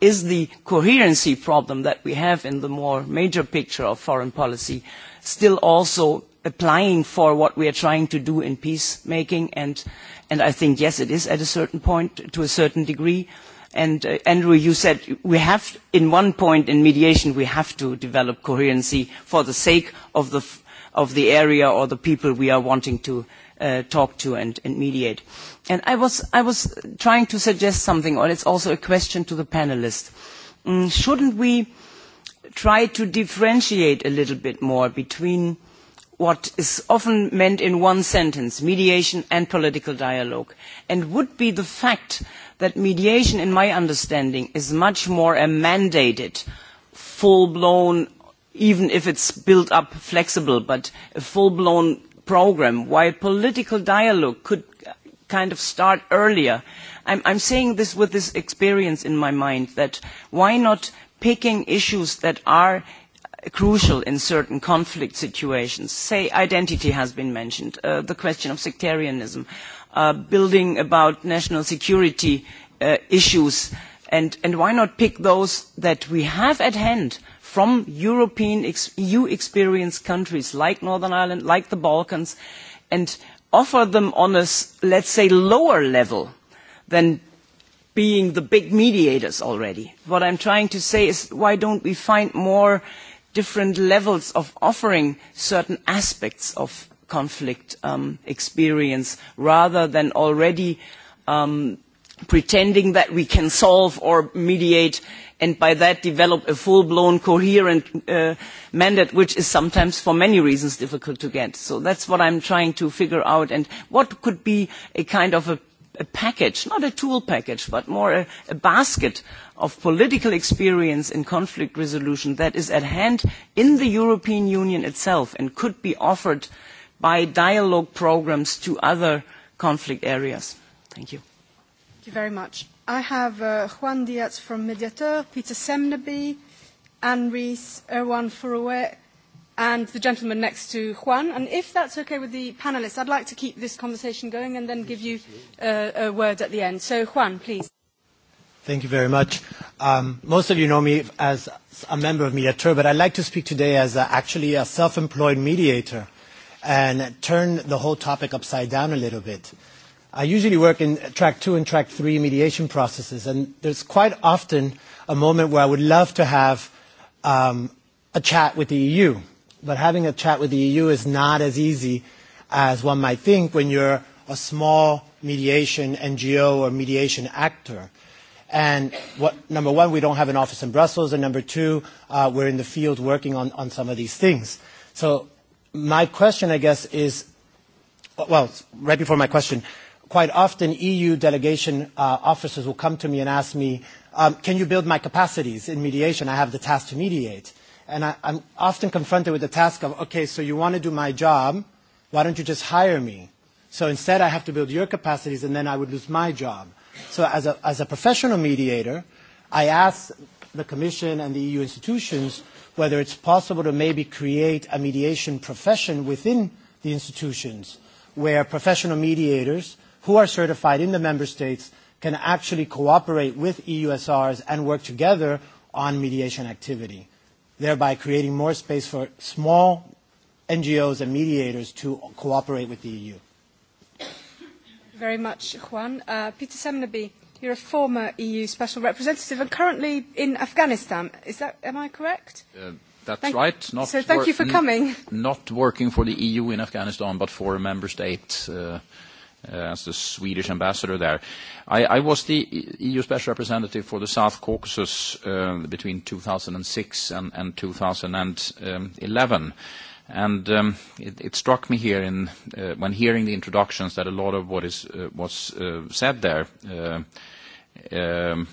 Is the coherency problem that we have in the more major picture of foreign policy still also applying for what we are trying to do in peacemaking? And, and I think, yes, it is at a certain point, to a certain degree And uh, Andrew, you said we have, in one point in mediation, we have to develop coherency for the sake of the, of the area or the people we are wanting to uh, talk to and, and mediate. And I was, I was trying to suggest something, or it's also a question to the panelists. Mm, shouldn't we try to differentiate a little bit more between what is often meant in one sentence, mediation and political dialogue, and would be the fact that mediation, in my understanding, is much more a mandated, full-blown, even if it's built up flexible, but a full-blown program, while political dialogue could kind of start earlier. I'm, I'm saying this with this experience in my mind, that why not picking issues that are crucial in certain conflict situations. Say identity has been mentioned, uh, the question of sectarianism, uh, building about national security uh, issues, and, and why not pick those that we have at hand from European ex EU experienced countries like Northern Ireland, like the Balkans, and offer them on a, let's say, lower level than being the big mediators already. What I'm trying to say is why don't we find more uh, different levels of offering certain aspects of conflict experience rather than already pretending that we can solve or mediate and by that develop a full-blown coherent mandate which is sometimes for many reasons difficult to get. So that's what I'm trying to figure out and what could be a kind of a a package, not a tool package, but more a, a basket of political experience in conflict resolution that is at hand in the European Union itself and could be offered by dialogue programmes to other conflict areas. Thank you. Thank you very much. I have uh, Juan Diaz from Mediator, Peter Semneby, Anne Rees, Erwan Fourouet, and the gentleman next to Juan. And if that's okay with the panelists, I'd like to keep this conversation going and then give you uh, a word at the end. So, Juan, please. Thank you very much. Um, most of you know me as a member of Mediator, but I'd like to speak today as a, actually a self-employed mediator and turn the whole topic upside down a little bit. I usually work in track two and track three mediation processes, and there's quite often a moment where I would love to have um, a chat with the EU But having a chat with the EU is not as easy as one might think when you're a small mediation NGO or mediation actor. And what, number one, we don't have an office in Brussels, and number two, uh, we're in the field working on, on some of these things. So my question, I guess, is, well, right before my question, quite often EU delegation uh, officers will come to me and ask me, um, can you build my capacities in mediation? I have the task to mediate. And I, I'm often confronted with the task of, okay, so you want to do my job, why don't you just hire me? So instead, I have to build your capacities, and then I would lose my job. So as a, as a professional mediator, I ask the Commission and the EU institutions whether it's possible to maybe create a mediation profession within the institutions where professional mediators who are certified in the member states can actually cooperate with EUSRs and work together on mediation activity thereby creating more space for small NGOs and mediators to cooperate with the EU. Very much, Juan. Uh, Peter Semneby, you're a former EU Special Representative and currently in Afghanistan. Is that, am I correct? Uh, that's thank, right. Not so thank you for coming. Not working for the EU in Afghanistan, but for a member state uh, as the Swedish ambassador there. I, I was the EU Special Representative for the South Caucasus uh, between 2006 and, and 2011. And um, it, it struck me here in, uh, when hearing the introductions that a lot of what is, uh, was uh, said there uh, um,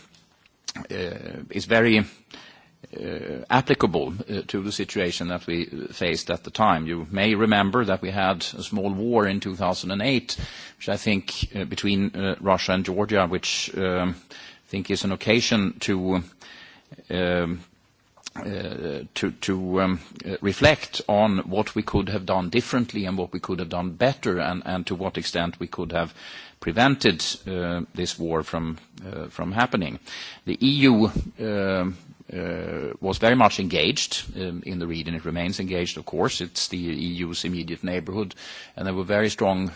uh, is very applicable to the situation that we faced at the time. You may remember that we had a small war in 2008, which I think between Russia and Georgia, which I think is an occasion to reflect on what we could have done differently and what we could have done better, and to what extent we could have prevented this war from happening. The EU was very much engaged in the region. It remains engaged, of course. It's the EU's immediate neighborhood, and there were very strong,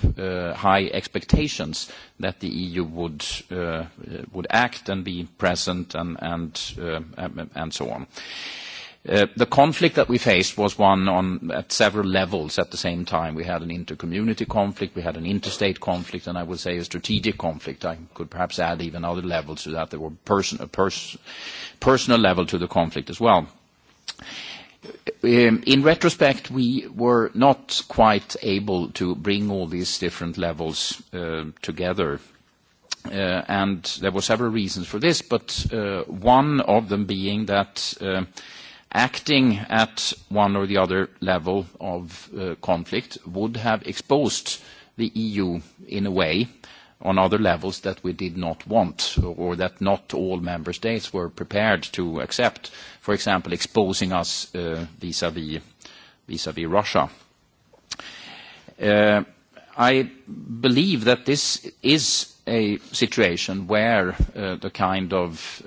high expectations that the EU would act and be present and so on. The conflict that we faced was one on at several levels at the same time. We had an inter-community conflict, we had an interstate conflict, and I would say a strategic conflict. I could perhaps add even other levels to that. There were person a personal level to the conflict as well. In retrospect, we were not quite able to bring all these different levels together and there were several reasons for this, but one of them being that acting at one or the other level of conflict would have exposed the EU in a way on other levels that we did not want or that not all member states were prepared to accept. For example, exposing us vis-à-vis Russia. I believe that this is a situation where the kind of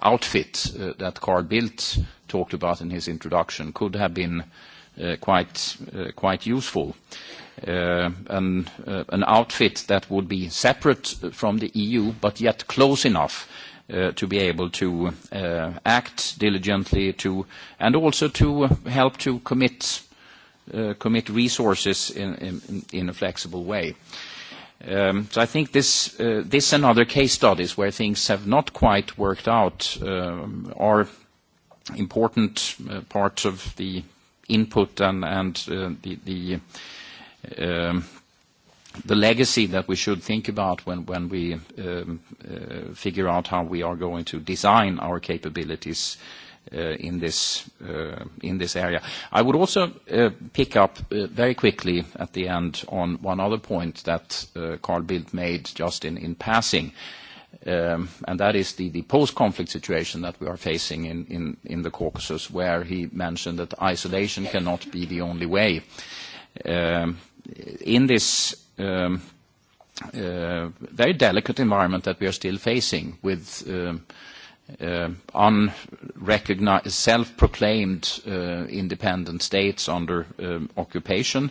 outfit that Carl Bildt talked about in his introduction could have been quite quite useful. An outfit that would be separate from the EU, but yet close enough to be able to act diligently to, and also to help to commit commit resources in in in a flexible way. So I think this and other case studies where things have not quite worked out are important part of the input and the legacy that we should think about when we figure out how we are going to design our capabilities in this area. I would also pick up very quickly at the end on one other point that Carl Bildt made just in passing, and that is the post-conflict situation that we are facing in the Caucasus, where he mentioned that isolation cannot be the only way. In this very delicate environment that we are still facing with self-proclaimed independent states under occupation,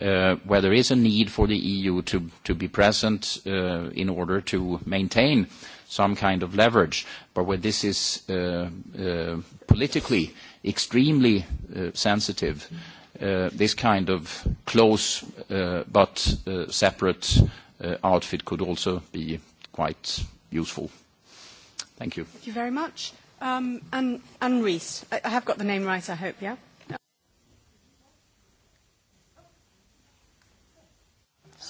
where there is a need for the EU to be present in order to maintain some kind of leverage, but where this is politically extremely sensitive, this kind of close but separate outfit could also be quite useful. Thank you. Thank you very much. Anne I I have got the name right, I hope, yeah?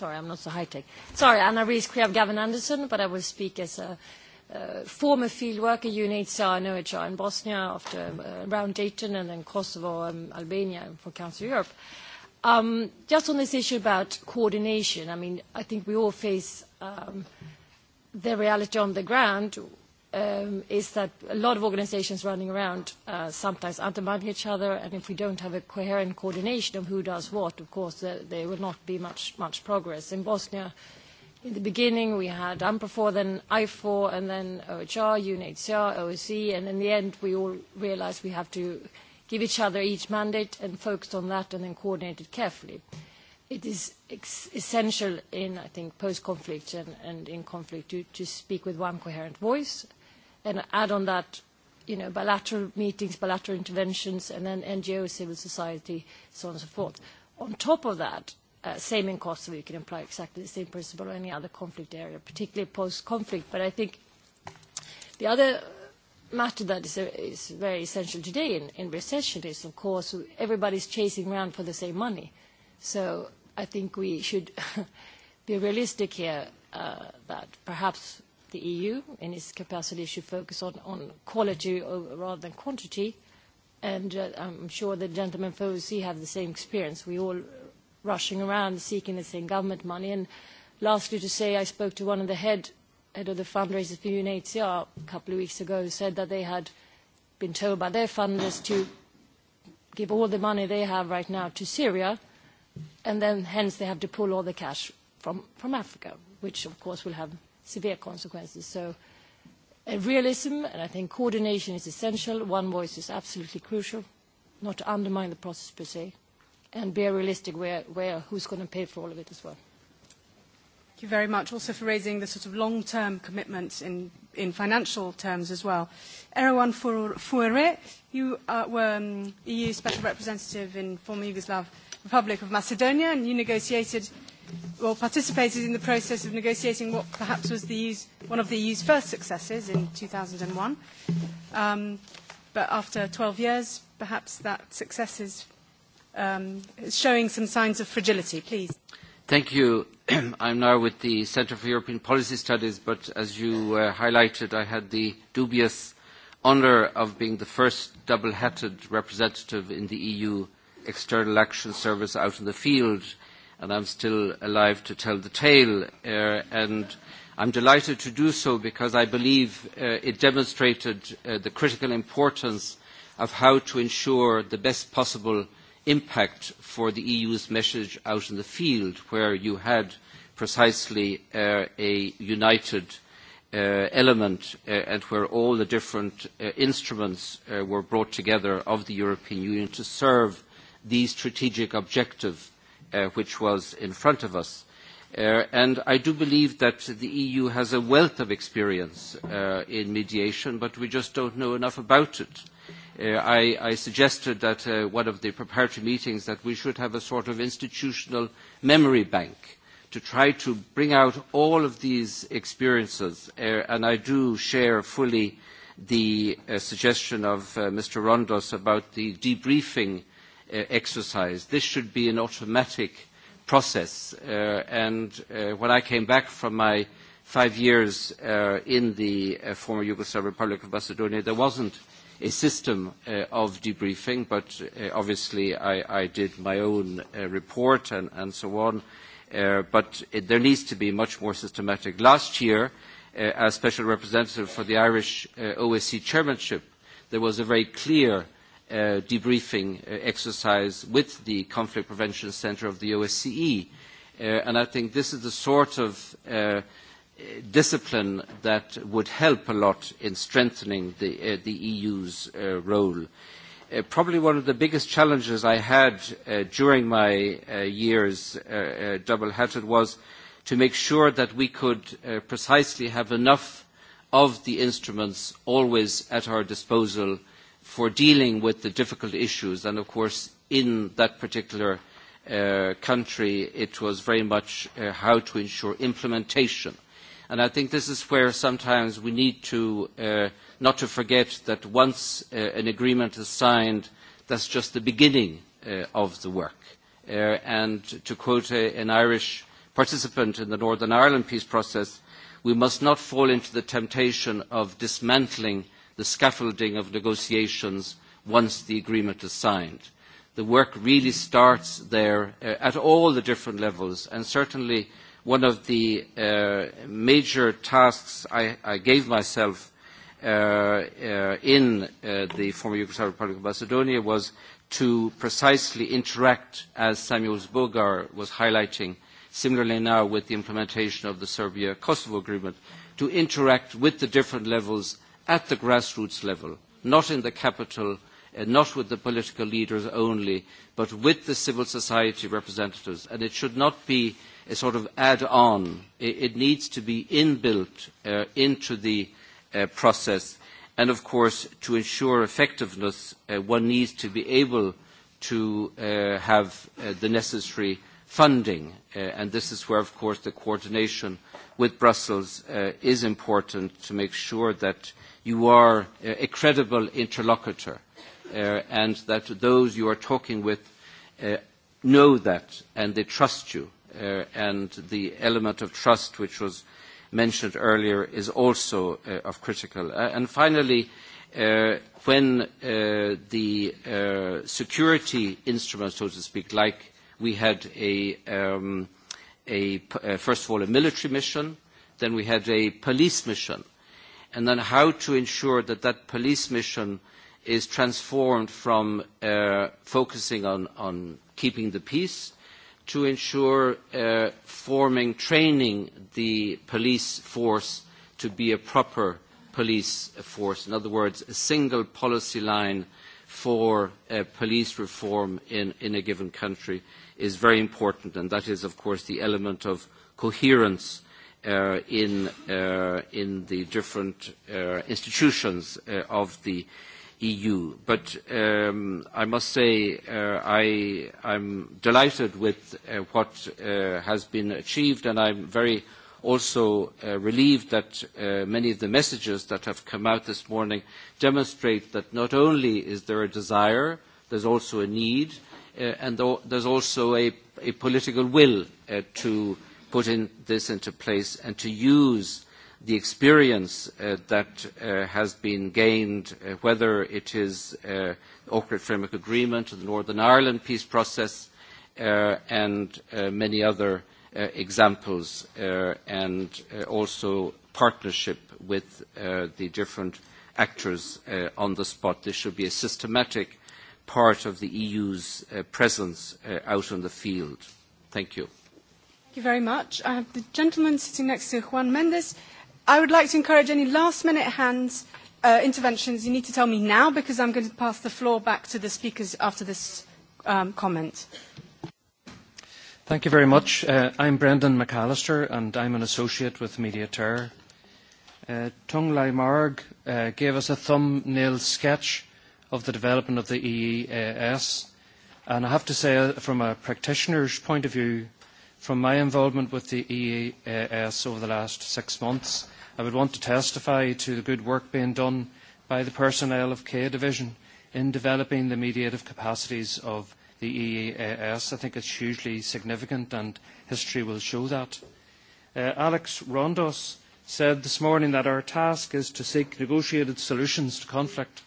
Sorry, I'm not so high tech. Sorry, Anna Rees Kreab Gavin Anderson, but I will speak as a uh, former field worker, UNHCR and OHR in Bosnia, after uh, around Dayton and then Kosovo and Albania for Council Europe. Um, just on this issue about coordination, I mean, I think we all face um, the reality on the ground is that a lot of organisations running around sometimes undermining each other, and if we don't have a coherent coordination of who does what, of course, there will not be much progress. In Bosnia, in the beginning, we had UNPROFOR, then IFOR, and then OHR, UNHCR, OSCE, and in the end, we all realised we have to give each other each mandate and focus on that and then coordinate it carefully. It is essential in, I think, post-conflict and in conflict to speak with one coherent voice and add on that you know, bilateral meetings, bilateral interventions, and then NGOs, civil society, so on and so forth. On top of that, uh, same in Kosovo, you can apply exactly the same principle or any other conflict area, particularly post-conflict. But I think the other matter that is, is very essential today in, in recession is, of course, everybody's chasing around for the same money. So I think we should be realistic here uh, that perhaps the EU in its capacity should focus on, on quality rather than quantity. And uh, I'm sure the gentlemen from OEC have the same experience. We all rushing around seeking the same government money. And lastly, to say I spoke to one of the head, head of the fundraisers for UNHCR a couple of weeks ago who said that they had been told by their funders to give all the money they have right now to Syria, and then hence they have to pull all the cash from, from Africa, which of course will have severe consequences. So realism and I think coordination is essential. One voice is absolutely crucial, not to undermine the process per se, and be realistic where, where who's going to pay for all of it as well. Thank you very much also for raising the sort of long-term commitments in, in financial terms as well. Erwan Fouere, you uh, were um, EU Special Representative in former Yugoslav Republic of Macedonia and you negotiated well, participated in the process of negotiating what perhaps was the EU's, one of the EU's first successes in 2001. Um, but after 12 years, perhaps that success is, um, showing some signs of fragility. Please. Thank you. I'm now with the Centre for European Policy Studies, but as you uh, highlighted, I had the dubious honour of being the first double-hatted representative in the EU External Action Service out in the field and I'm still alive to tell the tale. Uh, and I'm delighted to do so because I believe uh, it demonstrated uh, the critical importance of how to ensure the best possible impact for the EU's message out in the field, where you had precisely uh, a united uh, element uh, and where all the different uh, instruments uh, were brought together of the European Union to serve the strategic objective which was in front of us. Uh, and I do believe that the EU has a wealth of experience uh, in mediation, but we just don't know enough about it. Uh, I, I suggested at uh, one of the preparatory meetings that we should have a sort of institutional memory bank to try to bring out all of these experiences. Uh, and I do share fully the uh, suggestion of uh, Mr. Rondos about the debriefing exercise. This should be an automatic process. and when I came back from my five years in the former Yugoslav Republic of Macedonia, there wasn't a system of debriefing, but obviously I, I did my own report and, and so on. but there needs to be much more systematic. Last year, as Special Representative for the Irish OSCE Chairmanship, there was a very clear debriefing exercise with the Conflict Prevention Centre of the OSCE. and I think this is the sort of discipline that would help a lot in strengthening the, EU's role. probably one of the biggest challenges I had during my years double-hatted was to make sure that we could precisely have enough of the instruments always at our disposal for dealing with the difficult issues. And of course, in that particular uh, country, it was very much uh, how to ensure implementation. And I think this is where sometimes we need to uh, not to forget that once uh, an agreement is signed, that's just the beginning uh, of the work. Uh, and to quote a, an Irish participant in the Northern Ireland peace process, we must not fall into the temptation of dismantling the scaffolding of negotiations once the agreement is signed. The work really starts there at all the different levels, and certainly one of the major tasks I, I gave myself in the former Yugoslav Republic of Macedonia was to precisely interact, as Samuel Bogar was highlighting, similarly now with the implementation of the Serbia-Kosovo agreement, to interact with the different levels at the grassroots level, not in the capital, and not with the political leaders only, but with the civil society representatives. And it should not be a sort of add-on. It, needs to be inbuilt into the process. And of course, to ensure effectiveness, one needs to be able to have the necessary funding. and this is where, of course, the coordination with Brussels is important to make sure that you are a credible interlocutor and that those you are talking with know that and they trust you. and the element of trust, which was mentioned earlier, is also of critical. and finally, when the security instruments, so to speak, like we had a, first of all a military mission, then we had a police mission, and then how to ensure that that police mission is transformed from uh, focusing on, on keeping the peace to ensure uh, forming, training the police force to be a proper police force. In other words, a single policy line for uh, police reform in, in a given country is very important, and that is, of course, the element of coherence in, the different institutions of the EU. But I must say I, I'm delighted with what has been achieved and I'm very also relieved that many of the messages that have come out this morning demonstrate that not only is there a desire, there's also a need, and there's also a, political will to putting this into place and to use the experience uh, that uh, has been gained, uh, whether it is uh, Oakland Framework Agreement, the Northern Ireland peace process, uh, and uh, many other uh, examples, uh, and uh, also partnership with uh, the different actors uh, on the spot. This should be a systematic part of the EU's uh, presence uh, out on the field. Thank you. Thank you very much. I have the gentleman sitting next to Juan Mendes. I would like to encourage any last-minute hands, uh, interventions. You need to tell me now because I'm going to pass the floor back to the speakers after this um, comment. Thank you very much. Uh, I'm Brendan McAllister and I'm an associate with Mediateur. Uh, Tung Lai Marg uh, gave us a thumbnail sketch of the development of the EEAS and I have to say from a practitioner's point of view From my involvement with the EEAS over the last six months, I would want to testify to the good work being done by the personnel of K Division in developing the mediative capacities of the EEAS. I think it's hugely significant and history will show that. Alex Rondos said this morning that our task is to seek negotiated solutions to conflict.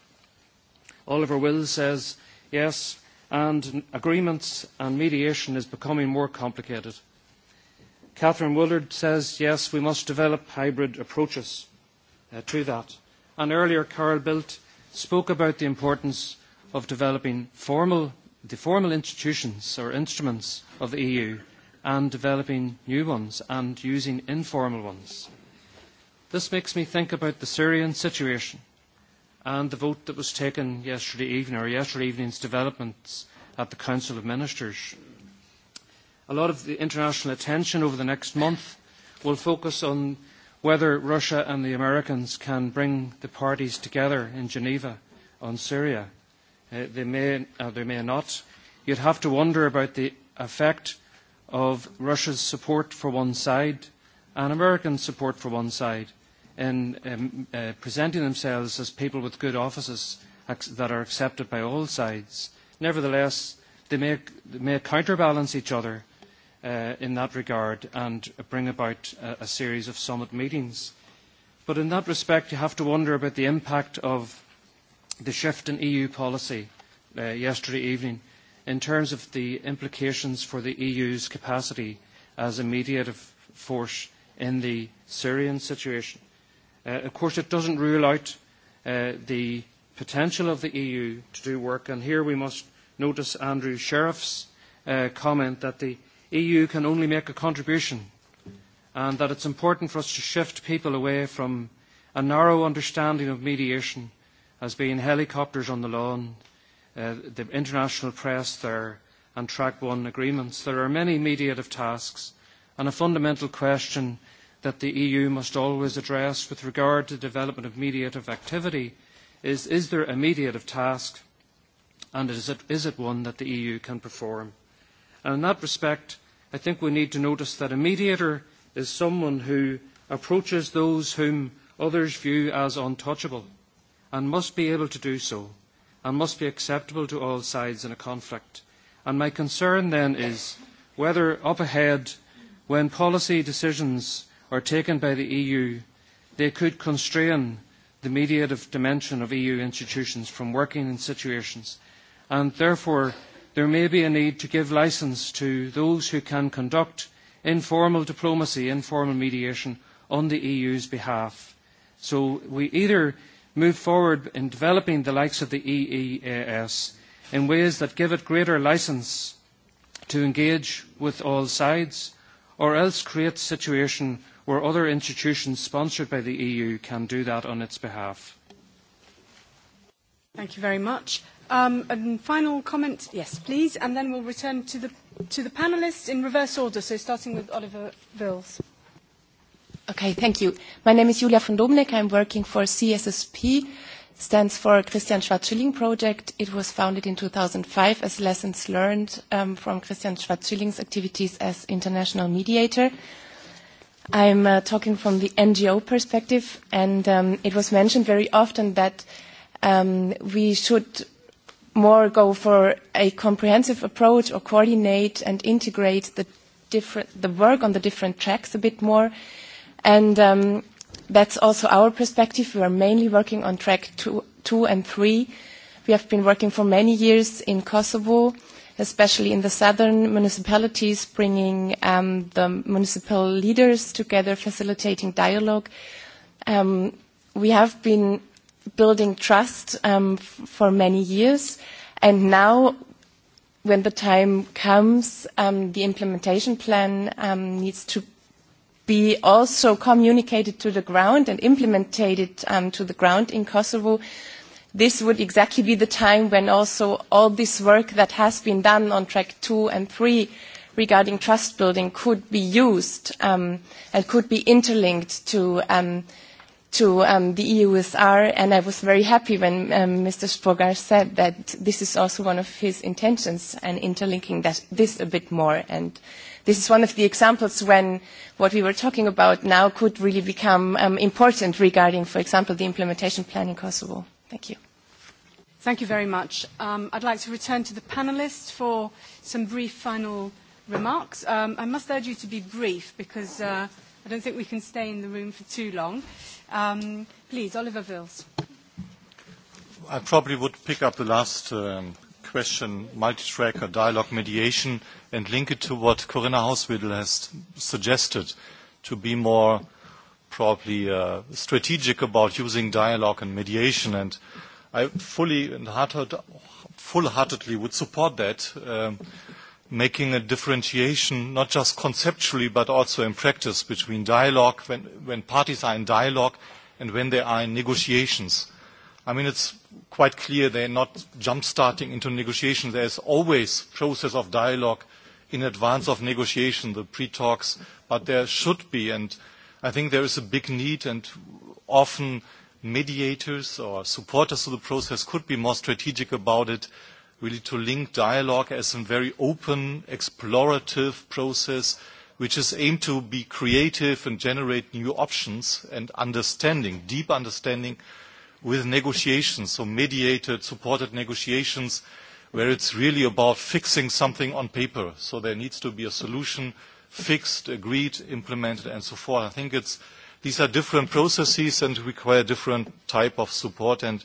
Oliver Wills says, yes, and agreements and mediation is becoming more complicated. Catherine Willard says, yes, we must develop hybrid approaches to that. And earlier, Carol Bildt spoke about the importance of developing formal, the formal institutions or instruments of the EU and developing new ones and using informal ones. This makes me think about the Syrian situation – and the vote that was taken yesterday evening or yesterday evening's developments at the Council of Ministers. A lot of the international attention over the next month will focus on whether Russia and the Americans can bring the parties together in Geneva on Syria. Uh, they, may, uh, they may not. You'd have to wonder about the effect of Russia's support for one side and American support for one side in um, uh, presenting themselves as people with good offices that are accepted by all sides. Nevertheless, they may, they may counterbalance each other uh, in that regard and bring about a, a series of summit meetings. But in that respect, you have to wonder about the impact of the shift in EU policy uh, yesterday evening in terms of the implications for the EU's capacity as a mediative force in the Syrian situation of course, it doesn't rule out the potential of the EU to do work, and here we must notice Andrew Sheriff's comment that the EU can only make a contribution and that it's important for us to shift people away from a narrow understanding of mediation as being helicopters on the lawn, the international press there, and track one agreements. There are many mediative tasks, and a fundamental question that the EU must always address with regard to the development of mediative activity is, is there a mediative task and is it, is it one that the EU can perform? And in that respect, I think we need to notice that a mediator is someone who approaches those whom others view as untouchable and must be able to do so and must be acceptable to all sides in a conflict. And my concern then is whether up ahead, when policy decisions are taken by the EU, they could constrain the mediative dimension of EU institutions from working in situations, and therefore there may be a need to give licence to those who can conduct informal diplomacy, informal mediation on the EU's behalf. So we either move forward in developing the likes of the EEAS in ways that give it greater licence to engage with all sides, or else create a situation where other institutions sponsored by the EU can do that on its behalf. Thank you very much. Um, and final comment, yes, please, and then we'll return to the, to the panelists in reverse order, so starting with Oliver Vils. Okay, thank you. My name is Julia von Domnek. I'm working for CSSP, stands for Christian Schwarzschilling Project. It was founded in 2005 as lessons learned um, from Christian Schwarzschilling's activities as international mediator. I'm uh, talking from the NGO perspective, and um, it was mentioned very often that um, we should more go for a comprehensive approach or coordinate and integrate the different the work on the different tracks a bit more, and um, that's also our perspective. We are mainly working on track two, two and three. We have been working for many years in Kosovo especially in the southern municipalities, bringing um, the municipal leaders together, facilitating dialogue. Um, we have been building trust um, for many years, and now when the time comes, um, the implementation plan um, needs to be also communicated to the ground and implemented um, to the ground in Kosovo this would exactly be the time when also all this work that has been done on track two and three regarding trust building could be used um, and could be interlinked to um, to um, the EUSR, and I was very happy when um, Mr. Sprogar said that this is also one of his intentions and interlinking that, this a bit more. And this is one of the examples when what we were talking about now could really become um, important regarding, for example, the implementation plan in Kosovo. Thank you. Thank you very much. Um, I'd like to return to the panelists for some brief final remarks. Um, I must urge you to be brief because uh, I don't think we can stay in the room for too long. Um, please, Oliver Vils. I probably would pick up the last um, question, multi-track or dialogue mediation, and link it to what Corinna Hauswedel has suggested to be more probably uh, strategic about using dialogue and mediation and mediation I fully and full-heartedly would support that, making a differentiation, not just conceptually, but also in practice between dialogue, when, when parties are in dialogue and when they are in negotiations. I mean, it's quite clear they're not jump-starting into negotiations. There's always process of dialogue in advance of negotiation, the pre-talks, but there should be, and I think there is a big need and often – mediators or supporters to the process could be more strategic about it, really to link dialogue as a very open, explorative process which is aimed to be creative and generate new options and understanding, deep understanding with negotiations, so mediated, supported negotiations where it's really about fixing something on paper. So there needs to be a solution fixed, agreed, implemented, and so forth. I think it's These are different processes and require different type of support, and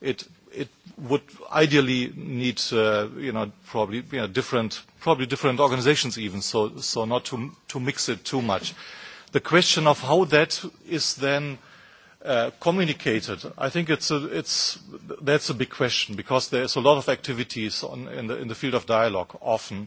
it it would ideally need, uh, you know, probably you know, different, probably different organizations even, so, so not to, to mix it too much. The question of how that is then uh, communicated, I think it's a, it's, that's a big question because there is a lot of activities on, in, the, in the field of dialogue often,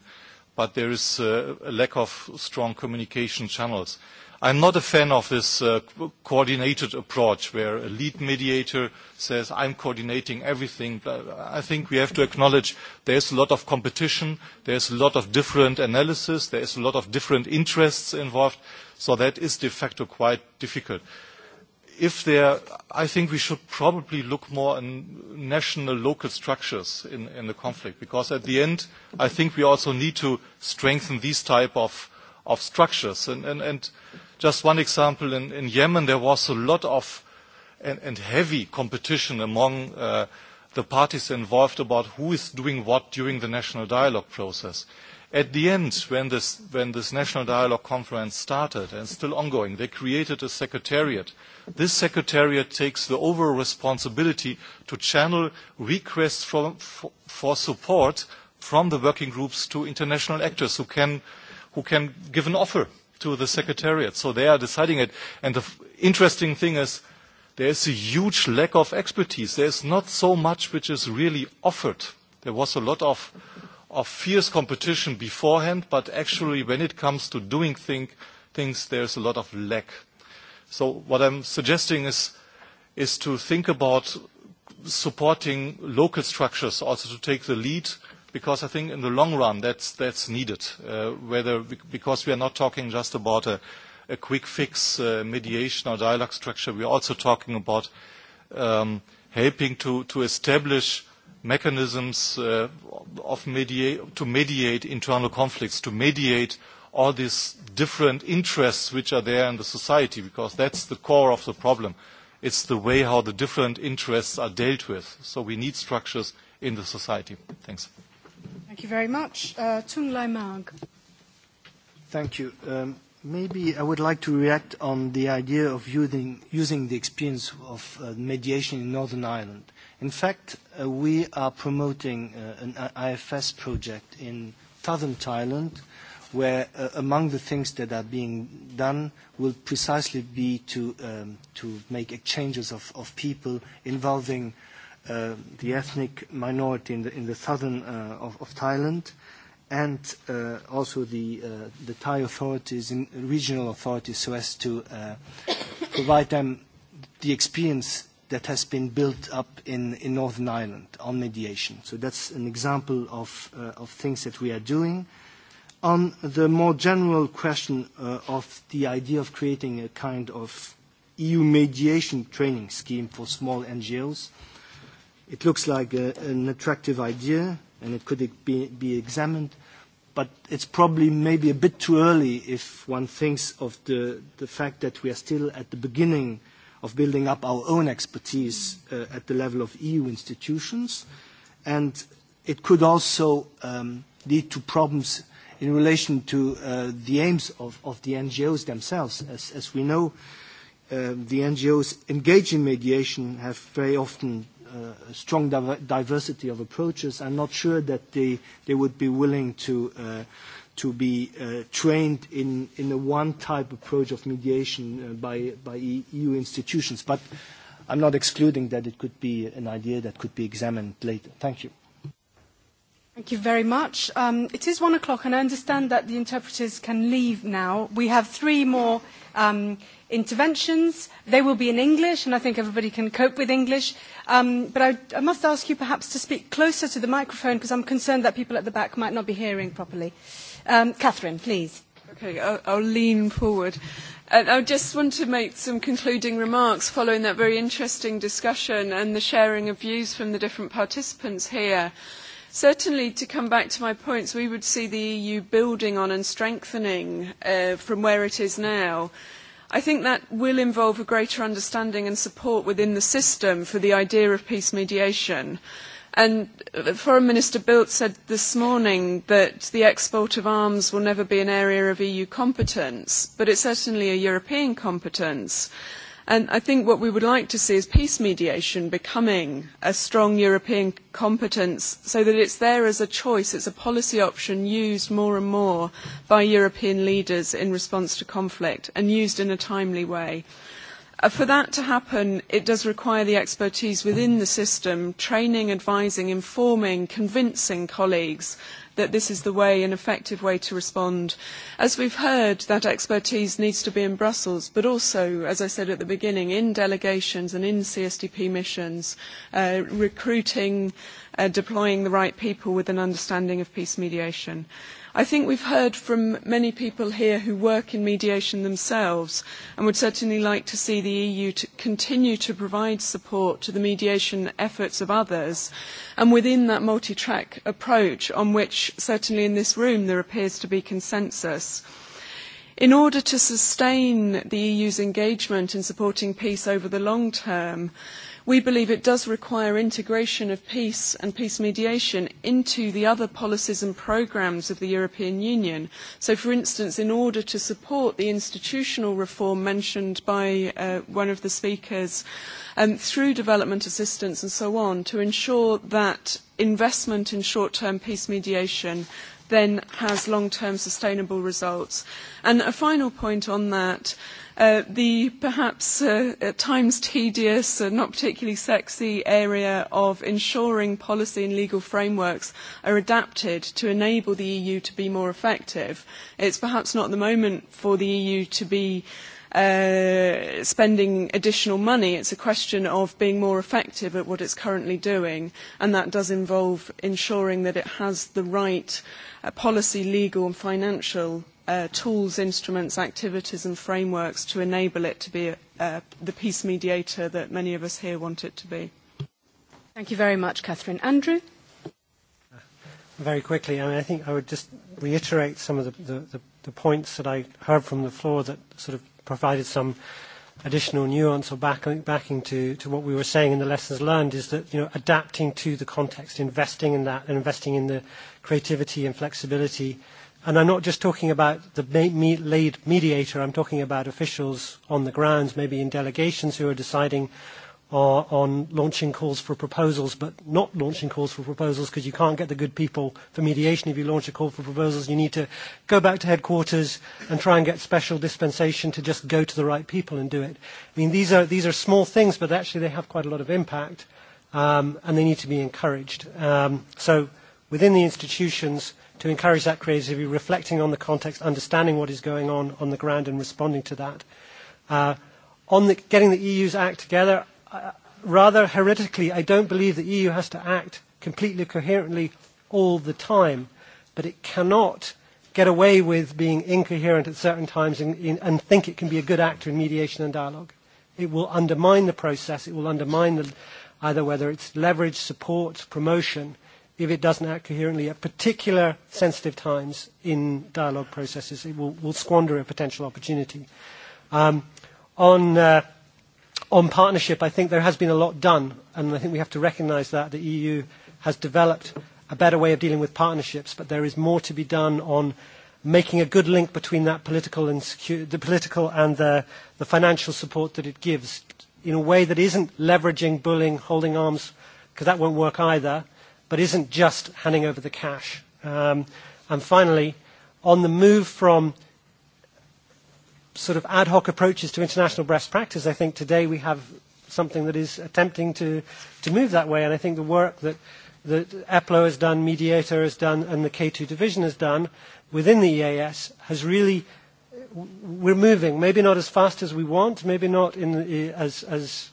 but there is a, a lack of strong communication channels. Uh, I'm not a fan of this uh, coordinated approach where a lead mediator says, I'm coordinating everything. I think we have to acknowledge there's a lot of competition, there's a lot of different analysis, there's a lot of different interests involved, so that is de facto quite difficult. If there, I think we should probably look more on national, local structures in, in the conflict, because at the end, I think we also need to strengthen these type of, of structures. And, and, and Just one example, in, in Yemen there was a lot of and, and heavy competition among uh, the parties involved about who is doing what during the national dialogue process. At the end, when this, when this national dialogue conference started and still ongoing, they created a secretariat. This secretariat takes the overall responsibility to channel requests from, for, for support from the working groups to international actors who can, who can give an offer to the secretariat. So they are deciding it. And the f- interesting thing is there is a huge lack of expertise. There is not so much which is really offered. There was a lot of, of fierce competition beforehand, but actually when it comes to doing thing, things, is a lot of lack. So what I'm suggesting is, is to think about supporting local structures also to take the lead – because I think in the long run that's that's needed. Whether because we are not talking just about a a quick fix, uh mediation or dialogue structure. We are also talking about um helping to to establish mechanisms uh of mediate to mediate internal conflicts, to mediate all these different interests which are there in the society, because that's the core of the problem. It's the way how the different interests are dealt with. So we need structures in the society. Thanks. Thank you very much. Uh, Tung Lai Mag. Thank you. Um, maybe I would like to react on the idea of using, using the experience of uh, mediation in Northern Ireland. In fact, uh, we are promoting uh, an IFS project in southern Thailand, where uh, among the things that are being done will precisely be to, um, to make exchanges of, of people involving uh, uh, the ethnic minority in the, in the southern uh, of, of Thailand, and uh, also the, uh, the Thai authorities, and regional authorities, so as to uh, provide them the experience that has been built up in, in Northern Ireland on mediation. So that's an example of, uh, of things that we are doing. On the more general question uh, of the idea of creating a kind of EU mediation training scheme for small NGOs, uh, It looks like a, an attractive idea, and it could be, be examined, but it's probably maybe a bit too early if one thinks of the, the fact that we are still at the beginning of building up our own expertise uh, at the level of EU institutions, and it could also um, lead to problems in relation to uh, the aims of, of the NGOs themselves. As, as we know, uh, the NGOs engaged in mediation have very often strong diversity of approaches. I'm not sure that they, they would be willing to, uh, to be uh, trained in, in a one-type approach of mediation uh, by, by EU institutions. But I'm not excluding that it could be an idea that could be examined later. Thank you. Thank you very much. Um, it is one o'clock, and I understand that the interpreters can leave now. We have three more um, – interventions. They will be in English, and I think everybody can cope with English. Um, but I, I must ask you perhaps to speak closer to the microphone because I'm concerned that people at the back might not be hearing properly. Um, Catherine, please. Okay, I'll, I'll lean forward. And I just want to make some concluding remarks following that very interesting discussion and the sharing of views from the different participants here. Certainly, to come back to my points, we would see the EU building on and strengthening uh, from where it is now. I think that will involve a greater understanding and support within the system for the idea of peace mediation. And Foreign Minister Bildt said this morning that the export of arms will never be an area of EU competence, but it is certainly a European competence. And I think what we would like to see is peace mediation becoming a strong European competence so that it's there as a choice, it's a policy option used more and more by European leaders in response to conflict and used in a timely way. For that to happen, it does require the expertise within the system, training, advising, informing, convincing colleagues that this is the way, an effective way to respond. As we've heard, that expertise needs to be in Brussels, but also, as I said at the beginning, in delegations and in CSDP missions, uh, recruiting, uh, deploying the right people with an understanding of peace mediation. I think we've heard from many people here who work in mediation themselves and would certainly like to see the EU continue to provide support to the mediation efforts of others and within that multi-track approach on which certainly in this room there appears to be consensus. In order to sustain the EU's engagement in supporting peace over the long term, We believe it does require integration of peace and peace mediation into the other policies and programmes of the European Union. So, for instance, in order to support the institutional reform mentioned by one of the speakers through development assistance and so on, to ensure that investment in short-term peace mediation then has long-term sustainable results. And a final point on that the perhaps at times tedious and not particularly sexy area of ensuring policy and legal frameworks are adapted to enable the EU to be more effective. It's perhaps not the moment for the EU to be spending additional money. It's a question of being more effective at what it's currently doing, and that does involve ensuring that it has the right policy, legal, and financial uh, tools, instruments, activities and frameworks to enable it to be uh, the peace mediator that many of us here want it to be. Thank you very much, Catherine. Andrew? Very quickly, I, mean, I think I would just reiterate some of the, the, the, the points that I heard from the floor that sort of provided some additional nuance or backing, backing to, to what we were saying in the lessons learned is that you know adapting to the context, investing in that, and investing in the creativity and flexibility uh, And I'm not just talking about the lead mediator, I'm talking about officials on the ground, maybe in delegations who are deciding on launching calls for proposals, but not launching calls for proposals because you can't get the good people for mediation. If you launch a call for proposals, you need to go back to headquarters and try and get special dispensation to just go to the right people and do it. I mean, these are, these are small things, but actually they have quite a lot of impact, um, and they need to be encouraged. Um, so within the institutions, to encourage that creativity, reflecting on the context, understanding what is going on on the ground and responding to that. Uh, on the, getting the EU's act together, uh, rather heretically, I don't believe the EU has to act completely coherently all the time, but it cannot get away with being incoherent at certain times and, in, and think it can be a good actor in mediation and dialogue. It will undermine the process. It will undermine the, either whether it's leverage, support, promotion if it doesn't act coherently at particular sensitive times in dialogue processes, it will, will squander a potential opportunity. Um, on, uh, on partnership, I think there has been a lot done, and I think we have to recognise that the EU has developed a better way of dealing with partnerships, but there is more to be done on making a good link between that political and secure the political and the, the financial support that it gives in a way that isn't leveraging, bullying, holding arms, because that won't work either but isn't just handing over the cash. Um, and finally, on the move from sort of ad hoc approaches to international best practice, I think today we have something that is attempting to, to move that way. And I think the work that, that EPLO has done, Mediator has done, and the K2 division has done within the EAS has really, we're moving, maybe not as fast as we want, maybe not in the, as, as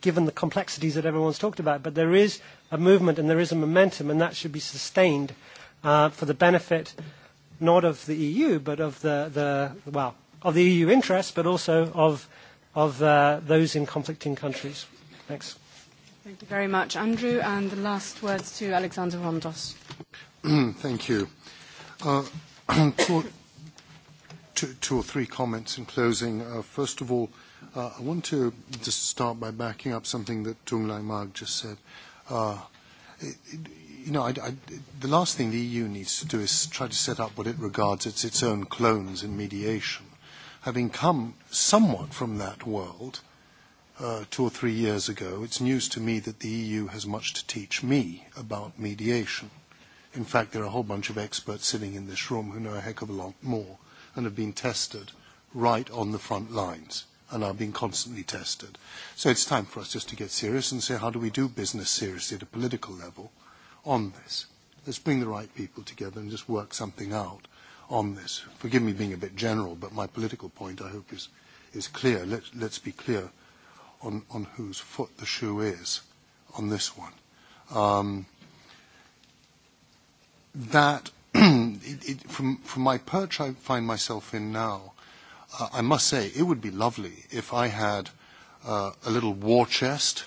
given the complexities that everyone's talked about. But there is a movement and there is a momentum, and that should be sustained uh, for the benefit not of the EU, but of the, the well, of the EU interests, but also of, of uh, those in conflicting countries. Thanks. Thank you very much, Andrew. And the last words to Alexander Rondos. Thank you. Uh, two, two or three comments in closing. Uh, first of all, Uh, I want to just start by backing up something that Tung Lai Mag just said. Uh, it, it, you know, I, I, the last thing the EU needs to do is try to set up what it regards as its own clones in mediation. Having come somewhat from that world uh, two or three years ago, it's news to me that the EU has much to teach me about mediation. In fact, there are a whole bunch of experts sitting in this room who know a heck of a lot more and have been tested right on the front lines and are being constantly tested. So it's time for us just to get serious and say, how do we do business seriously at a political level on this? Let's bring the right people together and just work something out on this. Forgive me being a bit general, but my political point, I hope, is, is clear. Let, let's be clear on, on whose foot the shoe is on this one. Um, that, it, it, from, from my perch I find myself in now, uh, I must say, it would be lovely if I had uh, a little war chest,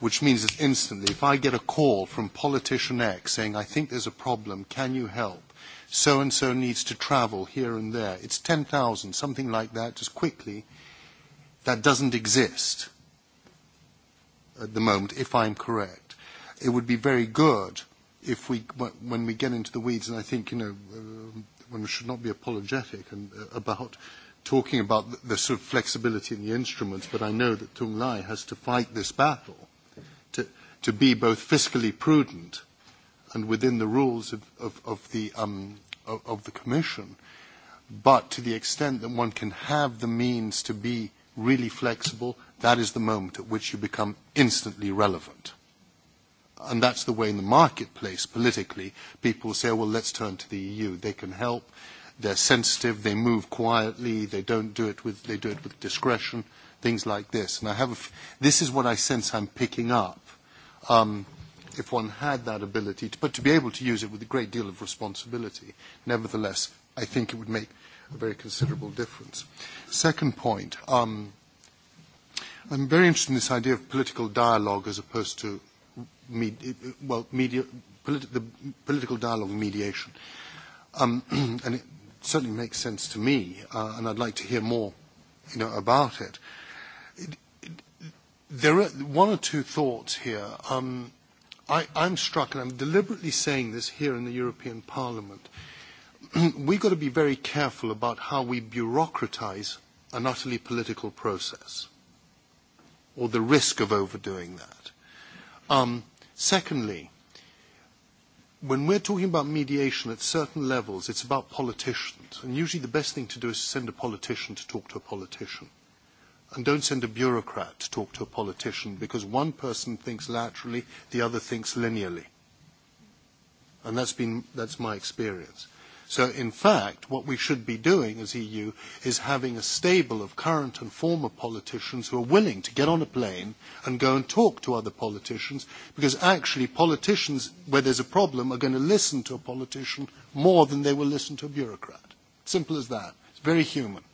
which means that instantly, if I get a call from politician X saying, I think there's a problem, can you help? So and so needs to travel here and there. It's 10,000, something like that, just quickly. That doesn't exist at the moment, if I'm correct. It would be very good if we, when we get into the weeds, and I think, you know, uh one should not be apologetic and, uh, about talking about the, the sort of flexibility in the instruments, but I know that Tung Lai has to fight this battle to, to be both fiscally prudent and within the rules of, of, of, the, um, of, of the Commission, but to the extent that one can have the means to be really flexible, that is the moment at which you become instantly relevant and that's the way in the marketplace politically people say, well, let's turn to the EU. They can help. They're sensitive. They move quietly. They don't do it with, they do it with discretion, things like this. And I have a, f this is what I sense I'm picking up. Um, if one had that ability, to, but to be able to use it with a great deal of responsibility. Nevertheless, I think it would make a very considerable difference. Second point, um, I'm very interested in this idea of political dialogue as opposed to medi well, media, politi- the political dialogue and mediation. Um, and it certainly makes sense to me, uh, and I'd like to hear more you know, about it. it, it there are one or two thoughts here. Um, I, I'm struck, and I'm deliberately saying this here in the European Parliament. We've got to be very careful about how we bureaucratize an utterly political process, or the risk of overdoing that. Um, secondly, when we're talking about mediation at certain levels, it's about politicians. And usually the best thing to do is send a politician to talk to a politician. And don't send a bureaucrat to talk to a politician because one person thinks laterally, the other thinks linearly. And that's, been, that's my experience. So in fact, what we should be doing as EU is having a stable of current and former politicians who are willing to get on a plane and go and talk to other politicians, because actually politicians, where there's a problem, are going to listen to a politician more than they will listen to a bureaucrat. Simple as that. It's very human.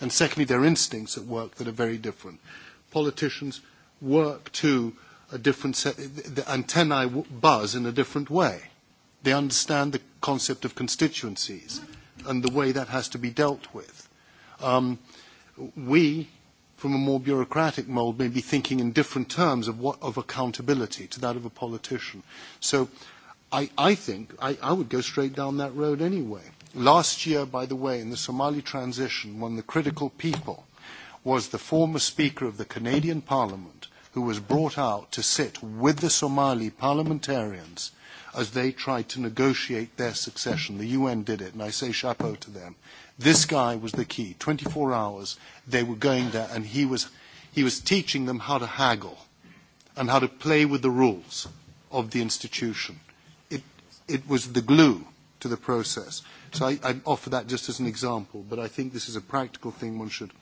And secondly, there are instincts at work that are very different. Politicians work to a different set, the antennae buzz in a different way They understand the concept of constituencies and the way that has to be dealt with. Um, we, from a more bureaucratic mould, may be thinking in different terms of, what, of accountability to that of a politician. So I, I think I, I would go straight down that road anyway. Last year, by the way, in the Somali transition, one of the critical people was the former Speaker of the Canadian Parliament, who was brought out to sit with the Somali parliamentarians as they tried to negotiate their succession. The UN did it, and I say chapeau to them. This guy was the key. 24 hours, they were going there, and he was, he was teaching them how to haggle and how to play with the rules of the institution. It, it was the glue to the process. So I, I offer that just as an example, but I think this is a practical thing one should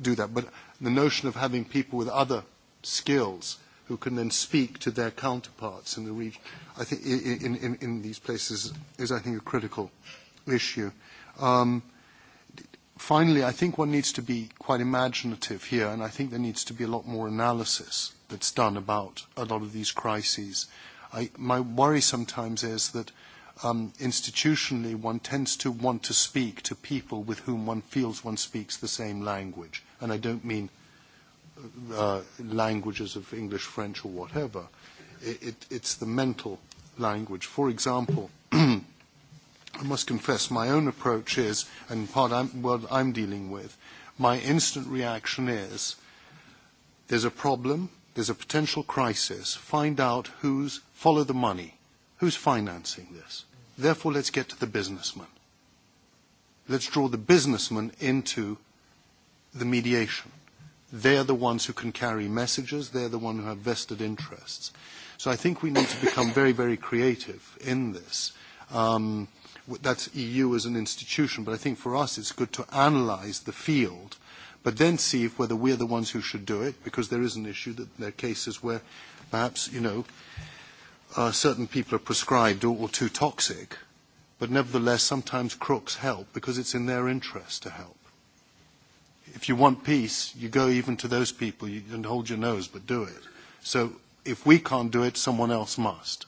do that. But the notion of having people with other skills – who can then speak to their counterparts in the region, I think in, in, in these places is, I think, a critical issue. Um, finally, I think one needs to be quite imaginative here, and I think there needs to be a lot more analysis that's done about a lot of these crises. I, my worry sometimes is that um, institutionally one tends to want to speak to people with whom one feels one speaks the same language, and I don't mean – uh, languages of English, French, or whatever. It, it, it's the mental language. For example, I must confess my own approach is, and part I'm, what I'm dealing with, my instant reaction is there's a problem, there's a potential crisis, find out who's, follow the money, who's financing this. Therefore, let's get to the businessman. Let's draw the businessman into the mediation They're the ones who can carry messages. They're the ones who have vested interests. So I think we need to become very, very creative in this. Um, that's EU as an institution, but I think for us it's good to analyze the field, but then see if whether we're the ones who should do it, because there is an issue that there are cases where perhaps, you know, uh, certain people are prescribed or, or too toxic, but nevertheless sometimes crooks help because it's in their interest to help if you want peace, you go even to those people and hold your nose, but do it. So if we can't do it, someone else must.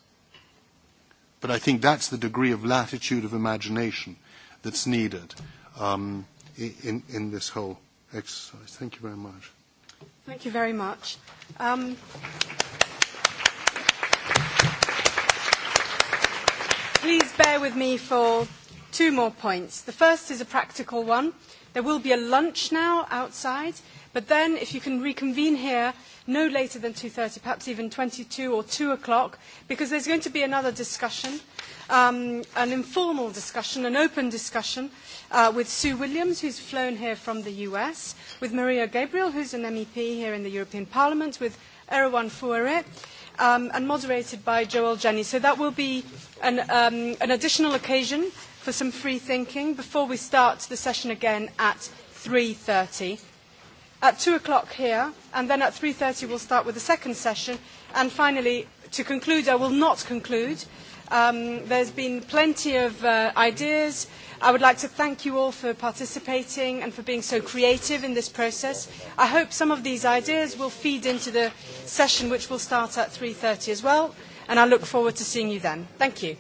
But I think that's the degree of latitude of imagination that's needed um, in, in this whole exercise. Thank you very much. Thank you very much. Um, please bear with me for two more points. The first is a practical one. There will be a lunch now outside, but then if you can reconvene here no later than 2.30, perhaps even 22 or 2 o'clock, because there's going to be another discussion, um, an informal discussion, an open discussion uh, with Sue Williams, who's flown here from the US, with Maria Gabriel, who's an MEP here in the European Parliament, with Erwan Fouere, um, and moderated by Joel Jenny. So that will be an, um, an additional occasion for some free thinking before we start the session again at 3.30. At 2 o'clock here, and then at 3.30 we'll start with the second session. And finally, to conclude, I will not conclude. Um, there's been plenty of uh, ideas. I would like to thank you all for participating and for being so creative in this process. I hope some of these ideas will feed into the session which will start at 3.30 as well, and I look forward to seeing you then. Thank you.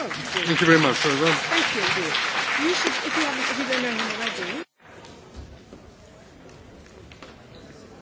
Thank you very much. Thank you. You should, if you, haven't, if you don't know him already.